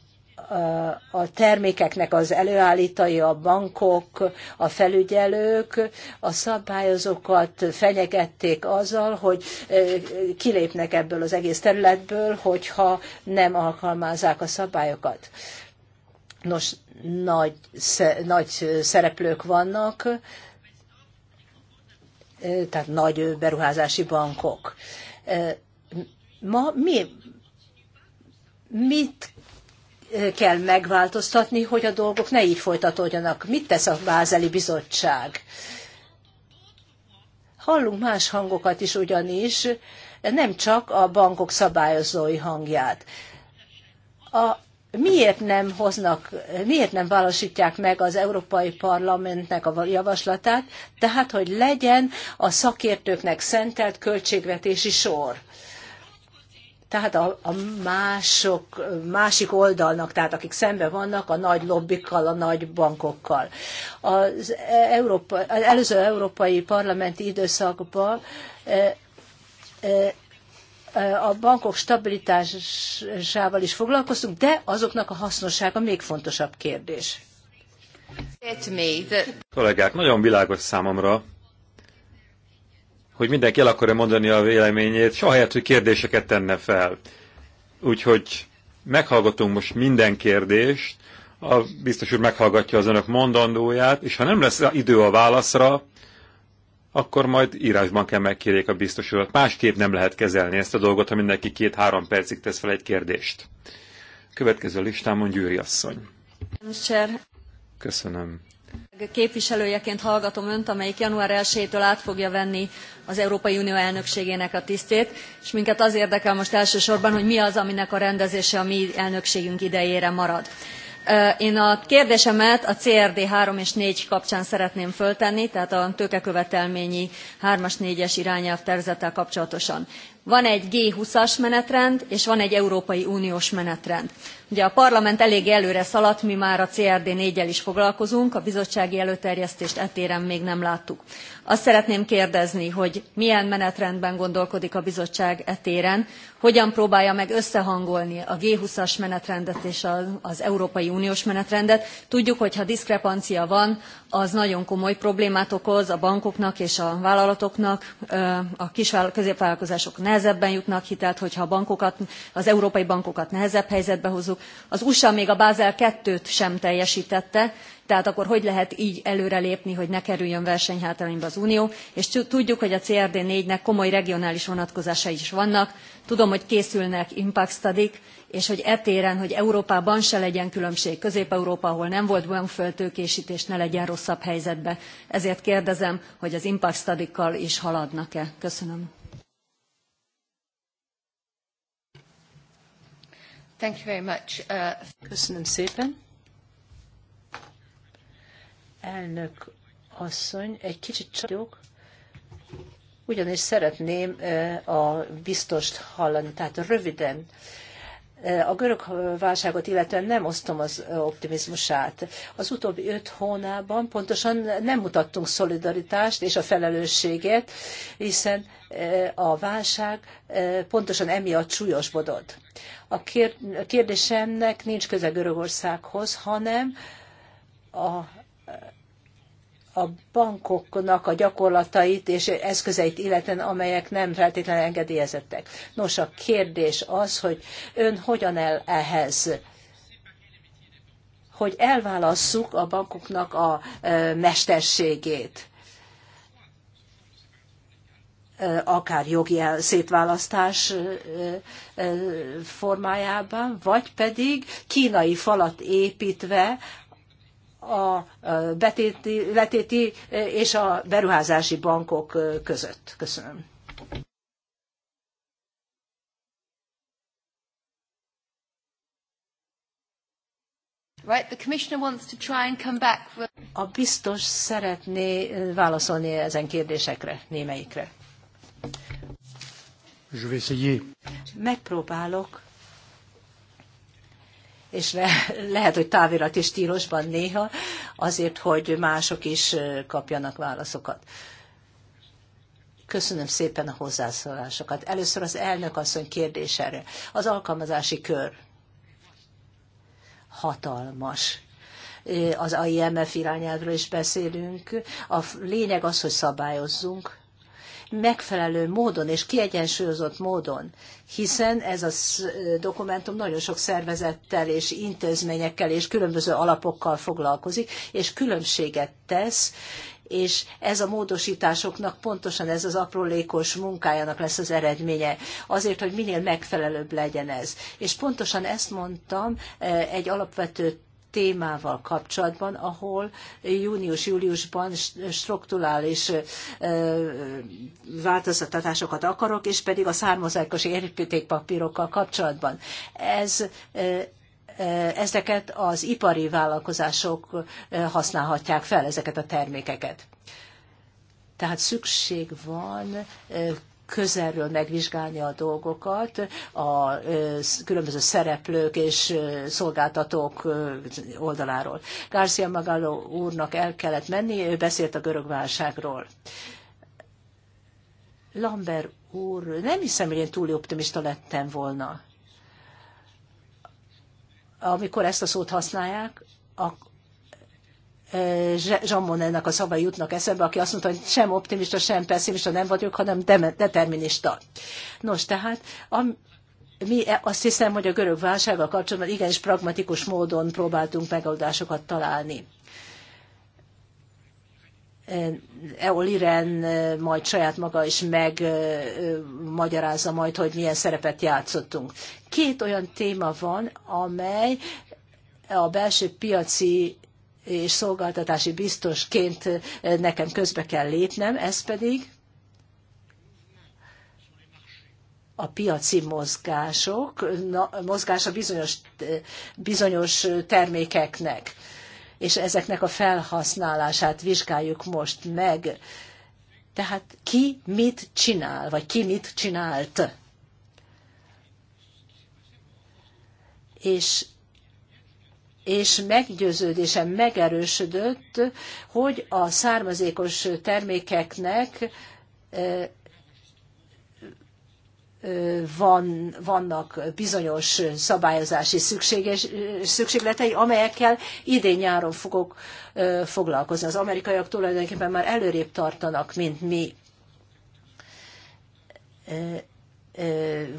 a termékeknek az előállítai, a bankok, a felügyelők, a szabályozókat fenyegették azzal, hogy kilépnek ebből az egész területből, hogyha nem alkalmazzák a szabályokat. Nos, nagy, nagy szereplők vannak, tehát nagy beruházási bankok. Ma mi, mit kell megváltoztatni, hogy a dolgok ne így folytatódjanak. Mit tesz a Bázeli Bizottság? Hallunk más hangokat is ugyanis, nem csak a bankok szabályozói hangját. A, miért nem hoznak, miért nem valósítják meg az Európai Parlamentnek a javaslatát, tehát hogy legyen a szakértőknek szentelt költségvetési sor tehát a, a mások, másik oldalnak, tehát akik szembe vannak a nagy lobbikkal, a nagy bankokkal. Az, Európa, az előző európai parlamenti időszakban e, e, e, a bankok stabilitásával is foglalkoztunk, de azoknak a hasznossága még fontosabb kérdés. Kollégák, nagyon világos számomra, hogy mindenki el akarja mondani a véleményét, és hogy kérdéseket tenne fel. Úgyhogy meghallgatunk most minden kérdést, a biztos úr meghallgatja az önök mondandóját, és ha nem lesz idő a válaszra, akkor majd írásban kell megkérjék a biztos urat. Másképp nem lehet kezelni ezt a dolgot, ha mindenki két-három percig tesz fel egy kérdést. Következő listámon Győri asszony. Köszönöm. Képviselőjeként hallgatom önt, amelyik január 1-től át fogja venni az Európai Unió elnökségének a tisztét, és minket az érdekel most elsősorban, hogy mi az, aminek a rendezése a mi elnökségünk idejére marad. Én a kérdésemet a CRD 3 és 4 kapcsán szeretném föltenni, tehát a tőkekövetelményi 3-as 4-es irányelv tervezettel kapcsolatosan. Van egy G20-as menetrend, és van egy Európai Uniós menetrend Ugye a parlament elég előre szaladt, mi már a CRD 4 is foglalkozunk, a bizottsági előterjesztést etéren még nem láttuk. Azt szeretném kérdezni, hogy milyen menetrendben gondolkodik a bizottság etéren, hogyan próbálja meg összehangolni a G20-as menetrendet és az Európai Uniós menetrendet. Tudjuk, hogy ha diszkrepancia van, az nagyon komoly problémát okoz a bankoknak és a vállalatoknak, a kis középvállalkozások nehezebben jutnak hitelt, hogyha a bankokat, az európai bankokat nehezebb helyzetbe hozzuk, mondjuk az USA még a Bázel ii t sem teljesítette, tehát akkor hogy lehet így előrelépni, hogy ne kerüljön versenyhátrányba az Unió, és tudjuk, hogy a CRD iv nek komoly regionális vonatkozásai is vannak, tudom, hogy készülnek impact k és hogy e téren hogy Európában se legyen különbség, Közép-Európa, ahol nem volt bankföldtőkésítés, ne legyen rosszabb helyzetbe. Ezért kérdezem, hogy az impact kkal is haladnak-e. Köszönöm. Thank you very much. Uh... Köszönöm szépen. Elnök asszony, egy kicsit csodok, ugyanis szeretném a biztost hallani, tehát röviden. A görög válságot illetően nem osztom az optimizmusát. Az utóbbi öt hónapban pontosan nem mutattunk szolidaritást és a felelősséget, hiszen a válság pontosan emiatt súlyosbodott. A kérdésemnek nincs köze Görögországhoz, hanem a, a bankoknak a gyakorlatait és eszközeit illeten, amelyek nem feltétlenül engedélyezettek. Nos, a kérdés az, hogy ön hogyan el ehhez? hogy elválasszuk a bankoknak a mesterségét akár jogi szétválasztás formájában, vagy pedig kínai falat építve a betéti, letéti és a beruházási bankok között. Köszönöm. Right, the commissioner wants to try and come back. A biztos szeretné válaszolni ezen kérdésekre, némelyikre. Je vais essayer. Megpróbálok, és le, lehet, hogy távirat is stílusban néha, azért, hogy mások is kapjanak válaszokat. Köszönöm szépen a hozzászólásokat. Először az elnök asszony kérdésére. Az alkalmazási kör hatalmas. Az IMF irányelvről is beszélünk. A lényeg az, hogy szabályozzunk, megfelelő módon és kiegyensúlyozott módon, hiszen ez a dokumentum nagyon sok szervezettel és intézményekkel és különböző alapokkal foglalkozik, és különbséget tesz, és ez a módosításoknak pontosan ez az aprólékos munkájának lesz az eredménye, azért, hogy minél megfelelőbb legyen ez. És pontosan ezt mondtam eh, egy alapvető témával kapcsolatban, ahol június-júliusban strukturális változtatásokat akarok, és pedig a származákos értékpapírokkal kapcsolatban. Ez ezeket az ipari vállalkozások használhatják fel, ezeket a termékeket. Tehát szükség van közelről megvizsgálni a dolgokat, a különböző szereplők és szolgáltatók oldaláról. Garcia Magallo úrnak el kellett menni, ő beszélt a görög válságról. Lambert úr, nem hiszem, hogy én túl optimista lettem volna. Amikor ezt a szót használják, Jean Monnet-nek a szavai jutnak eszembe, aki azt mondta, hogy sem optimista, sem pessimista nem vagyok, hanem determinista. Nos, tehát am, mi e- azt hiszem, hogy a görög válsággal kapcsolatban igenis pragmatikus módon próbáltunk megoldásokat találni. Eoliren majd saját maga is megmagyarázza majd, hogy milyen szerepet játszottunk. Két olyan téma van, amely a belső piaci és szolgáltatási biztosként eh, nekem közbe kell lépnem, ez pedig a piaci mozgások, mozgása bizonyos, bizonyos termékeknek, és ezeknek a felhasználását vizsgáljuk most meg. Tehát ki mit csinál, vagy ki mit csinált. És és meggyőződésem megerősödött, hogy a származékos termékeknek van, vannak bizonyos szabályozási szükségletei, amelyekkel idén-nyáron fogok foglalkozni. Az amerikaiak tulajdonképpen már előrébb tartanak, mint mi.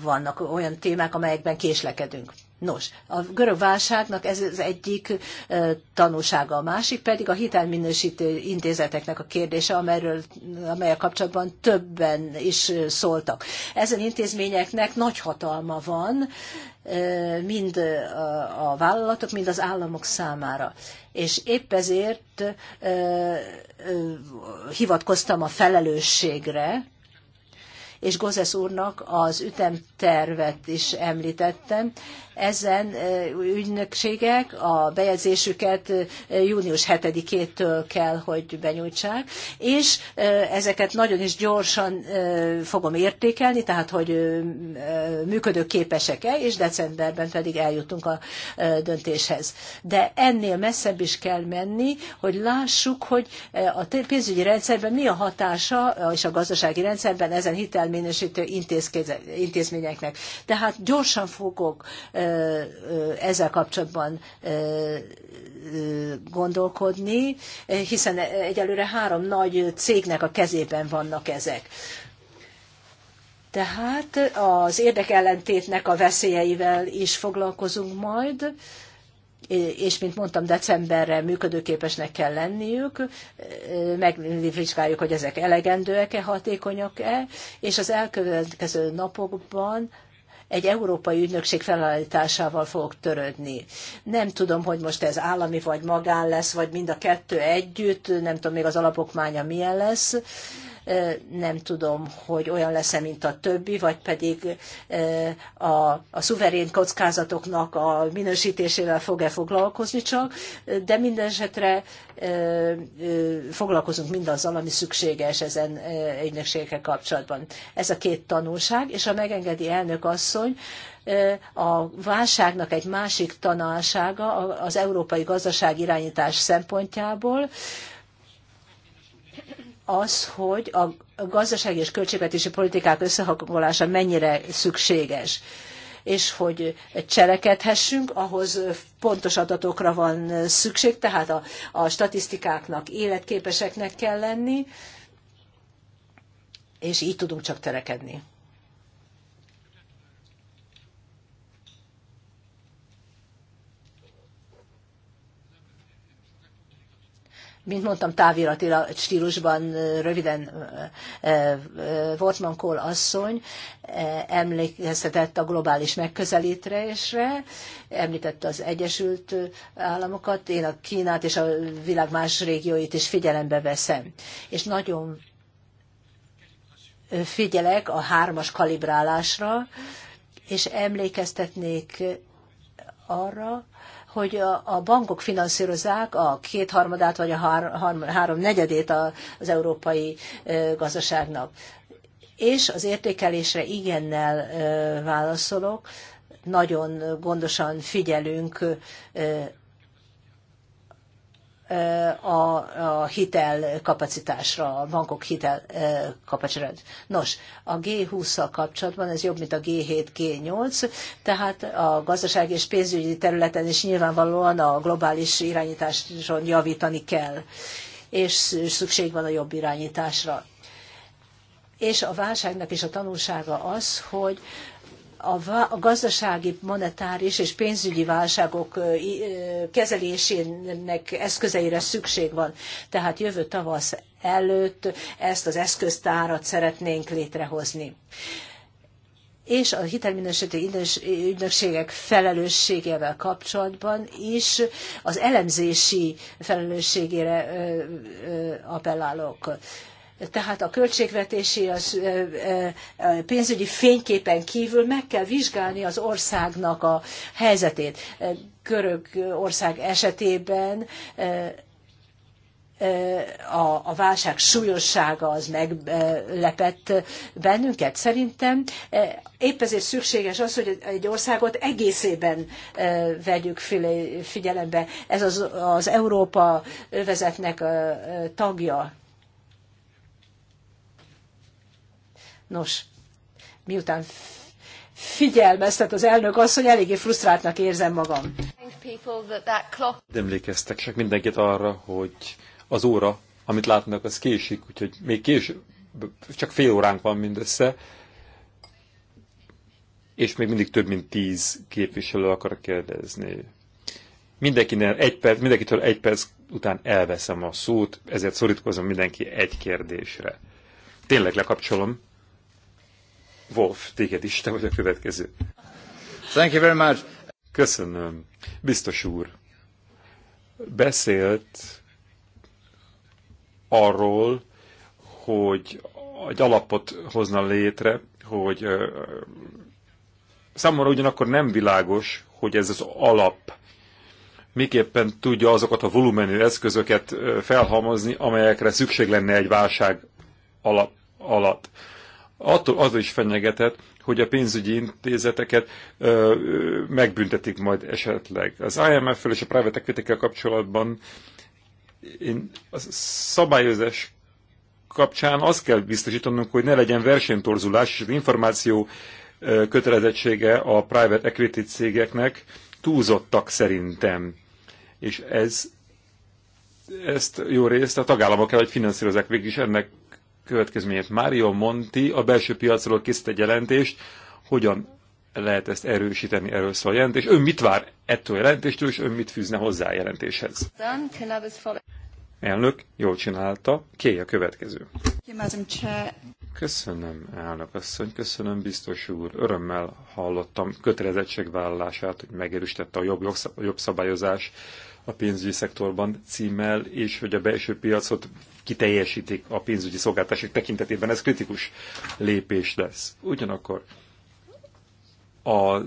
Vannak olyan témák, amelyekben késlekedünk. Nos, a görög válságnak ez az egyik tanulsága, a másik pedig a hitelminősítő intézeteknek a kérdése, amelyről, amelyek kapcsolatban többen is szóltak. Ezen intézményeknek nagy hatalma van, mind a vállalatok, mind az államok számára. És épp ezért hivatkoztam a felelősségre, és Gozes úrnak az ütemtervet is említettem, ezen ügynökségek a bejegyzésüket június 7-től kell, hogy benyújtsák, és ezeket nagyon is gyorsan fogom értékelni, tehát hogy működőképesek-e, és decemberben pedig eljutunk a döntéshez. De ennél messzebb is kell menni, hogy lássuk, hogy a pénzügyi rendszerben mi a hatása, és a gazdasági rendszerben ezen hitelminősítő intézményeknek. Tehát gyorsan fogok ezzel kapcsolatban gondolkodni, hiszen egyelőre három nagy cégnek a kezében vannak ezek. Tehát az érdekellentétnek a veszélyeivel is foglalkozunk majd, és mint mondtam, decemberre működőképesnek kell lenniük, megvizsgáljuk, hogy ezek elegendőek-e, hatékonyak-e, és az elkövetkező napokban egy európai ügynökség felállításával fogok törődni. Nem tudom, hogy most ez állami vagy magán lesz, vagy mind a kettő együtt, nem tudom még az alapokmánya milyen lesz, nem tudom, hogy olyan lesz-e, mint a többi, vagy pedig a, a szuverén kockázatoknak a minősítésével fog-e foglalkozni csak, de minden esetre foglalkozunk mindazzal, ami szükséges ezen ügynökségekkel kapcsolatban. Ez a két tanulság, és a megengedi elnök asszony, a válságnak egy másik tanulsága az európai gazdaság irányítás szempontjából, az, hogy a gazdasági és költségvetési politikák összehangolása mennyire szükséges és hogy cselekedhessünk, ahhoz pontos adatokra van szükség, tehát a, a statisztikáknak életképeseknek kell lenni, és így tudunk csak terekedni. mint mondtam, táviratilag stílusban röviden Wortman Kohl asszony emlékeztetett a globális megközelítésre, említette az Egyesült Államokat, én a Kínát és a világ más régióit is figyelembe veszem. És nagyon figyelek a hármas kalibrálásra, és emlékeztetnék arra, hogy a bankok finanszírozzák a kétharmadát vagy a háromnegyedét az európai gazdaságnak. És az értékelésre igennel válaszolok, nagyon gondosan figyelünk a, a hitelkapacitásra, a bankok kapacitásra. Nos, a G20-szal kapcsolatban ez jobb, mint a G7, G8, tehát a gazdasági és pénzügyi területen is nyilvánvalóan a globális irányításon javítani kell, és szükség van a jobb irányításra. És a válságnak is a tanulsága az, hogy a gazdasági, monetáris és pénzügyi válságok kezelésének eszközeire szükség van. Tehát jövő tavasz előtt ezt az eszköztárat szeretnénk létrehozni és a hitelminősítő ügynökségek felelősségével kapcsolatban is az elemzési felelősségére appellálok. Tehát a költségvetési, a pénzügyi fényképen kívül meg kell vizsgálni az országnak a helyzetét. Görögország esetében a, a válság súlyossága az meglepett bennünket. Szerintem épp ezért szükséges az, hogy egy országot egészében vegyük figyelembe. Ez az, az Európa övezetnek tagja. Nos, miután figyelmeztet az elnök hogy eléggé frusztráltnak érzem magam. Emlékeztek csak mindenkit arra, hogy az óra, amit látnak, az késik, úgyhogy még később, csak fél óránk van mindössze, és még mindig több mint tíz képviselő akar kérdezni. Mindenkinél egy perc, mindenkitől egy perc után elveszem a szót, ezért szorítkozom mindenki egy kérdésre. Tényleg lekapcsolom Wolf, téged is, te vagy a következő. Thank you very much. Köszönöm. Biztos úr, beszélt arról, hogy egy alapot hozna létre, hogy számomra ugyanakkor nem világos, hogy ez az alap miképpen tudja azokat a volumenű eszközöket felhalmozni, amelyekre szükség lenne egy válság alap, alatt attól az is fenyegetett, hogy a pénzügyi intézeteket ö, ö, megbüntetik majd esetleg. Az IMF-fel és a private equity kapcsolatban én a szabályozás kapcsán azt kell biztosítanunk, hogy ne legyen versenytorzulás, és az információ kötelezettsége a private equity cégeknek túlzottak szerintem. És ez ezt jó részt a tagállamok kell, hogy finanszírozzák végig is ennek következményét. Mario Monti a belső piacról készít egy jelentést, hogyan lehet ezt erősíteni, erről szól a jelentés. Ön mit vár ettől a jelentéstől, és ön mit fűzne hozzá a jelentéshez? Elnök, jól csinálta. Ké a következő. Köszönöm, elnök asszony, köszönöm, biztos úr. Örömmel hallottam kötelezettségvállalását, hogy megerősítette a jobb, jobb szabályozás a pénzügyi szektorban címmel, és hogy a belső piacot kiteljesítik a pénzügyi szolgáltatások tekintetében. Ez kritikus lépés lesz. Ugyanakkor a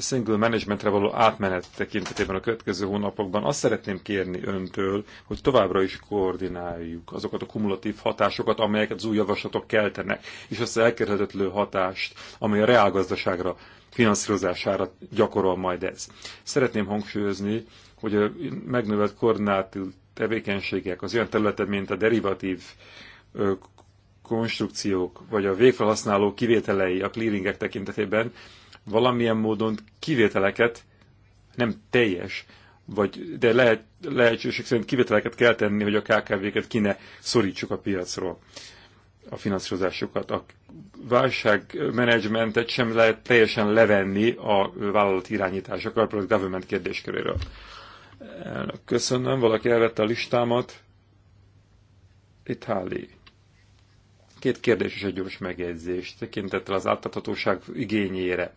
single managementre való átmenet tekintetében a következő hónapokban azt szeretném kérni öntől, hogy továbbra is koordináljuk azokat a kumulatív hatásokat, amelyeket az új javaslatok keltenek, és azt az elkerülhetetlő hatást, amely a reálgazdaságra finanszírozására gyakorol majd ez. Szeretném hangsúlyozni, hogy a megnövelt koordinátív tevékenységek az olyan területen, mint a derivatív konstrukciók, vagy a végfelhasználó kivételei a clearingek tekintetében valamilyen módon kivételeket, nem teljes, vagy, de lehet, lehetőség szerint kivételeket kell tenni, hogy a KKV-ket ki ne szorítsuk a piacról a finanszírozásukat. A válságmenedzsmentet sem lehet teljesen levenni a vállalat irányítás, a corporate government kérdésköréről. Elnök, köszönöm, valaki elvette a listámat. Itt Háli. Két kérdés és egy gyors megjegyzés tekintettel az átláthatóság igényére.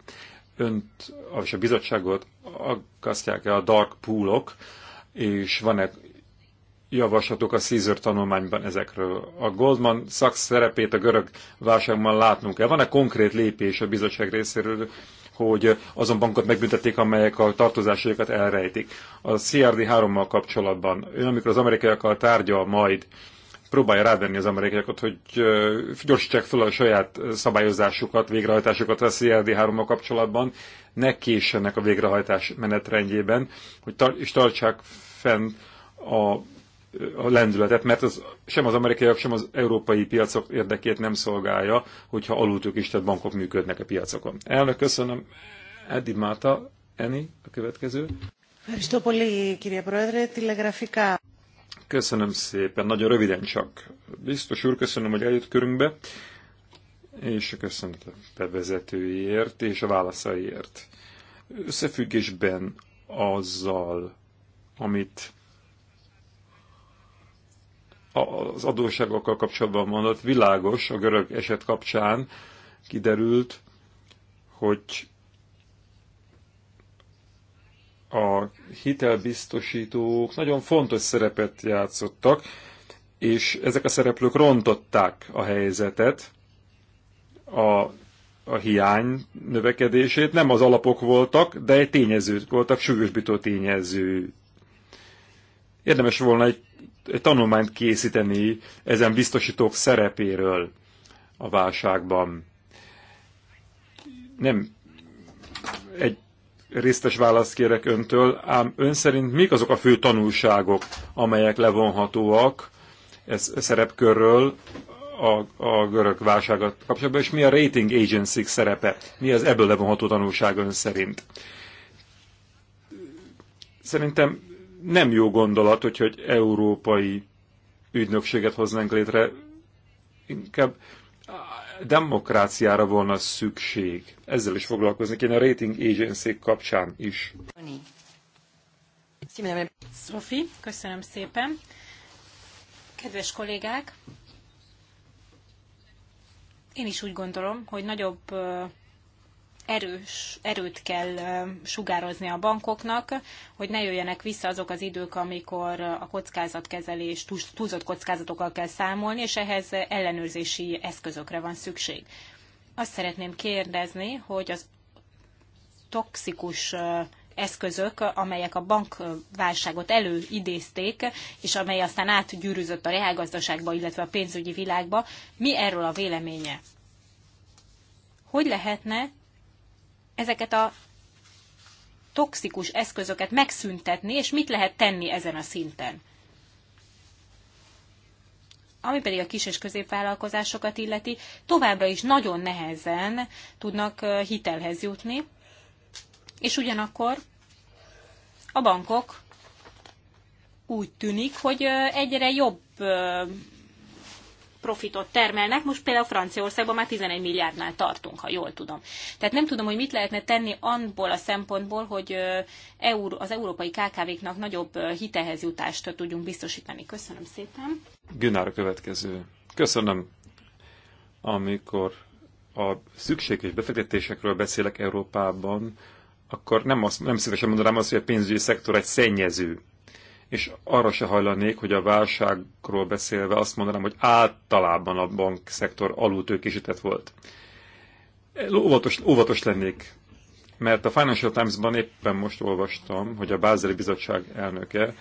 Önt és a bizottságot aggasztják-e a dark poolok, és van-e javaslatok a Caesar tanulmányban ezekről. A Goldman szakszerepét szerepét a görög válságban látnunk kell. Van-e konkrét lépés a bizottság részéről hogy azon bankot megbüntették, amelyek a tartozásaikat elrejtik. A CRD 3-mal kapcsolatban, ön amikor az amerikaiakkal tárgyal majd, próbálja rávenni az amerikaiakat, hogy gyorsítsák fel a saját szabályozásukat, végrehajtásukat a CRD3-mal kapcsolatban, ne késsenek a végrehajtás menetrendjében, hogy tar- és tartsák fenn a a lendületet, mert az, sem az amerikaiak, sem az európai piacok érdekét nem szolgálja, hogyha tehát bankok működnek a piacokon. Elnök, köszönöm. Eddi Máta, Eni, a következő. Köszönöm szépen, nagyon röviden csak. Biztos úr, köszönöm, hogy eljött körünkbe, és köszönöm a bevezetőjért és a válaszaiért. Összefüggésben azzal, amit az adósságokkal kapcsolatban mondott, világos a görög eset kapcsán kiderült, hogy a hitelbiztosítók nagyon fontos szerepet játszottak, és ezek a szereplők rontották a helyzetet, a, a hiány növekedését. Nem az alapok voltak, de egy tényezők voltak, súlyosbító tényező. Érdemes volna egy egy tanulmányt készíteni ezen biztosítók szerepéről a válságban. Nem egy résztes választ kérek öntől, ám ön szerint mik azok a fő tanulságok, amelyek levonhatóak ez szerepkörről a, a görög válságot kapcsolatban, és mi a rating agency szerepe? Mi az ebből levonható tanulság ön szerint? Szerintem nem jó gondolat, hogy, hogy európai ügynökséget hoznánk létre, inkább demokráciára volna szükség. Ezzel is foglalkozni kéne a rating agency kapcsán is. Szofi, köszönöm szépen. Kedves kollégák, én is úgy gondolom, hogy nagyobb erős, erőt kell sugározni a bankoknak, hogy ne jöjjenek vissza azok az idők, amikor a kockázatkezelés, túlzott kockázatokkal kell számolni, és ehhez ellenőrzési eszközökre van szükség. Azt szeretném kérdezni, hogy az toxikus eszközök, amelyek a bankválságot előidézték, és amely aztán átgyűrűzött a reálgazdaságba, illetve a pénzügyi világba. Mi erről a véleménye? Hogy lehetne ezeket a toxikus eszközöket megszüntetni, és mit lehet tenni ezen a szinten. Ami pedig a kis és középvállalkozásokat illeti, továbbra is nagyon nehezen tudnak hitelhez jutni, és ugyanakkor a bankok úgy tűnik, hogy egyre jobb profitot termelnek, most például Franciaországban már 11 milliárdnál tartunk, ha jól tudom. Tehát nem tudom, hogy mit lehetne tenni abból a szempontból, hogy az európai KKV-knak nagyobb hitehez jutást tudjunk biztosítani. Köszönöm szépen. Günár következő. Köszönöm. Amikor a szükséges befektetésekről beszélek Európában, akkor nem, azt, nem szívesen mondanám azt, hogy a pénzügyi szektor egy szennyező és arra se hajlanék, hogy a válságról beszélve azt mondanám, hogy általában a bankszektor alultőkésített volt. Óvatos, óvatos lennék, mert a Financial Times-ban éppen most olvastam, hogy a Bázeli Bizottság elnöke,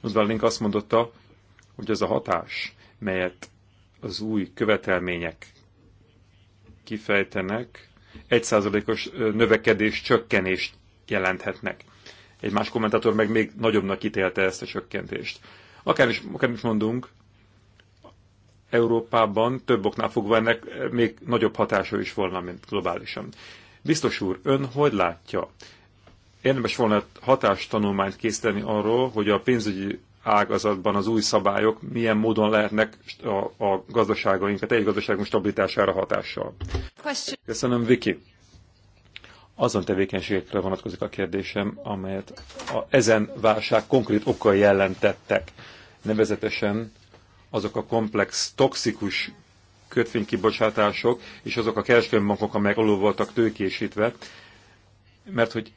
Oswald azt mondotta, hogy ez a hatás, melyet az új követelmények kifejtenek, egy os növekedés csökkenést jelenthetnek. Egy más kommentátor meg még nagyobbnak ítélte ezt a csökkentést. Akár is, akár is mondunk, Európában több oknál fogva ennek még nagyobb hatása is volna, mint globálisan. Biztos úr, ön hogy látja? Érdemes volna hatástanulmányt készíteni arról, hogy a pénzügyi ágazatban az új szabályok milyen módon lehetnek a, a gazdaságainkat, egy gazdaságunk stabilitására hatással. Köszönöm, Viki azon tevékenységekre vonatkozik a kérdésem, amelyet a, ezen válság konkrét okai jelentettek. Nevezetesen azok a komplex, toxikus kötvénykibocsátások és azok a kereskedelmi bankok, amelyek alul voltak tőkésítve, mert hogy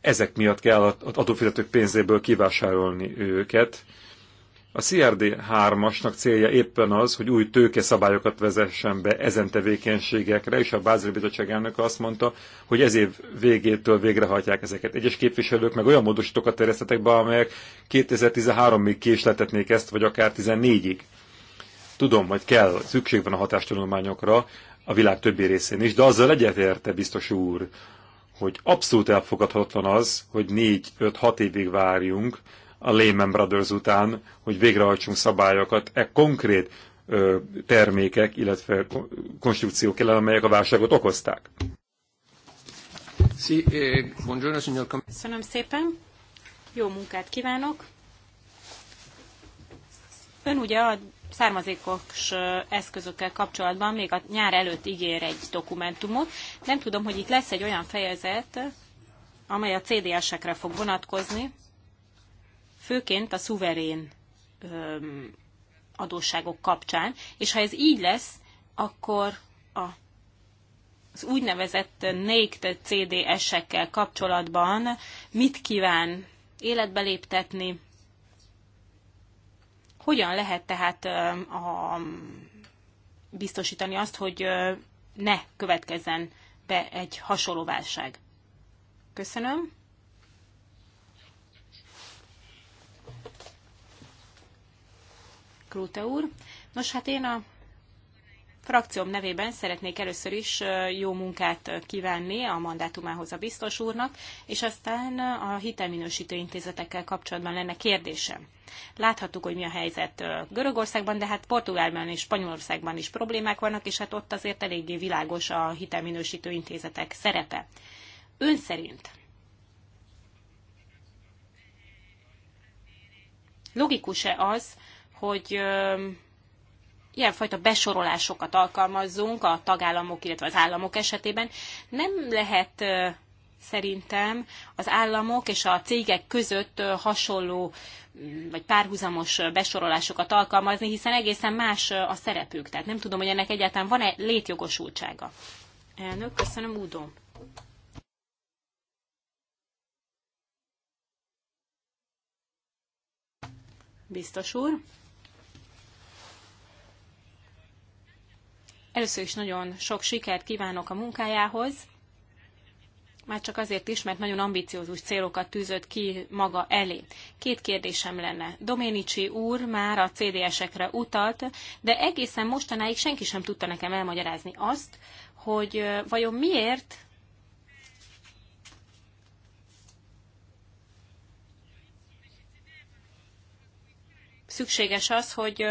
ezek miatt kell az adófizetők pénzéből kivásárolni őket, a CRD 3-asnak célja éppen az, hogy új tőkeszabályokat vezessen be ezen tevékenységekre, és a Bázeli Bizottság elnöke azt mondta, hogy ez év végétől végrehajtják ezeket. Egyes képviselők meg olyan módosítókat terjesztettek be, amelyek 2013-ig késletetnék ezt, vagy akár 14-ig. Tudom, hogy kell, szükség van a hatástanulmányokra a világ többi részén is, de azzal egyetérte biztos úr, hogy abszolút elfogadhatatlan az, hogy 4-5-6 évig várjunk, a Lehman Brothers után, hogy végrehajtsunk szabályokat e konkrét ö, termékek, illetve konstrukciók ellen, amelyek a válságot okozták. Eh, buongiorno, signor Köszönöm szépen, jó munkát kívánok! Ön ugye a származékos eszközökkel kapcsolatban még a nyár előtt ígér egy dokumentumot. Nem tudom, hogy itt lesz egy olyan fejezet, amely a CDS-ekre fog vonatkozni, főként a szuverén adósságok kapcsán, és ha ez így lesz, akkor a az úgynevezett naked CDS-ekkel kapcsolatban mit kíván életbe léptetni, hogyan lehet tehát a, biztosítani azt, hogy ne következzen be egy hasonló válság. Köszönöm. Krúte úr. Nos, hát én a frakcióm nevében szeretnék először is jó munkát kívánni a mandátumához a biztos úrnak, és aztán a hitelminősítő intézetekkel kapcsolatban lenne kérdésem. Láthattuk, hogy mi a helyzet Görögországban, de hát Portugálban és Spanyolországban is problémák vannak, és hát ott azért eléggé világos a hitelminősítő intézetek szerepe. Ön szerint logikus-e az, hogy ilyenfajta besorolásokat alkalmazzunk a tagállamok, illetve az államok esetében. Nem lehet szerintem az államok és a cégek között hasonló mm, vagy párhuzamos besorolásokat alkalmazni, hiszen egészen más a szerepük. Tehát nem tudom, hogy ennek egyáltalán van-e létjogosultsága. Elnök, köszönöm, Udo. Biztos úr. Először is nagyon sok sikert kívánok a munkájához, már csak azért is, mert nagyon ambiciózus célokat tűzött ki maga elé. Két kérdésem lenne. Doménicsi úr már a CDS-ekre utalt, de egészen mostanáig senki sem tudta nekem elmagyarázni azt, hogy vajon miért szükséges az, hogy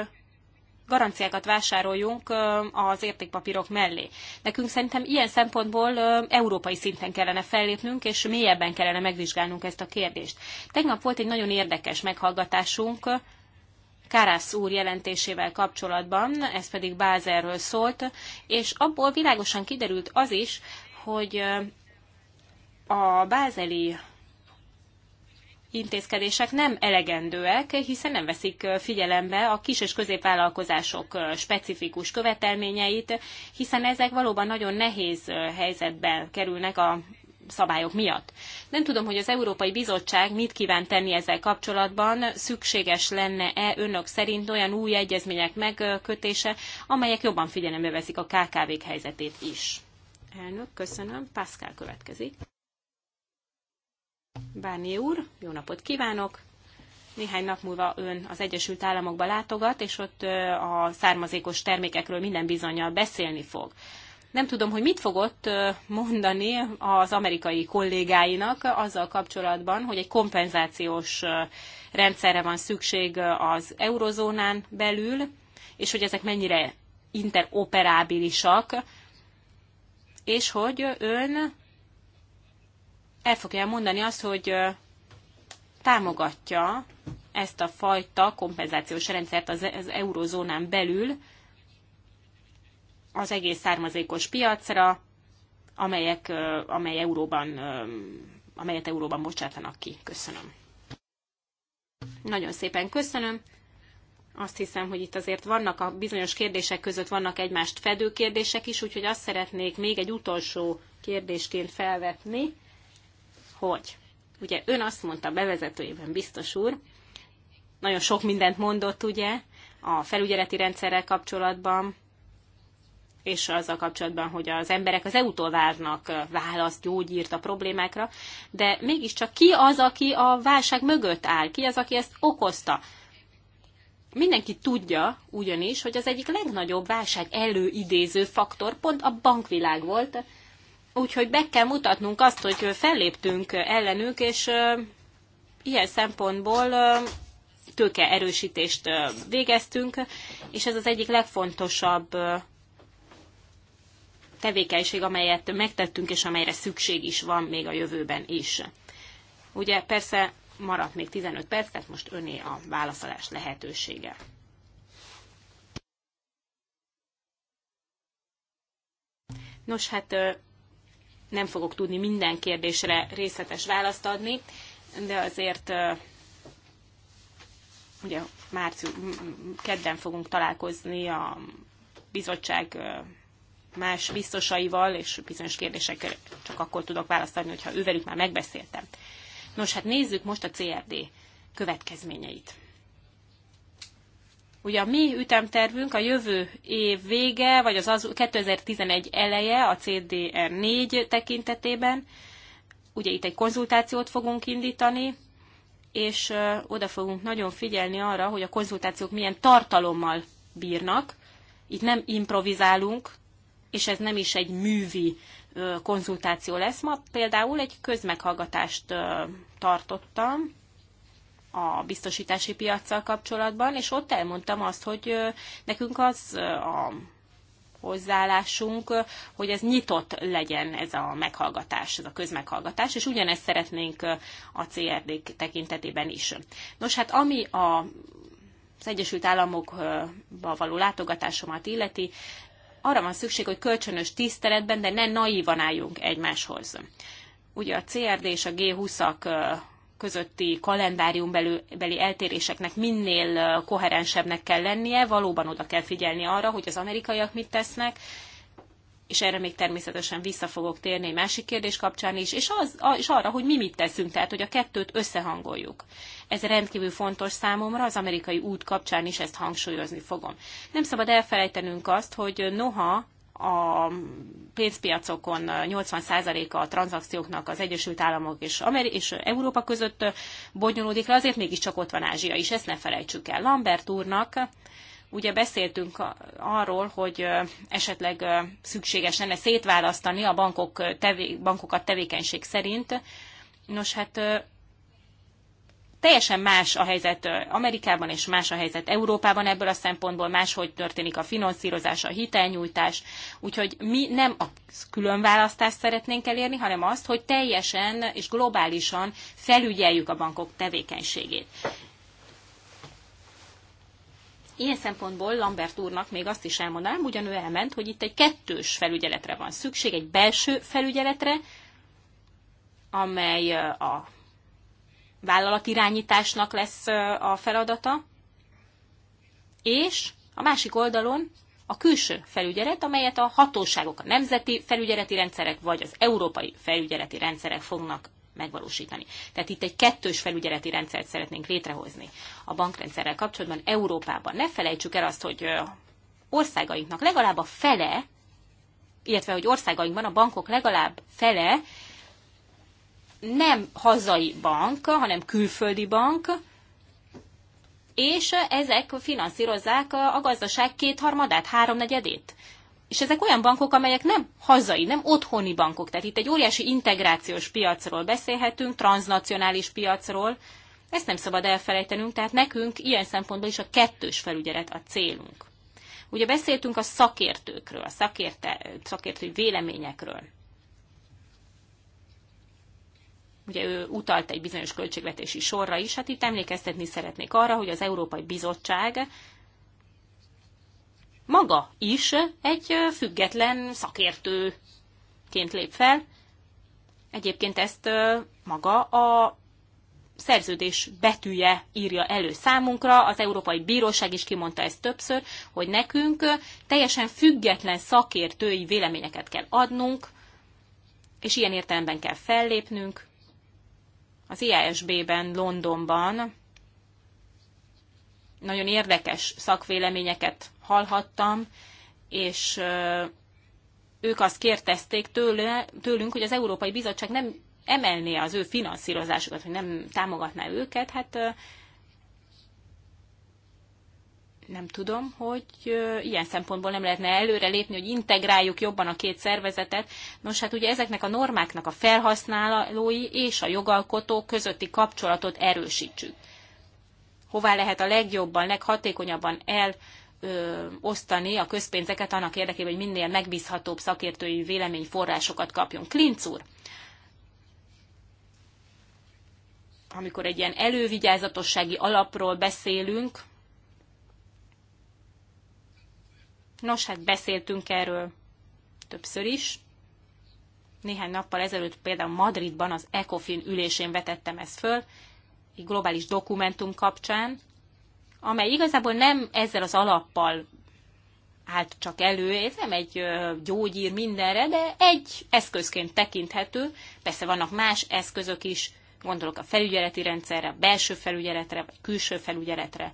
garanciákat vásároljunk az értékpapírok mellé. Nekünk szerintem ilyen szempontból európai szinten kellene fellépnünk, és mélyebben kellene megvizsgálnunk ezt a kérdést. Tegnap volt egy nagyon érdekes meghallgatásunk Karász úr jelentésével kapcsolatban, ez pedig Bázerről szólt, és abból világosan kiderült az is, hogy a bázeli intézkedések nem elegendőek, hiszen nem veszik figyelembe a kis és középvállalkozások specifikus követelményeit, hiszen ezek valóban nagyon nehéz helyzetbe kerülnek a szabályok miatt. Nem tudom, hogy az Európai Bizottság mit kíván tenni ezzel kapcsolatban, szükséges lenne-e önök szerint olyan új egyezmények megkötése, amelyek jobban figyelembe veszik a KKV-k helyzetét is. Elnök, köszönöm. Pascal következik. Bárnyi úr, jó napot kívánok! Néhány nap múlva ön az Egyesült Államokba látogat, és ott a származékos termékekről minden bizonyal beszélni fog. Nem tudom, hogy mit fogott mondani az amerikai kollégáinak azzal kapcsolatban, hogy egy kompenzációs rendszerre van szükség az eurozónán belül, és hogy ezek mennyire interoperábilisak, és hogy ön el fogja mondani azt, hogy támogatja ezt a fajta kompenzációs rendszert az, az eurozónán belül az egész származékos piacra, amelyek, amely euróban, amelyet euróban bocsátanak ki. Köszönöm. Nagyon szépen köszönöm. Azt hiszem, hogy itt azért vannak a bizonyos kérdések között vannak egymást fedő kérdések is, úgyhogy azt szeretnék még egy utolsó kérdésként felvetni hogy ugye ön azt mondta bevezetőjében, biztos úr, nagyon sok mindent mondott ugye a felügyeleti rendszerrel kapcsolatban, és azzal kapcsolatban, hogy az emberek az EU-tól várnak választ, gyógyírt a problémákra, de mégiscsak ki az, aki a válság mögött áll, ki az, aki ezt okozta. Mindenki tudja ugyanis, hogy az egyik legnagyobb válság előidéző faktor pont a bankvilág volt, Úgyhogy be kell mutatnunk azt, hogy felléptünk ellenük, és ilyen szempontból tőke erősítést végeztünk, és ez az egyik legfontosabb tevékenység, amelyet megtettünk, és amelyre szükség is van még a jövőben is. Ugye persze maradt még 15 perc, tehát most öné a válaszolás lehetősége. Nos, hát nem fogok tudni minden kérdésre részletes választ adni, de azért ugye március, kedden fogunk találkozni a bizottság más biztosaival, és bizonyos kérdésekre csak akkor tudok választ adni, hogyha ővelük már megbeszéltem. Nos, hát nézzük most a CRD következményeit. Ugye a mi ütemtervünk a jövő év vége, vagy az, az 2011 eleje a CDR4 tekintetében. Ugye itt egy konzultációt fogunk indítani, és oda fogunk nagyon figyelni arra, hogy a konzultációk milyen tartalommal bírnak. Itt nem improvizálunk, és ez nem is egy művi konzultáció lesz. Ma például egy közmeghallgatást tartottam, a biztosítási piaccal kapcsolatban, és ott elmondtam azt, hogy nekünk az a hozzáállásunk, hogy ez nyitott legyen ez a meghallgatás, ez a közmeghallgatás, és ugyanezt szeretnénk a CRD tekintetében is. Nos, hát ami a az Egyesült Államokba való látogatásomat illeti, arra van szükség, hogy kölcsönös tiszteletben, de ne naívan álljunk egymáshoz. Ugye a CRD és a G20-ak közötti kalendárium beli eltéréseknek minél koherensebbnek kell lennie, valóban oda kell figyelni arra, hogy az amerikaiak mit tesznek, és erre még természetesen vissza fogok térni egy másik kérdés kapcsán is, és, az, és arra, hogy mi mit teszünk, tehát hogy a kettőt összehangoljuk. Ez rendkívül fontos számomra, az amerikai út kapcsán is ezt hangsúlyozni fogom. Nem szabad elfelejtenünk azt, hogy noha a pénzpiacokon 80%-a a tranzakcióknak az Egyesült Államok és, Ameri- és Európa között bonyolódik le, azért mégiscsak ott van Ázsia is, ezt ne felejtsük el. Lambert úrnak ugye beszéltünk arról, hogy esetleg szükséges lenne szétválasztani a bankok tevé- bankokat tevékenység szerint. Nos, hát teljesen más a helyzet Amerikában, és más a helyzet Európában ebből a szempontból, máshogy történik a finanszírozás, a hitelnyújtás. Úgyhogy mi nem a különválasztást szeretnénk elérni, hanem azt, hogy teljesen és globálisan felügyeljük a bankok tevékenységét. Ilyen szempontból Lambert úrnak még azt is elmondanám, ugyan ő elment, hogy itt egy kettős felügyeletre van szükség, egy belső felügyeletre, amely a vállalatirányításnak lesz a feladata, és a másik oldalon a külső felügyelet, amelyet a hatóságok, a nemzeti felügyeleti rendszerek vagy az európai felügyeleti rendszerek fognak megvalósítani. Tehát itt egy kettős felügyeleti rendszert szeretnénk létrehozni a bankrendszerrel kapcsolatban Európában. Ne felejtsük el azt, hogy országainknak legalább a fele, illetve hogy országainkban a bankok legalább fele nem hazai bank, hanem külföldi bank, és ezek finanszírozzák a gazdaság kétharmadát, háromnegyedét. És ezek olyan bankok, amelyek nem hazai, nem otthoni bankok. Tehát itt egy óriási integrációs piacról beszélhetünk, transnacionális piacról. Ezt nem szabad elfelejtenünk, tehát nekünk ilyen szempontból is a kettős felügyelet a célunk. Ugye beszéltünk a szakértőkről, a szakértői véleményekről. ugye ő utalt egy bizonyos költségvetési sorra is, hát itt emlékeztetni szeretnék arra, hogy az Európai Bizottság maga is egy független szakértőként lép fel. Egyébként ezt maga a szerződés betűje írja elő számunkra, az Európai Bíróság is kimondta ezt többször, hogy nekünk teljesen független szakértői véleményeket kell adnunk, és ilyen értelemben kell fellépnünk az IASB-ben, Londonban nagyon érdekes szakvéleményeket hallhattam, és ők azt kértezték tőle, tőlünk, hogy az Európai Bizottság nem emelné az ő finanszírozásukat, hogy nem támogatná őket, hát nem tudom, hogy ilyen szempontból nem lehetne előre lépni, hogy integráljuk jobban a két szervezetet. Nos, hát ugye ezeknek a normáknak a felhasználói és a jogalkotók közötti kapcsolatot erősítsük. Hová lehet a legjobban, leghatékonyabban el osztani a közpénzeket annak érdekében, hogy minél megbízhatóbb szakértői véleményforrásokat kapjon. Klinc úr, amikor egy ilyen elővigyázatossági alapról beszélünk, Nos, hát beszéltünk erről többször is. Néhány nappal ezelőtt például Madridban az ECOFIN ülésén vetettem ezt föl, egy globális dokumentum kapcsán, amely igazából nem ezzel az alappal állt csak elő, ez nem egy gyógyír mindenre, de egy eszközként tekinthető. Persze vannak más eszközök is, gondolok a felügyeleti rendszerre, a belső felügyeletre, vagy külső felügyeletre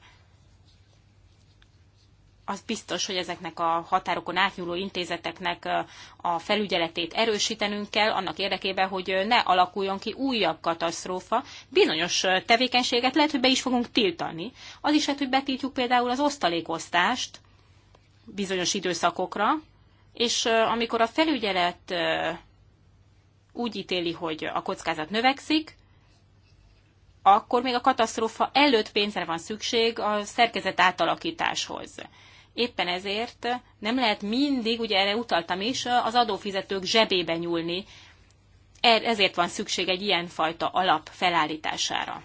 az biztos, hogy ezeknek a határokon átnyúló intézeteknek a felügyeletét erősítenünk kell, annak érdekében, hogy ne alakuljon ki újabb katasztrófa. Bizonyos tevékenységet lehet, hogy be is fogunk tiltani. Az is lehet, hogy betiltjuk például az osztalékosztást bizonyos időszakokra, és amikor a felügyelet úgy ítéli, hogy a kockázat növekszik, akkor még a katasztrófa előtt pénzre van szükség a szerkezet átalakításhoz. Éppen ezért nem lehet mindig, ugye erre utaltam is, az adófizetők zsebébe nyúlni. Er, ezért van szükség egy ilyenfajta alap felállítására.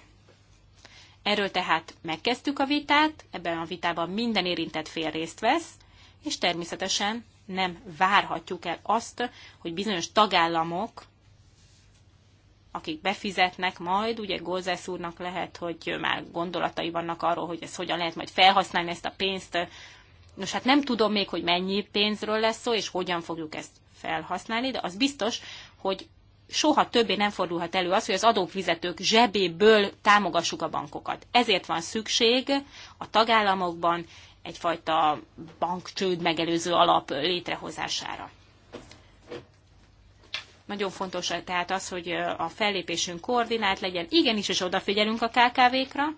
Erről tehát megkezdtük a vitát, ebben a vitában minden érintett fél részt vesz, és természetesen nem várhatjuk el azt, hogy bizonyos tagállamok, akik befizetnek majd, ugye Gózesz úrnak lehet, hogy már gondolatai vannak arról, hogy ez hogyan lehet majd felhasználni ezt a pénzt Nos, hát nem tudom még, hogy mennyi pénzről lesz szó, és hogyan fogjuk ezt felhasználni, de az biztos, hogy soha többé nem fordulhat elő az, hogy az adókvizetők zsebéből támogassuk a bankokat. Ezért van szükség a tagállamokban egyfajta bankcsőd megelőző alap létrehozására. Nagyon fontos tehát az, hogy a fellépésünk koordinált legyen. Igenis, és odafigyelünk a KKV-kra,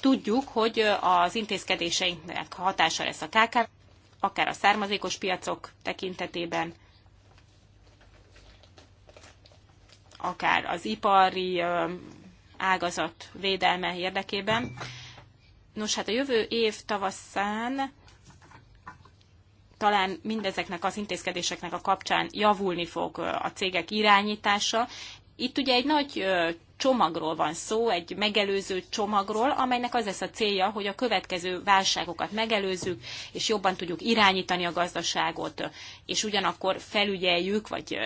tudjuk, hogy az intézkedéseinknek hatása lesz a KKV, akár a származékos piacok tekintetében, akár az ipari ágazat védelme érdekében. Nos, hát a jövő év tavaszán talán mindezeknek az intézkedéseknek a kapcsán javulni fog a cégek irányítása. Itt ugye egy nagy csomagról van szó, egy megelőző csomagról, amelynek az lesz a célja, hogy a következő válságokat megelőzzük, és jobban tudjuk irányítani a gazdaságot, és ugyanakkor felügyeljük, vagy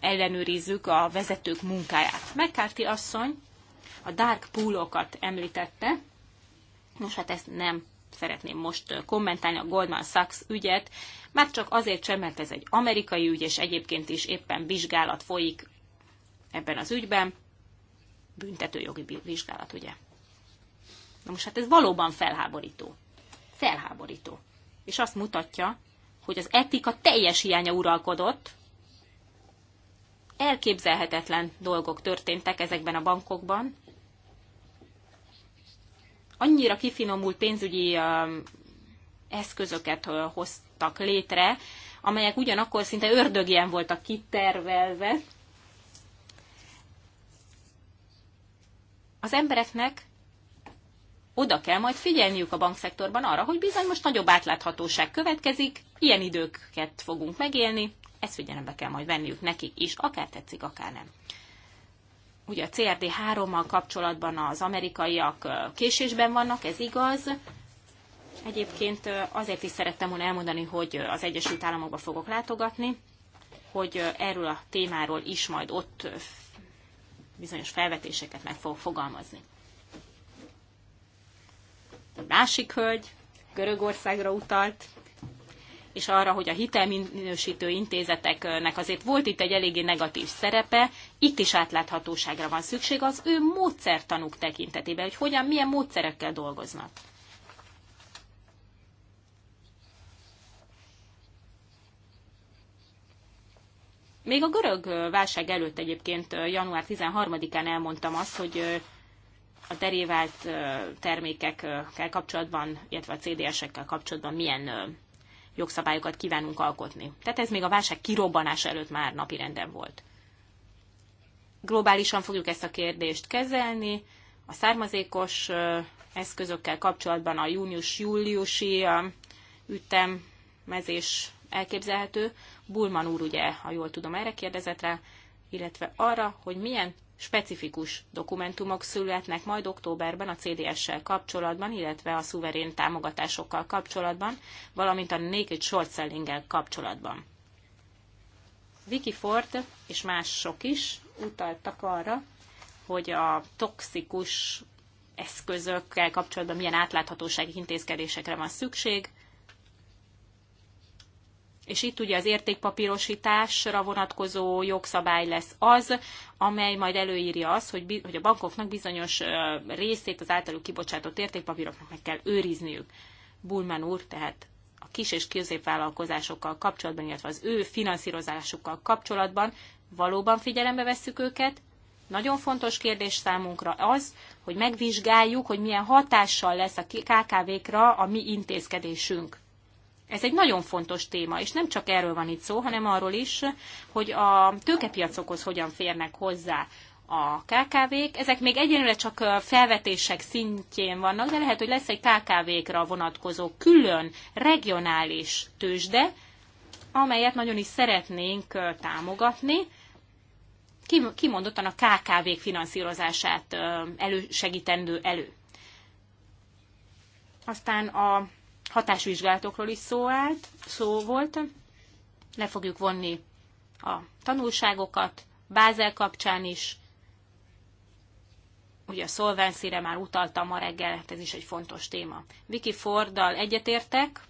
ellenőrizzük a vezetők munkáját. McCarthy asszony a dark poolokat említette, most hát ezt nem szeretném most kommentálni a Goldman Sachs ügyet, már csak azért sem, mert ez egy amerikai ügy, és egyébként is éppen vizsgálat folyik ebben az ügyben büntetőjogi vizsgálat, ugye? Na most hát ez valóban felháborító. Felháborító. És azt mutatja, hogy az etika teljes hiánya uralkodott, elképzelhetetlen dolgok történtek ezekben a bankokban, annyira kifinomult pénzügyi um, eszközöket uh, hoztak létre, amelyek ugyanakkor szinte ördögien voltak kitervelve, az embereknek oda kell majd figyelniük a bankszektorban arra, hogy bizony most nagyobb átláthatóság következik, ilyen időket fogunk megélni, ezt figyelembe kell majd venniük nekik is, akár tetszik, akár nem. Ugye a CRD 3-mal kapcsolatban az amerikaiak késésben vannak, ez igaz. Egyébként azért is szerettem volna elmondani, hogy az Egyesült Államokba fogok látogatni, hogy erről a témáról is majd ott bizonyos felvetéseket meg fog fogalmazni. A másik hölgy Görögországra utalt, és arra, hogy a hitelminősítő intézeteknek azért volt itt egy eléggé negatív szerepe, itt is átláthatóságra van szükség az ő módszertanuk tekintetében, hogy hogyan, milyen módszerekkel dolgoznak. Még a görög válság előtt egyébként január 13-án elmondtam azt, hogy a derivált termékekkel kapcsolatban, illetve a CDS-ekkel kapcsolatban milyen jogszabályokat kívánunk alkotni. Tehát ez még a válság kirobbanás előtt már napirenden volt. Globálisan fogjuk ezt a kérdést kezelni. A származékos eszközökkel kapcsolatban a június-júliusi ütemezés elképzelhető. Bulman úr ugye, ha jól tudom, erre kérdezett rá, illetve arra, hogy milyen specifikus dokumentumok születnek majd októberben a CDS-sel kapcsolatban, illetve a szuverén támogatásokkal kapcsolatban, valamint a naked short selling kapcsolatban. Vicky Ford és mások is utaltak arra, hogy a toxikus eszközökkel kapcsolatban milyen átláthatósági intézkedésekre van szükség, és itt ugye az értékpapírosításra vonatkozó jogszabály lesz az, amely majd előírja azt, hogy, hogy a bankoknak bizonyos részét az általuk kibocsátott értékpapíroknak meg kell őrizniük. Bulman úr tehát a kis és középvállalkozásokkal kapcsolatban, illetve az ő finanszírozásukkal kapcsolatban valóban figyelembe vesszük őket. Nagyon fontos kérdés számunkra az, hogy megvizsgáljuk, hogy milyen hatással lesz a KKV-kra a mi intézkedésünk ez egy nagyon fontos téma, és nem csak erről van itt szó, hanem arról is, hogy a tőkepiacokhoz hogyan férnek hozzá a KKV-k. Ezek még egyenlőre csak felvetések szintjén vannak, de lehet, hogy lesz egy KKV-kra vonatkozó külön regionális tőzsde, amelyet nagyon is szeretnénk támogatni, kimondottan a KKV-k finanszírozását elősegítendő elő. Aztán a hatásvizsgálatokról is szó, állt, szó volt. Le fogjuk vonni a tanulságokat, Bázel kapcsán is, ugye a szolvenszire már utaltam ma reggel, hát ez is egy fontos téma. Vicky Forddal egyetértek,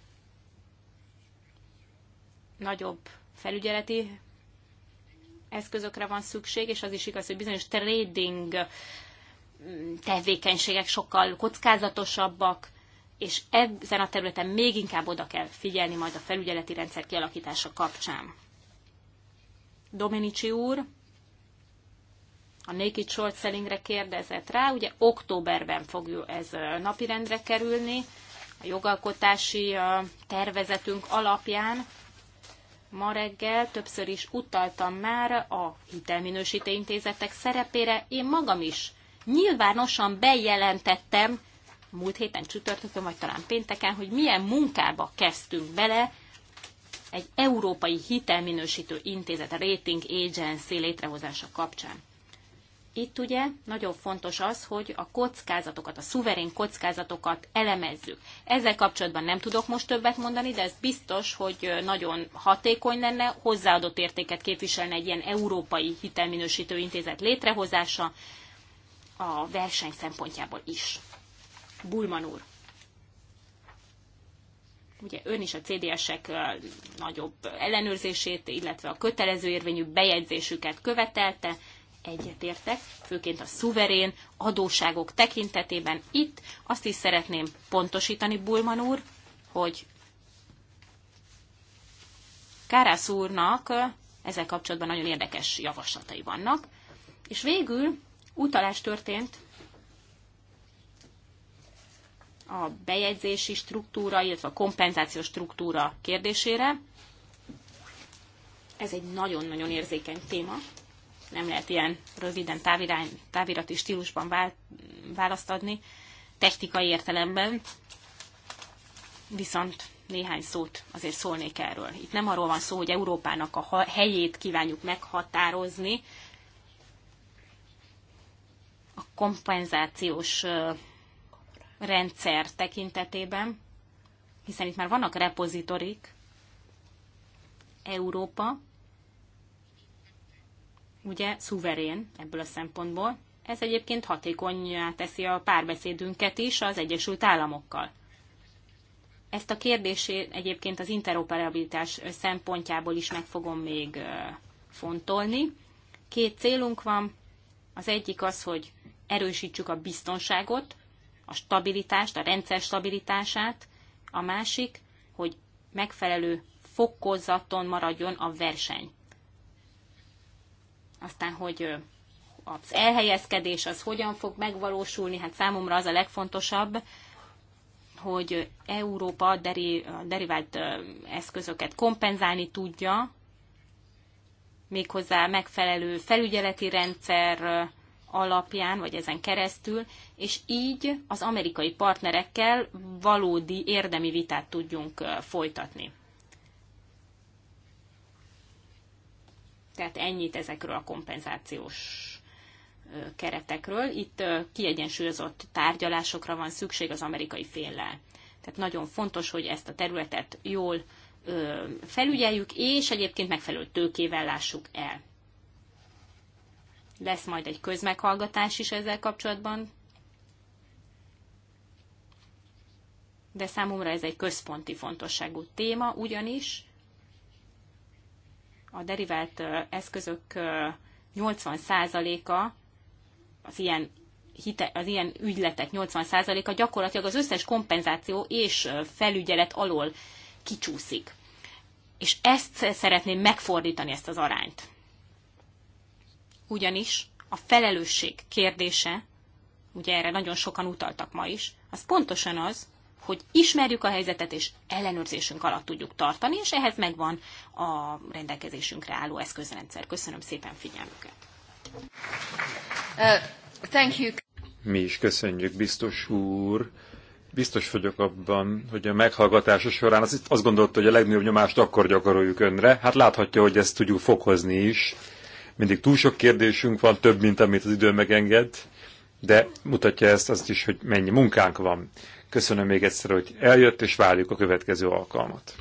nagyobb felügyeleti eszközökre van szükség, és az is igaz, hogy bizonyos trading mm, tevékenységek sokkal kockázatosabbak, és ezen a területen még inkább oda kell figyelni majd a felügyeleti rendszer kialakítása kapcsán. Domenici úr a Naked Short Sellingre kérdezett rá, ugye októberben fog ez napirendre kerülni, a jogalkotási tervezetünk alapján. Ma reggel többször is utaltam már a hitelminősítő intézetek szerepére. Én magam is nyilvánosan bejelentettem múlt héten csütörtökön, vagy talán pénteken, hogy milyen munkába kezdtünk bele egy európai hitelminősítő intézet, a Rating Agency létrehozása kapcsán. Itt ugye nagyon fontos az, hogy a kockázatokat, a szuverén kockázatokat elemezzük. Ezzel kapcsolatban nem tudok most többet mondani, de ez biztos, hogy nagyon hatékony lenne, hozzáadott értéket képviselne egy ilyen európai hitelminősítő intézet létrehozása a verseny szempontjából is. Bulman úr. Ugye ön is a CDS-ek nagyobb ellenőrzését, illetve a kötelező érvényű bejegyzésüket követelte, egyetértek, főként a szuverén adóságok tekintetében itt. Azt is szeretném pontosítani, Bulman úr, hogy Kárász úrnak ezzel kapcsolatban nagyon érdekes javaslatai vannak. És végül utalás történt a bejegyzési struktúra, illetve a kompenzációs struktúra kérdésére. Ez egy nagyon-nagyon érzékeny téma. Nem lehet ilyen röviden távirány, távirati stílusban választ adni, technikai értelemben, viszont néhány szót azért szólnék erről. Itt nem arról van szó, hogy Európának a helyét kívánjuk meghatározni, a kompenzációs rendszer tekintetében, hiszen itt már vannak repozitorik, Európa, ugye szuverén ebből a szempontból. Ez egyébként hatékonyá teszi a párbeszédünket is az Egyesült Államokkal. Ezt a kérdését egyébként az interoperabilitás szempontjából is meg fogom még fontolni. Két célunk van. Az egyik az, hogy erősítsük a biztonságot a stabilitást, a rendszer stabilitását, a másik, hogy megfelelő fokozaton maradjon a verseny. Aztán, hogy az elhelyezkedés az hogyan fog megvalósulni, hát számomra az a legfontosabb, hogy Európa deri, derivált eszközöket kompenzálni tudja, méghozzá megfelelő felügyeleti rendszer alapján, vagy ezen keresztül, és így az amerikai partnerekkel valódi érdemi vitát tudjunk folytatni. Tehát ennyit ezekről a kompenzációs keretekről. Itt kiegyensúlyozott tárgyalásokra van szükség az amerikai féllel. Tehát nagyon fontos, hogy ezt a területet jól felügyeljük, és egyébként megfelelő tőkével lássuk el lesz majd egy közmeghallgatás is ezzel kapcsolatban, de számomra ez egy központi fontosságú téma, ugyanis a derivált eszközök 80%-a az ilyen, hite, az ilyen ügyletek 80%-a gyakorlatilag az összes kompenzáció és felügyelet alól kicsúszik. És ezt szeretném megfordítani, ezt az arányt ugyanis a felelősség kérdése, ugye erre nagyon sokan utaltak ma is, az pontosan az, hogy ismerjük a helyzetet, és ellenőrzésünk alatt tudjuk tartani, és ehhez megvan a rendelkezésünkre álló eszközrendszer. Köszönöm szépen figyelmüket! Uh, thank you. Mi is köszönjük, biztos úr! Biztos vagyok abban, hogy a meghallgatása során azt, azt gondolta, hogy a legnagyobb nyomást akkor gyakoroljuk önre. Hát láthatja, hogy ezt tudjuk fokozni is. Mindig túl sok kérdésünk van, több, mint amit az idő megenged, de mutatja ezt azt is, hogy mennyi munkánk van. Köszönöm még egyszer, hogy eljött, és várjuk a következő alkalmat.